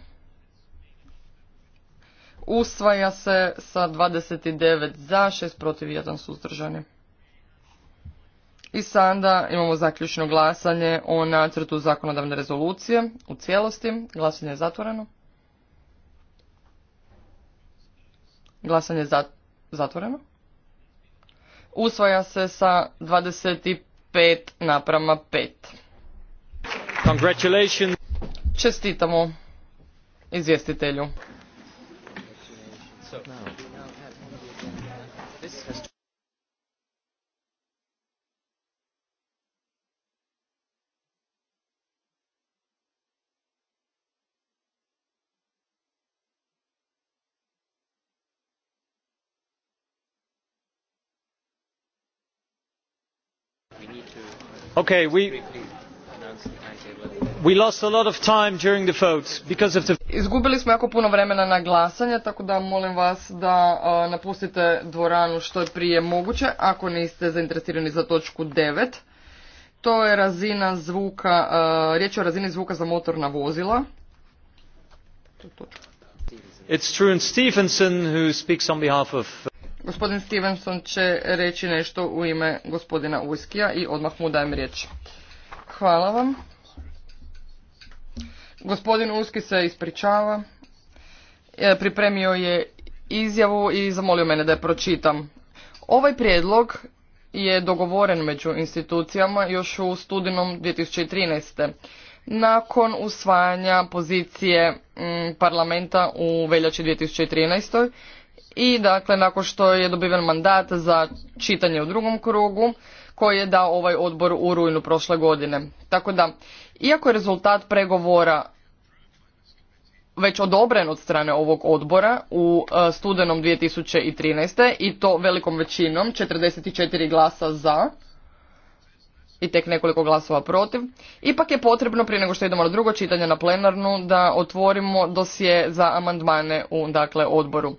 Usvaja se sa 29 za, 6 protiv 1 suzdržani. I sada imamo zaključno glasanje o nacrtu zakonodavne rezolucije u cijelosti. Glasanje je zatvoreno. Glasanje je zatvoreno. Usvaja se sa 25 naprama 5. Čestitamo izvjestitelju. Okay, we Izgubili smo jako puno vremena na glasanje, tako da molim vas da napustite dvoranu što je prije moguće, ako niste zainteresirani za točku devet. To je razina zvuka, riječ je o razini zvuka za motorna vozila. It's Stevenson who speaks on behalf of... Gospodin Stevenson će reći nešto u ime gospodina Ujskija i odmah mu dajem riječ. Hvala vam. Gospodin Uski se ispričava. E, pripremio je izjavu i zamolio mene da je pročitam. Ovaj prijedlog je dogovoren među institucijama još u studinom 2013. Nakon usvajanja pozicije mm, parlamenta u veljači 2013. I dakle, nakon što je dobiven mandat za čitanje u drugom krugu, koji je dao ovaj odbor u rujnu prošle godine. Tako da, iako je rezultat pregovora već odobren od strane ovog odbora u e, studenom 2013. i to velikom većinom, 44 glasa za i tek nekoliko glasova protiv. Ipak je potrebno, prije nego što idemo na drugo čitanje na plenarnu, da otvorimo dosje za amandmane u dakle, odboru.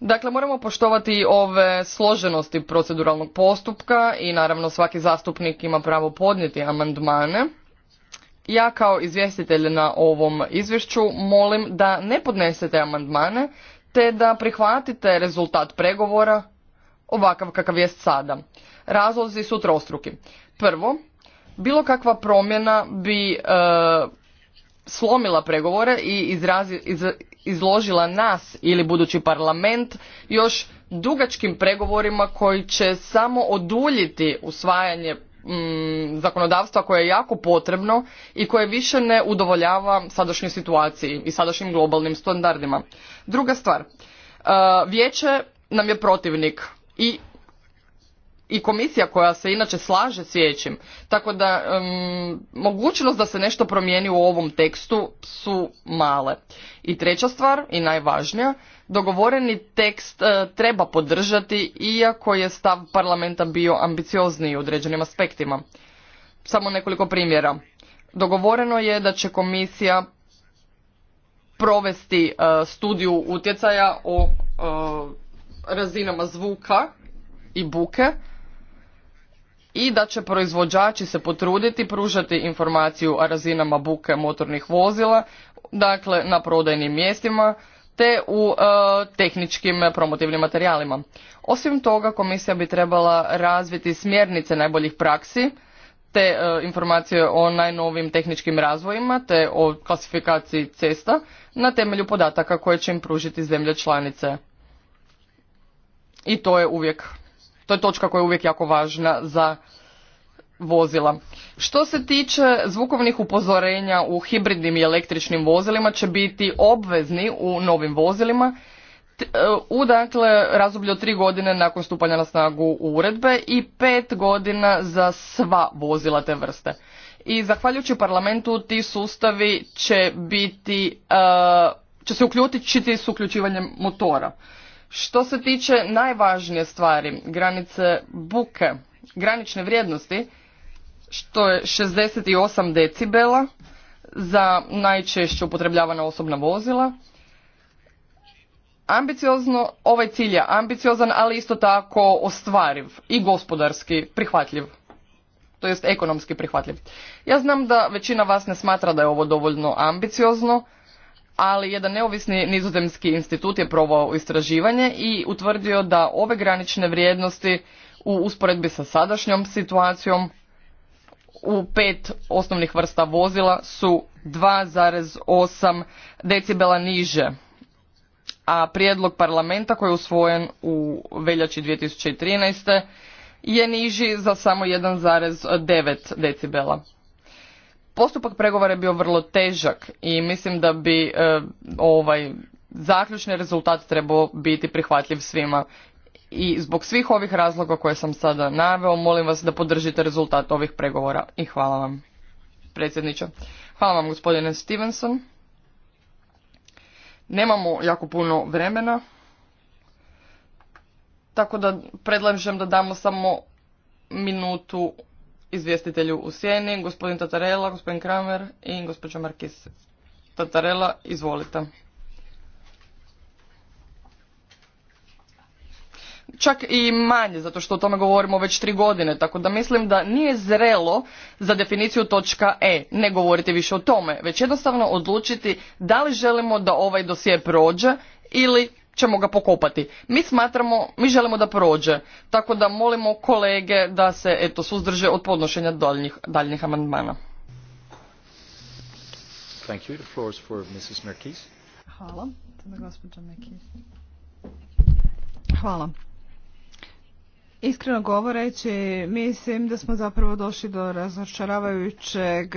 Dakle, moramo poštovati ove složenosti proceduralnog postupka i naravno svaki zastupnik ima pravo podnijeti amandmane ja kao izvjestitelj na ovom izvješću molim da ne podnesete amandmane te da prihvatite rezultat pregovora ovakav kakav jest sada. Razlozi su trostruki. Prvo, bilo kakva promjena bi e, slomila pregovore i izložila nas ili budući parlament još dugačkim pregovorima koji će samo oduljiti usvajanje Mm, zakonodavstva koje je jako potrebno i koje više ne udovoljava sadašnjoj situaciji i sadašnjim globalnim standardima. Druga stvar, e, vijeće nam je protivnik i i komisija koja se inače slaže s vijećem tako da um, mogućnost da se nešto promijeni u ovom tekstu su male i treća stvar i najvažnija Dogovoreni tekst e, treba podržati iako je stav parlamenta bio ambiciozniji u određenim aspektima. Samo nekoliko primjera. Dogovoreno je da će komisija provesti e, studiju utjecaja o e, razinama zvuka i buke i da će proizvođači se potruditi pružati informaciju o razinama buke motornih vozila, dakle na prodajnim mjestima te u e, tehničkim promotivnim materijalima. Osim toga, komisija bi trebala razviti smjernice najboljih praksi, te e, informacije o najnovim tehničkim razvojima, te o klasifikaciji cesta na temelju podataka koje će im pružiti zemlje članice. I to je uvijek, to je točka koja je uvijek jako važna za vozila. Što se tiče zvukovnih upozorenja u hibridnim i električnim vozilima će biti obvezni u novim vozilima e, u dakle razdoblju tri godine nakon stupanja na snagu uredbe i pet godina za sva vozila te vrste. I zahvaljujući parlamentu ti sustavi će biti, e, će se uključiti s uključivanjem motora. Što se tiče najvažnije stvari, granice buke, granične vrijednosti, što je 68 decibela za najčešće upotrebljavana osobna vozila. Ambiciozno, ovaj cilj je ambiciozan, ali isto tako ostvariv i gospodarski prihvatljiv, to jest ekonomski prihvatljiv. Ja znam da većina vas ne smatra da je ovo dovoljno ambiciozno, ali jedan neovisni nizozemski institut je provao istraživanje i utvrdio da ove granične vrijednosti u usporedbi sa sadašnjom situacijom u pet osnovnih vrsta vozila su 2,8 decibela niže, a prijedlog parlamenta koji je usvojen u veljači 2013. je niži za samo 1,9 decibela. Postupak pregovora je bio vrlo težak i mislim da bi e, ovaj zaključni rezultat trebao biti prihvatljiv svima i zbog svih ovih razloga koje sam sada naveo, molim vas da podržite rezultat ovih pregovora i hvala vam, predsjedniče. Hvala vam, gospodine Stevenson. Nemamo jako puno vremena, tako da predlažem da damo samo minutu izvjestitelju u sjeni, gospodin Tatarela, gospodin Kramer i gospođa Markis. Tatarela, izvolite. čak i manje, zato što o tome govorimo već tri godine, tako da mislim da nije zrelo za definiciju točka E ne govoriti više o tome, već jednostavno odlučiti da li želimo da ovaj dosje prođe ili ćemo ga pokopati. Mi smatramo, mi želimo da prođe, tako da molimo kolege da se eto suzdrže od podnošenja daljnjih, daljnjih amandmana. Thank you. The floor is for Mrs. Hvala. Hvala. Iskreno govoreći, mislim da smo zapravo došli do razočaravajućeg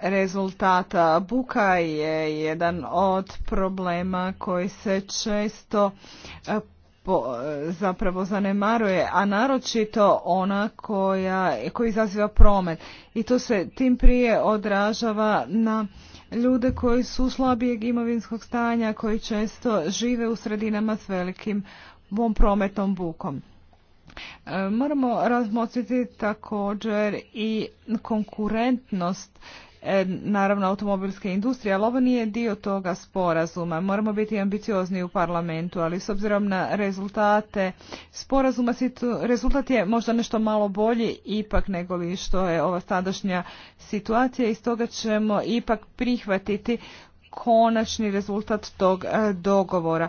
rezultata. Buka je jedan od problema koji se često e, zapravo zanemaruje, a naročito ona koja, koja izaziva promet. I to se tim prije odražava na ljude koji su slabijeg imovinskog stanja, koji često žive u sredinama s velikim bom prometnom bukom. E, moramo razmociti također i konkurentnost e, naravno automobilske industrije, ali ovo nije dio toga sporazuma. Moramo biti ambiciozni u parlamentu, ali s obzirom na rezultate sporazuma, rezultat je možda nešto malo bolji ipak nego li što je ova sadašnja situacija i stoga ćemo ipak prihvatiti konačni rezultat tog e, dogovora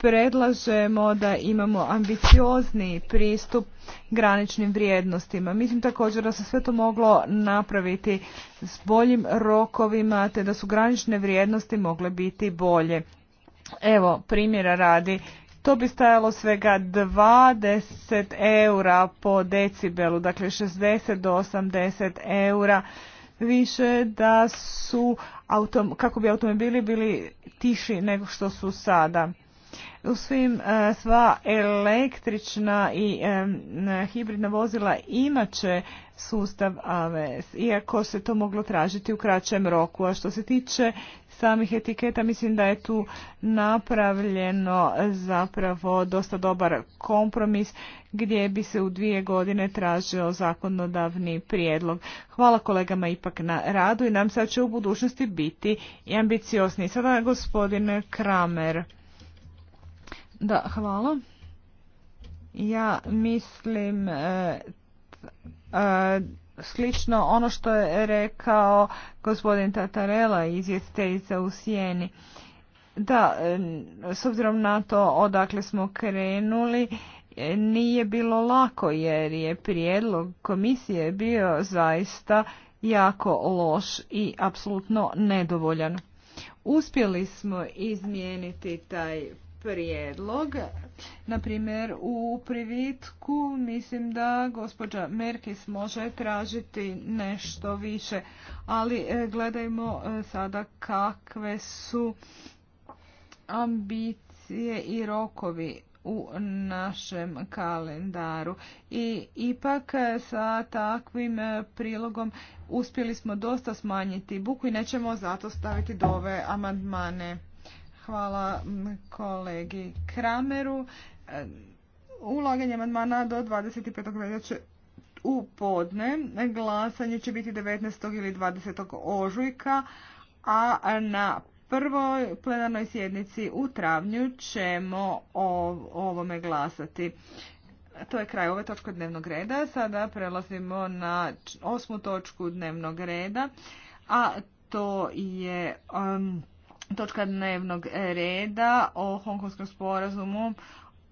predlažemo da imamo ambiciozni pristup graničnim vrijednostima. Mislim također da se sve to moglo napraviti s boljim rokovima te da su granične vrijednosti mogle biti bolje. Evo, primjera radi, to bi stajalo svega 20 eura po decibelu, dakle 60 do 80 eura više da su, kako bi automobili bili tiši nego što su sada u svim e, sva električna i e, hibridna vozila imat će sustav AVS, iako se to moglo tražiti u kraćem roku. A što se tiče samih etiketa, mislim da je tu napravljeno zapravo dosta dobar kompromis gdje bi se u dvije godine tražio zakonodavni prijedlog. Hvala kolegama ipak na radu i nam sad će u budućnosti biti i ambiciozni. Sada gospodin Kramer. Da, hvala. Ja mislim e, e, slično ono što je rekao gospodin Tatarela izvjestiteljica u Sijeni. Da, e, s obzirom na to odakle smo krenuli, nije bilo lako jer je prijedlog komisije bio zaista jako loš i apsolutno nedovoljan. Uspjeli smo izmijeniti taj prijedlog. Naprimjer, u privitku mislim da gospođa Merkis može tražiti nešto više, ali e, gledajmo e, sada kakve su ambicije i rokovi u našem kalendaru. I ipak e, sa takvim prilogom uspjeli smo dosta smanjiti buku i nećemo zato staviti dove amandmane. Hvala kolegi Krameru. E, ulaganje amandmana do 25. veljače u podne. Glasanje će biti 19. ili 20. ožujka, a na prvoj plenarnoj sjednici u travnju ćemo o ovome glasati. To je kraj ove točke dnevnog reda. Sada prelazimo na osmu točku dnevnog reda, a to je točka dnevnog reda o hongkonskom sporazumu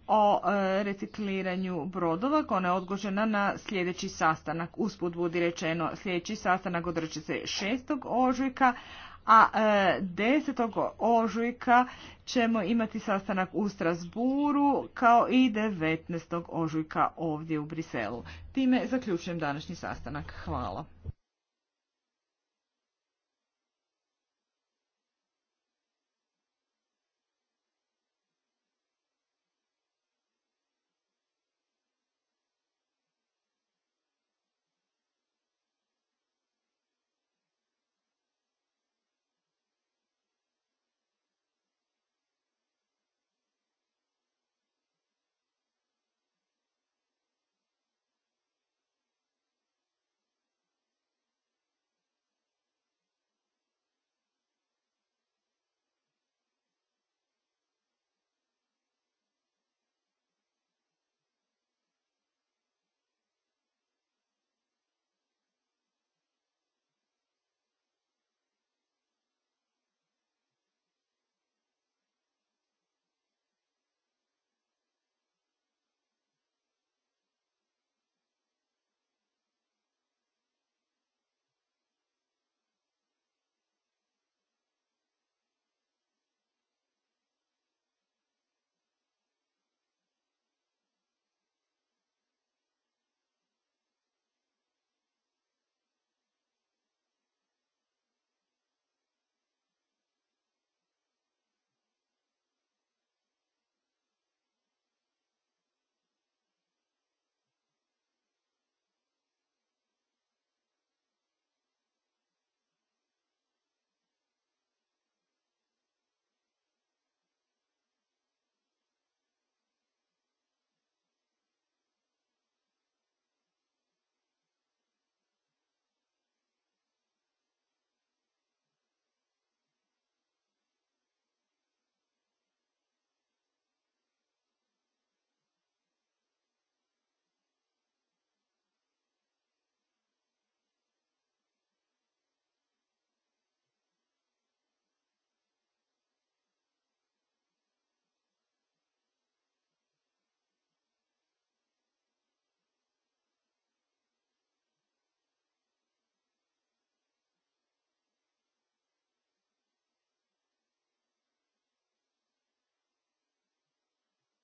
o e, recikliranju brodova koja je odgođena na sljedeći sastanak. Usput budi rečeno sljedeći sastanak održat se 6. ožujka, a 10. E, ožujka ćemo imati sastanak u Strasburu kao i 19. ožujka ovdje u Briselu. Time zaključujem današnji sastanak. Hvala.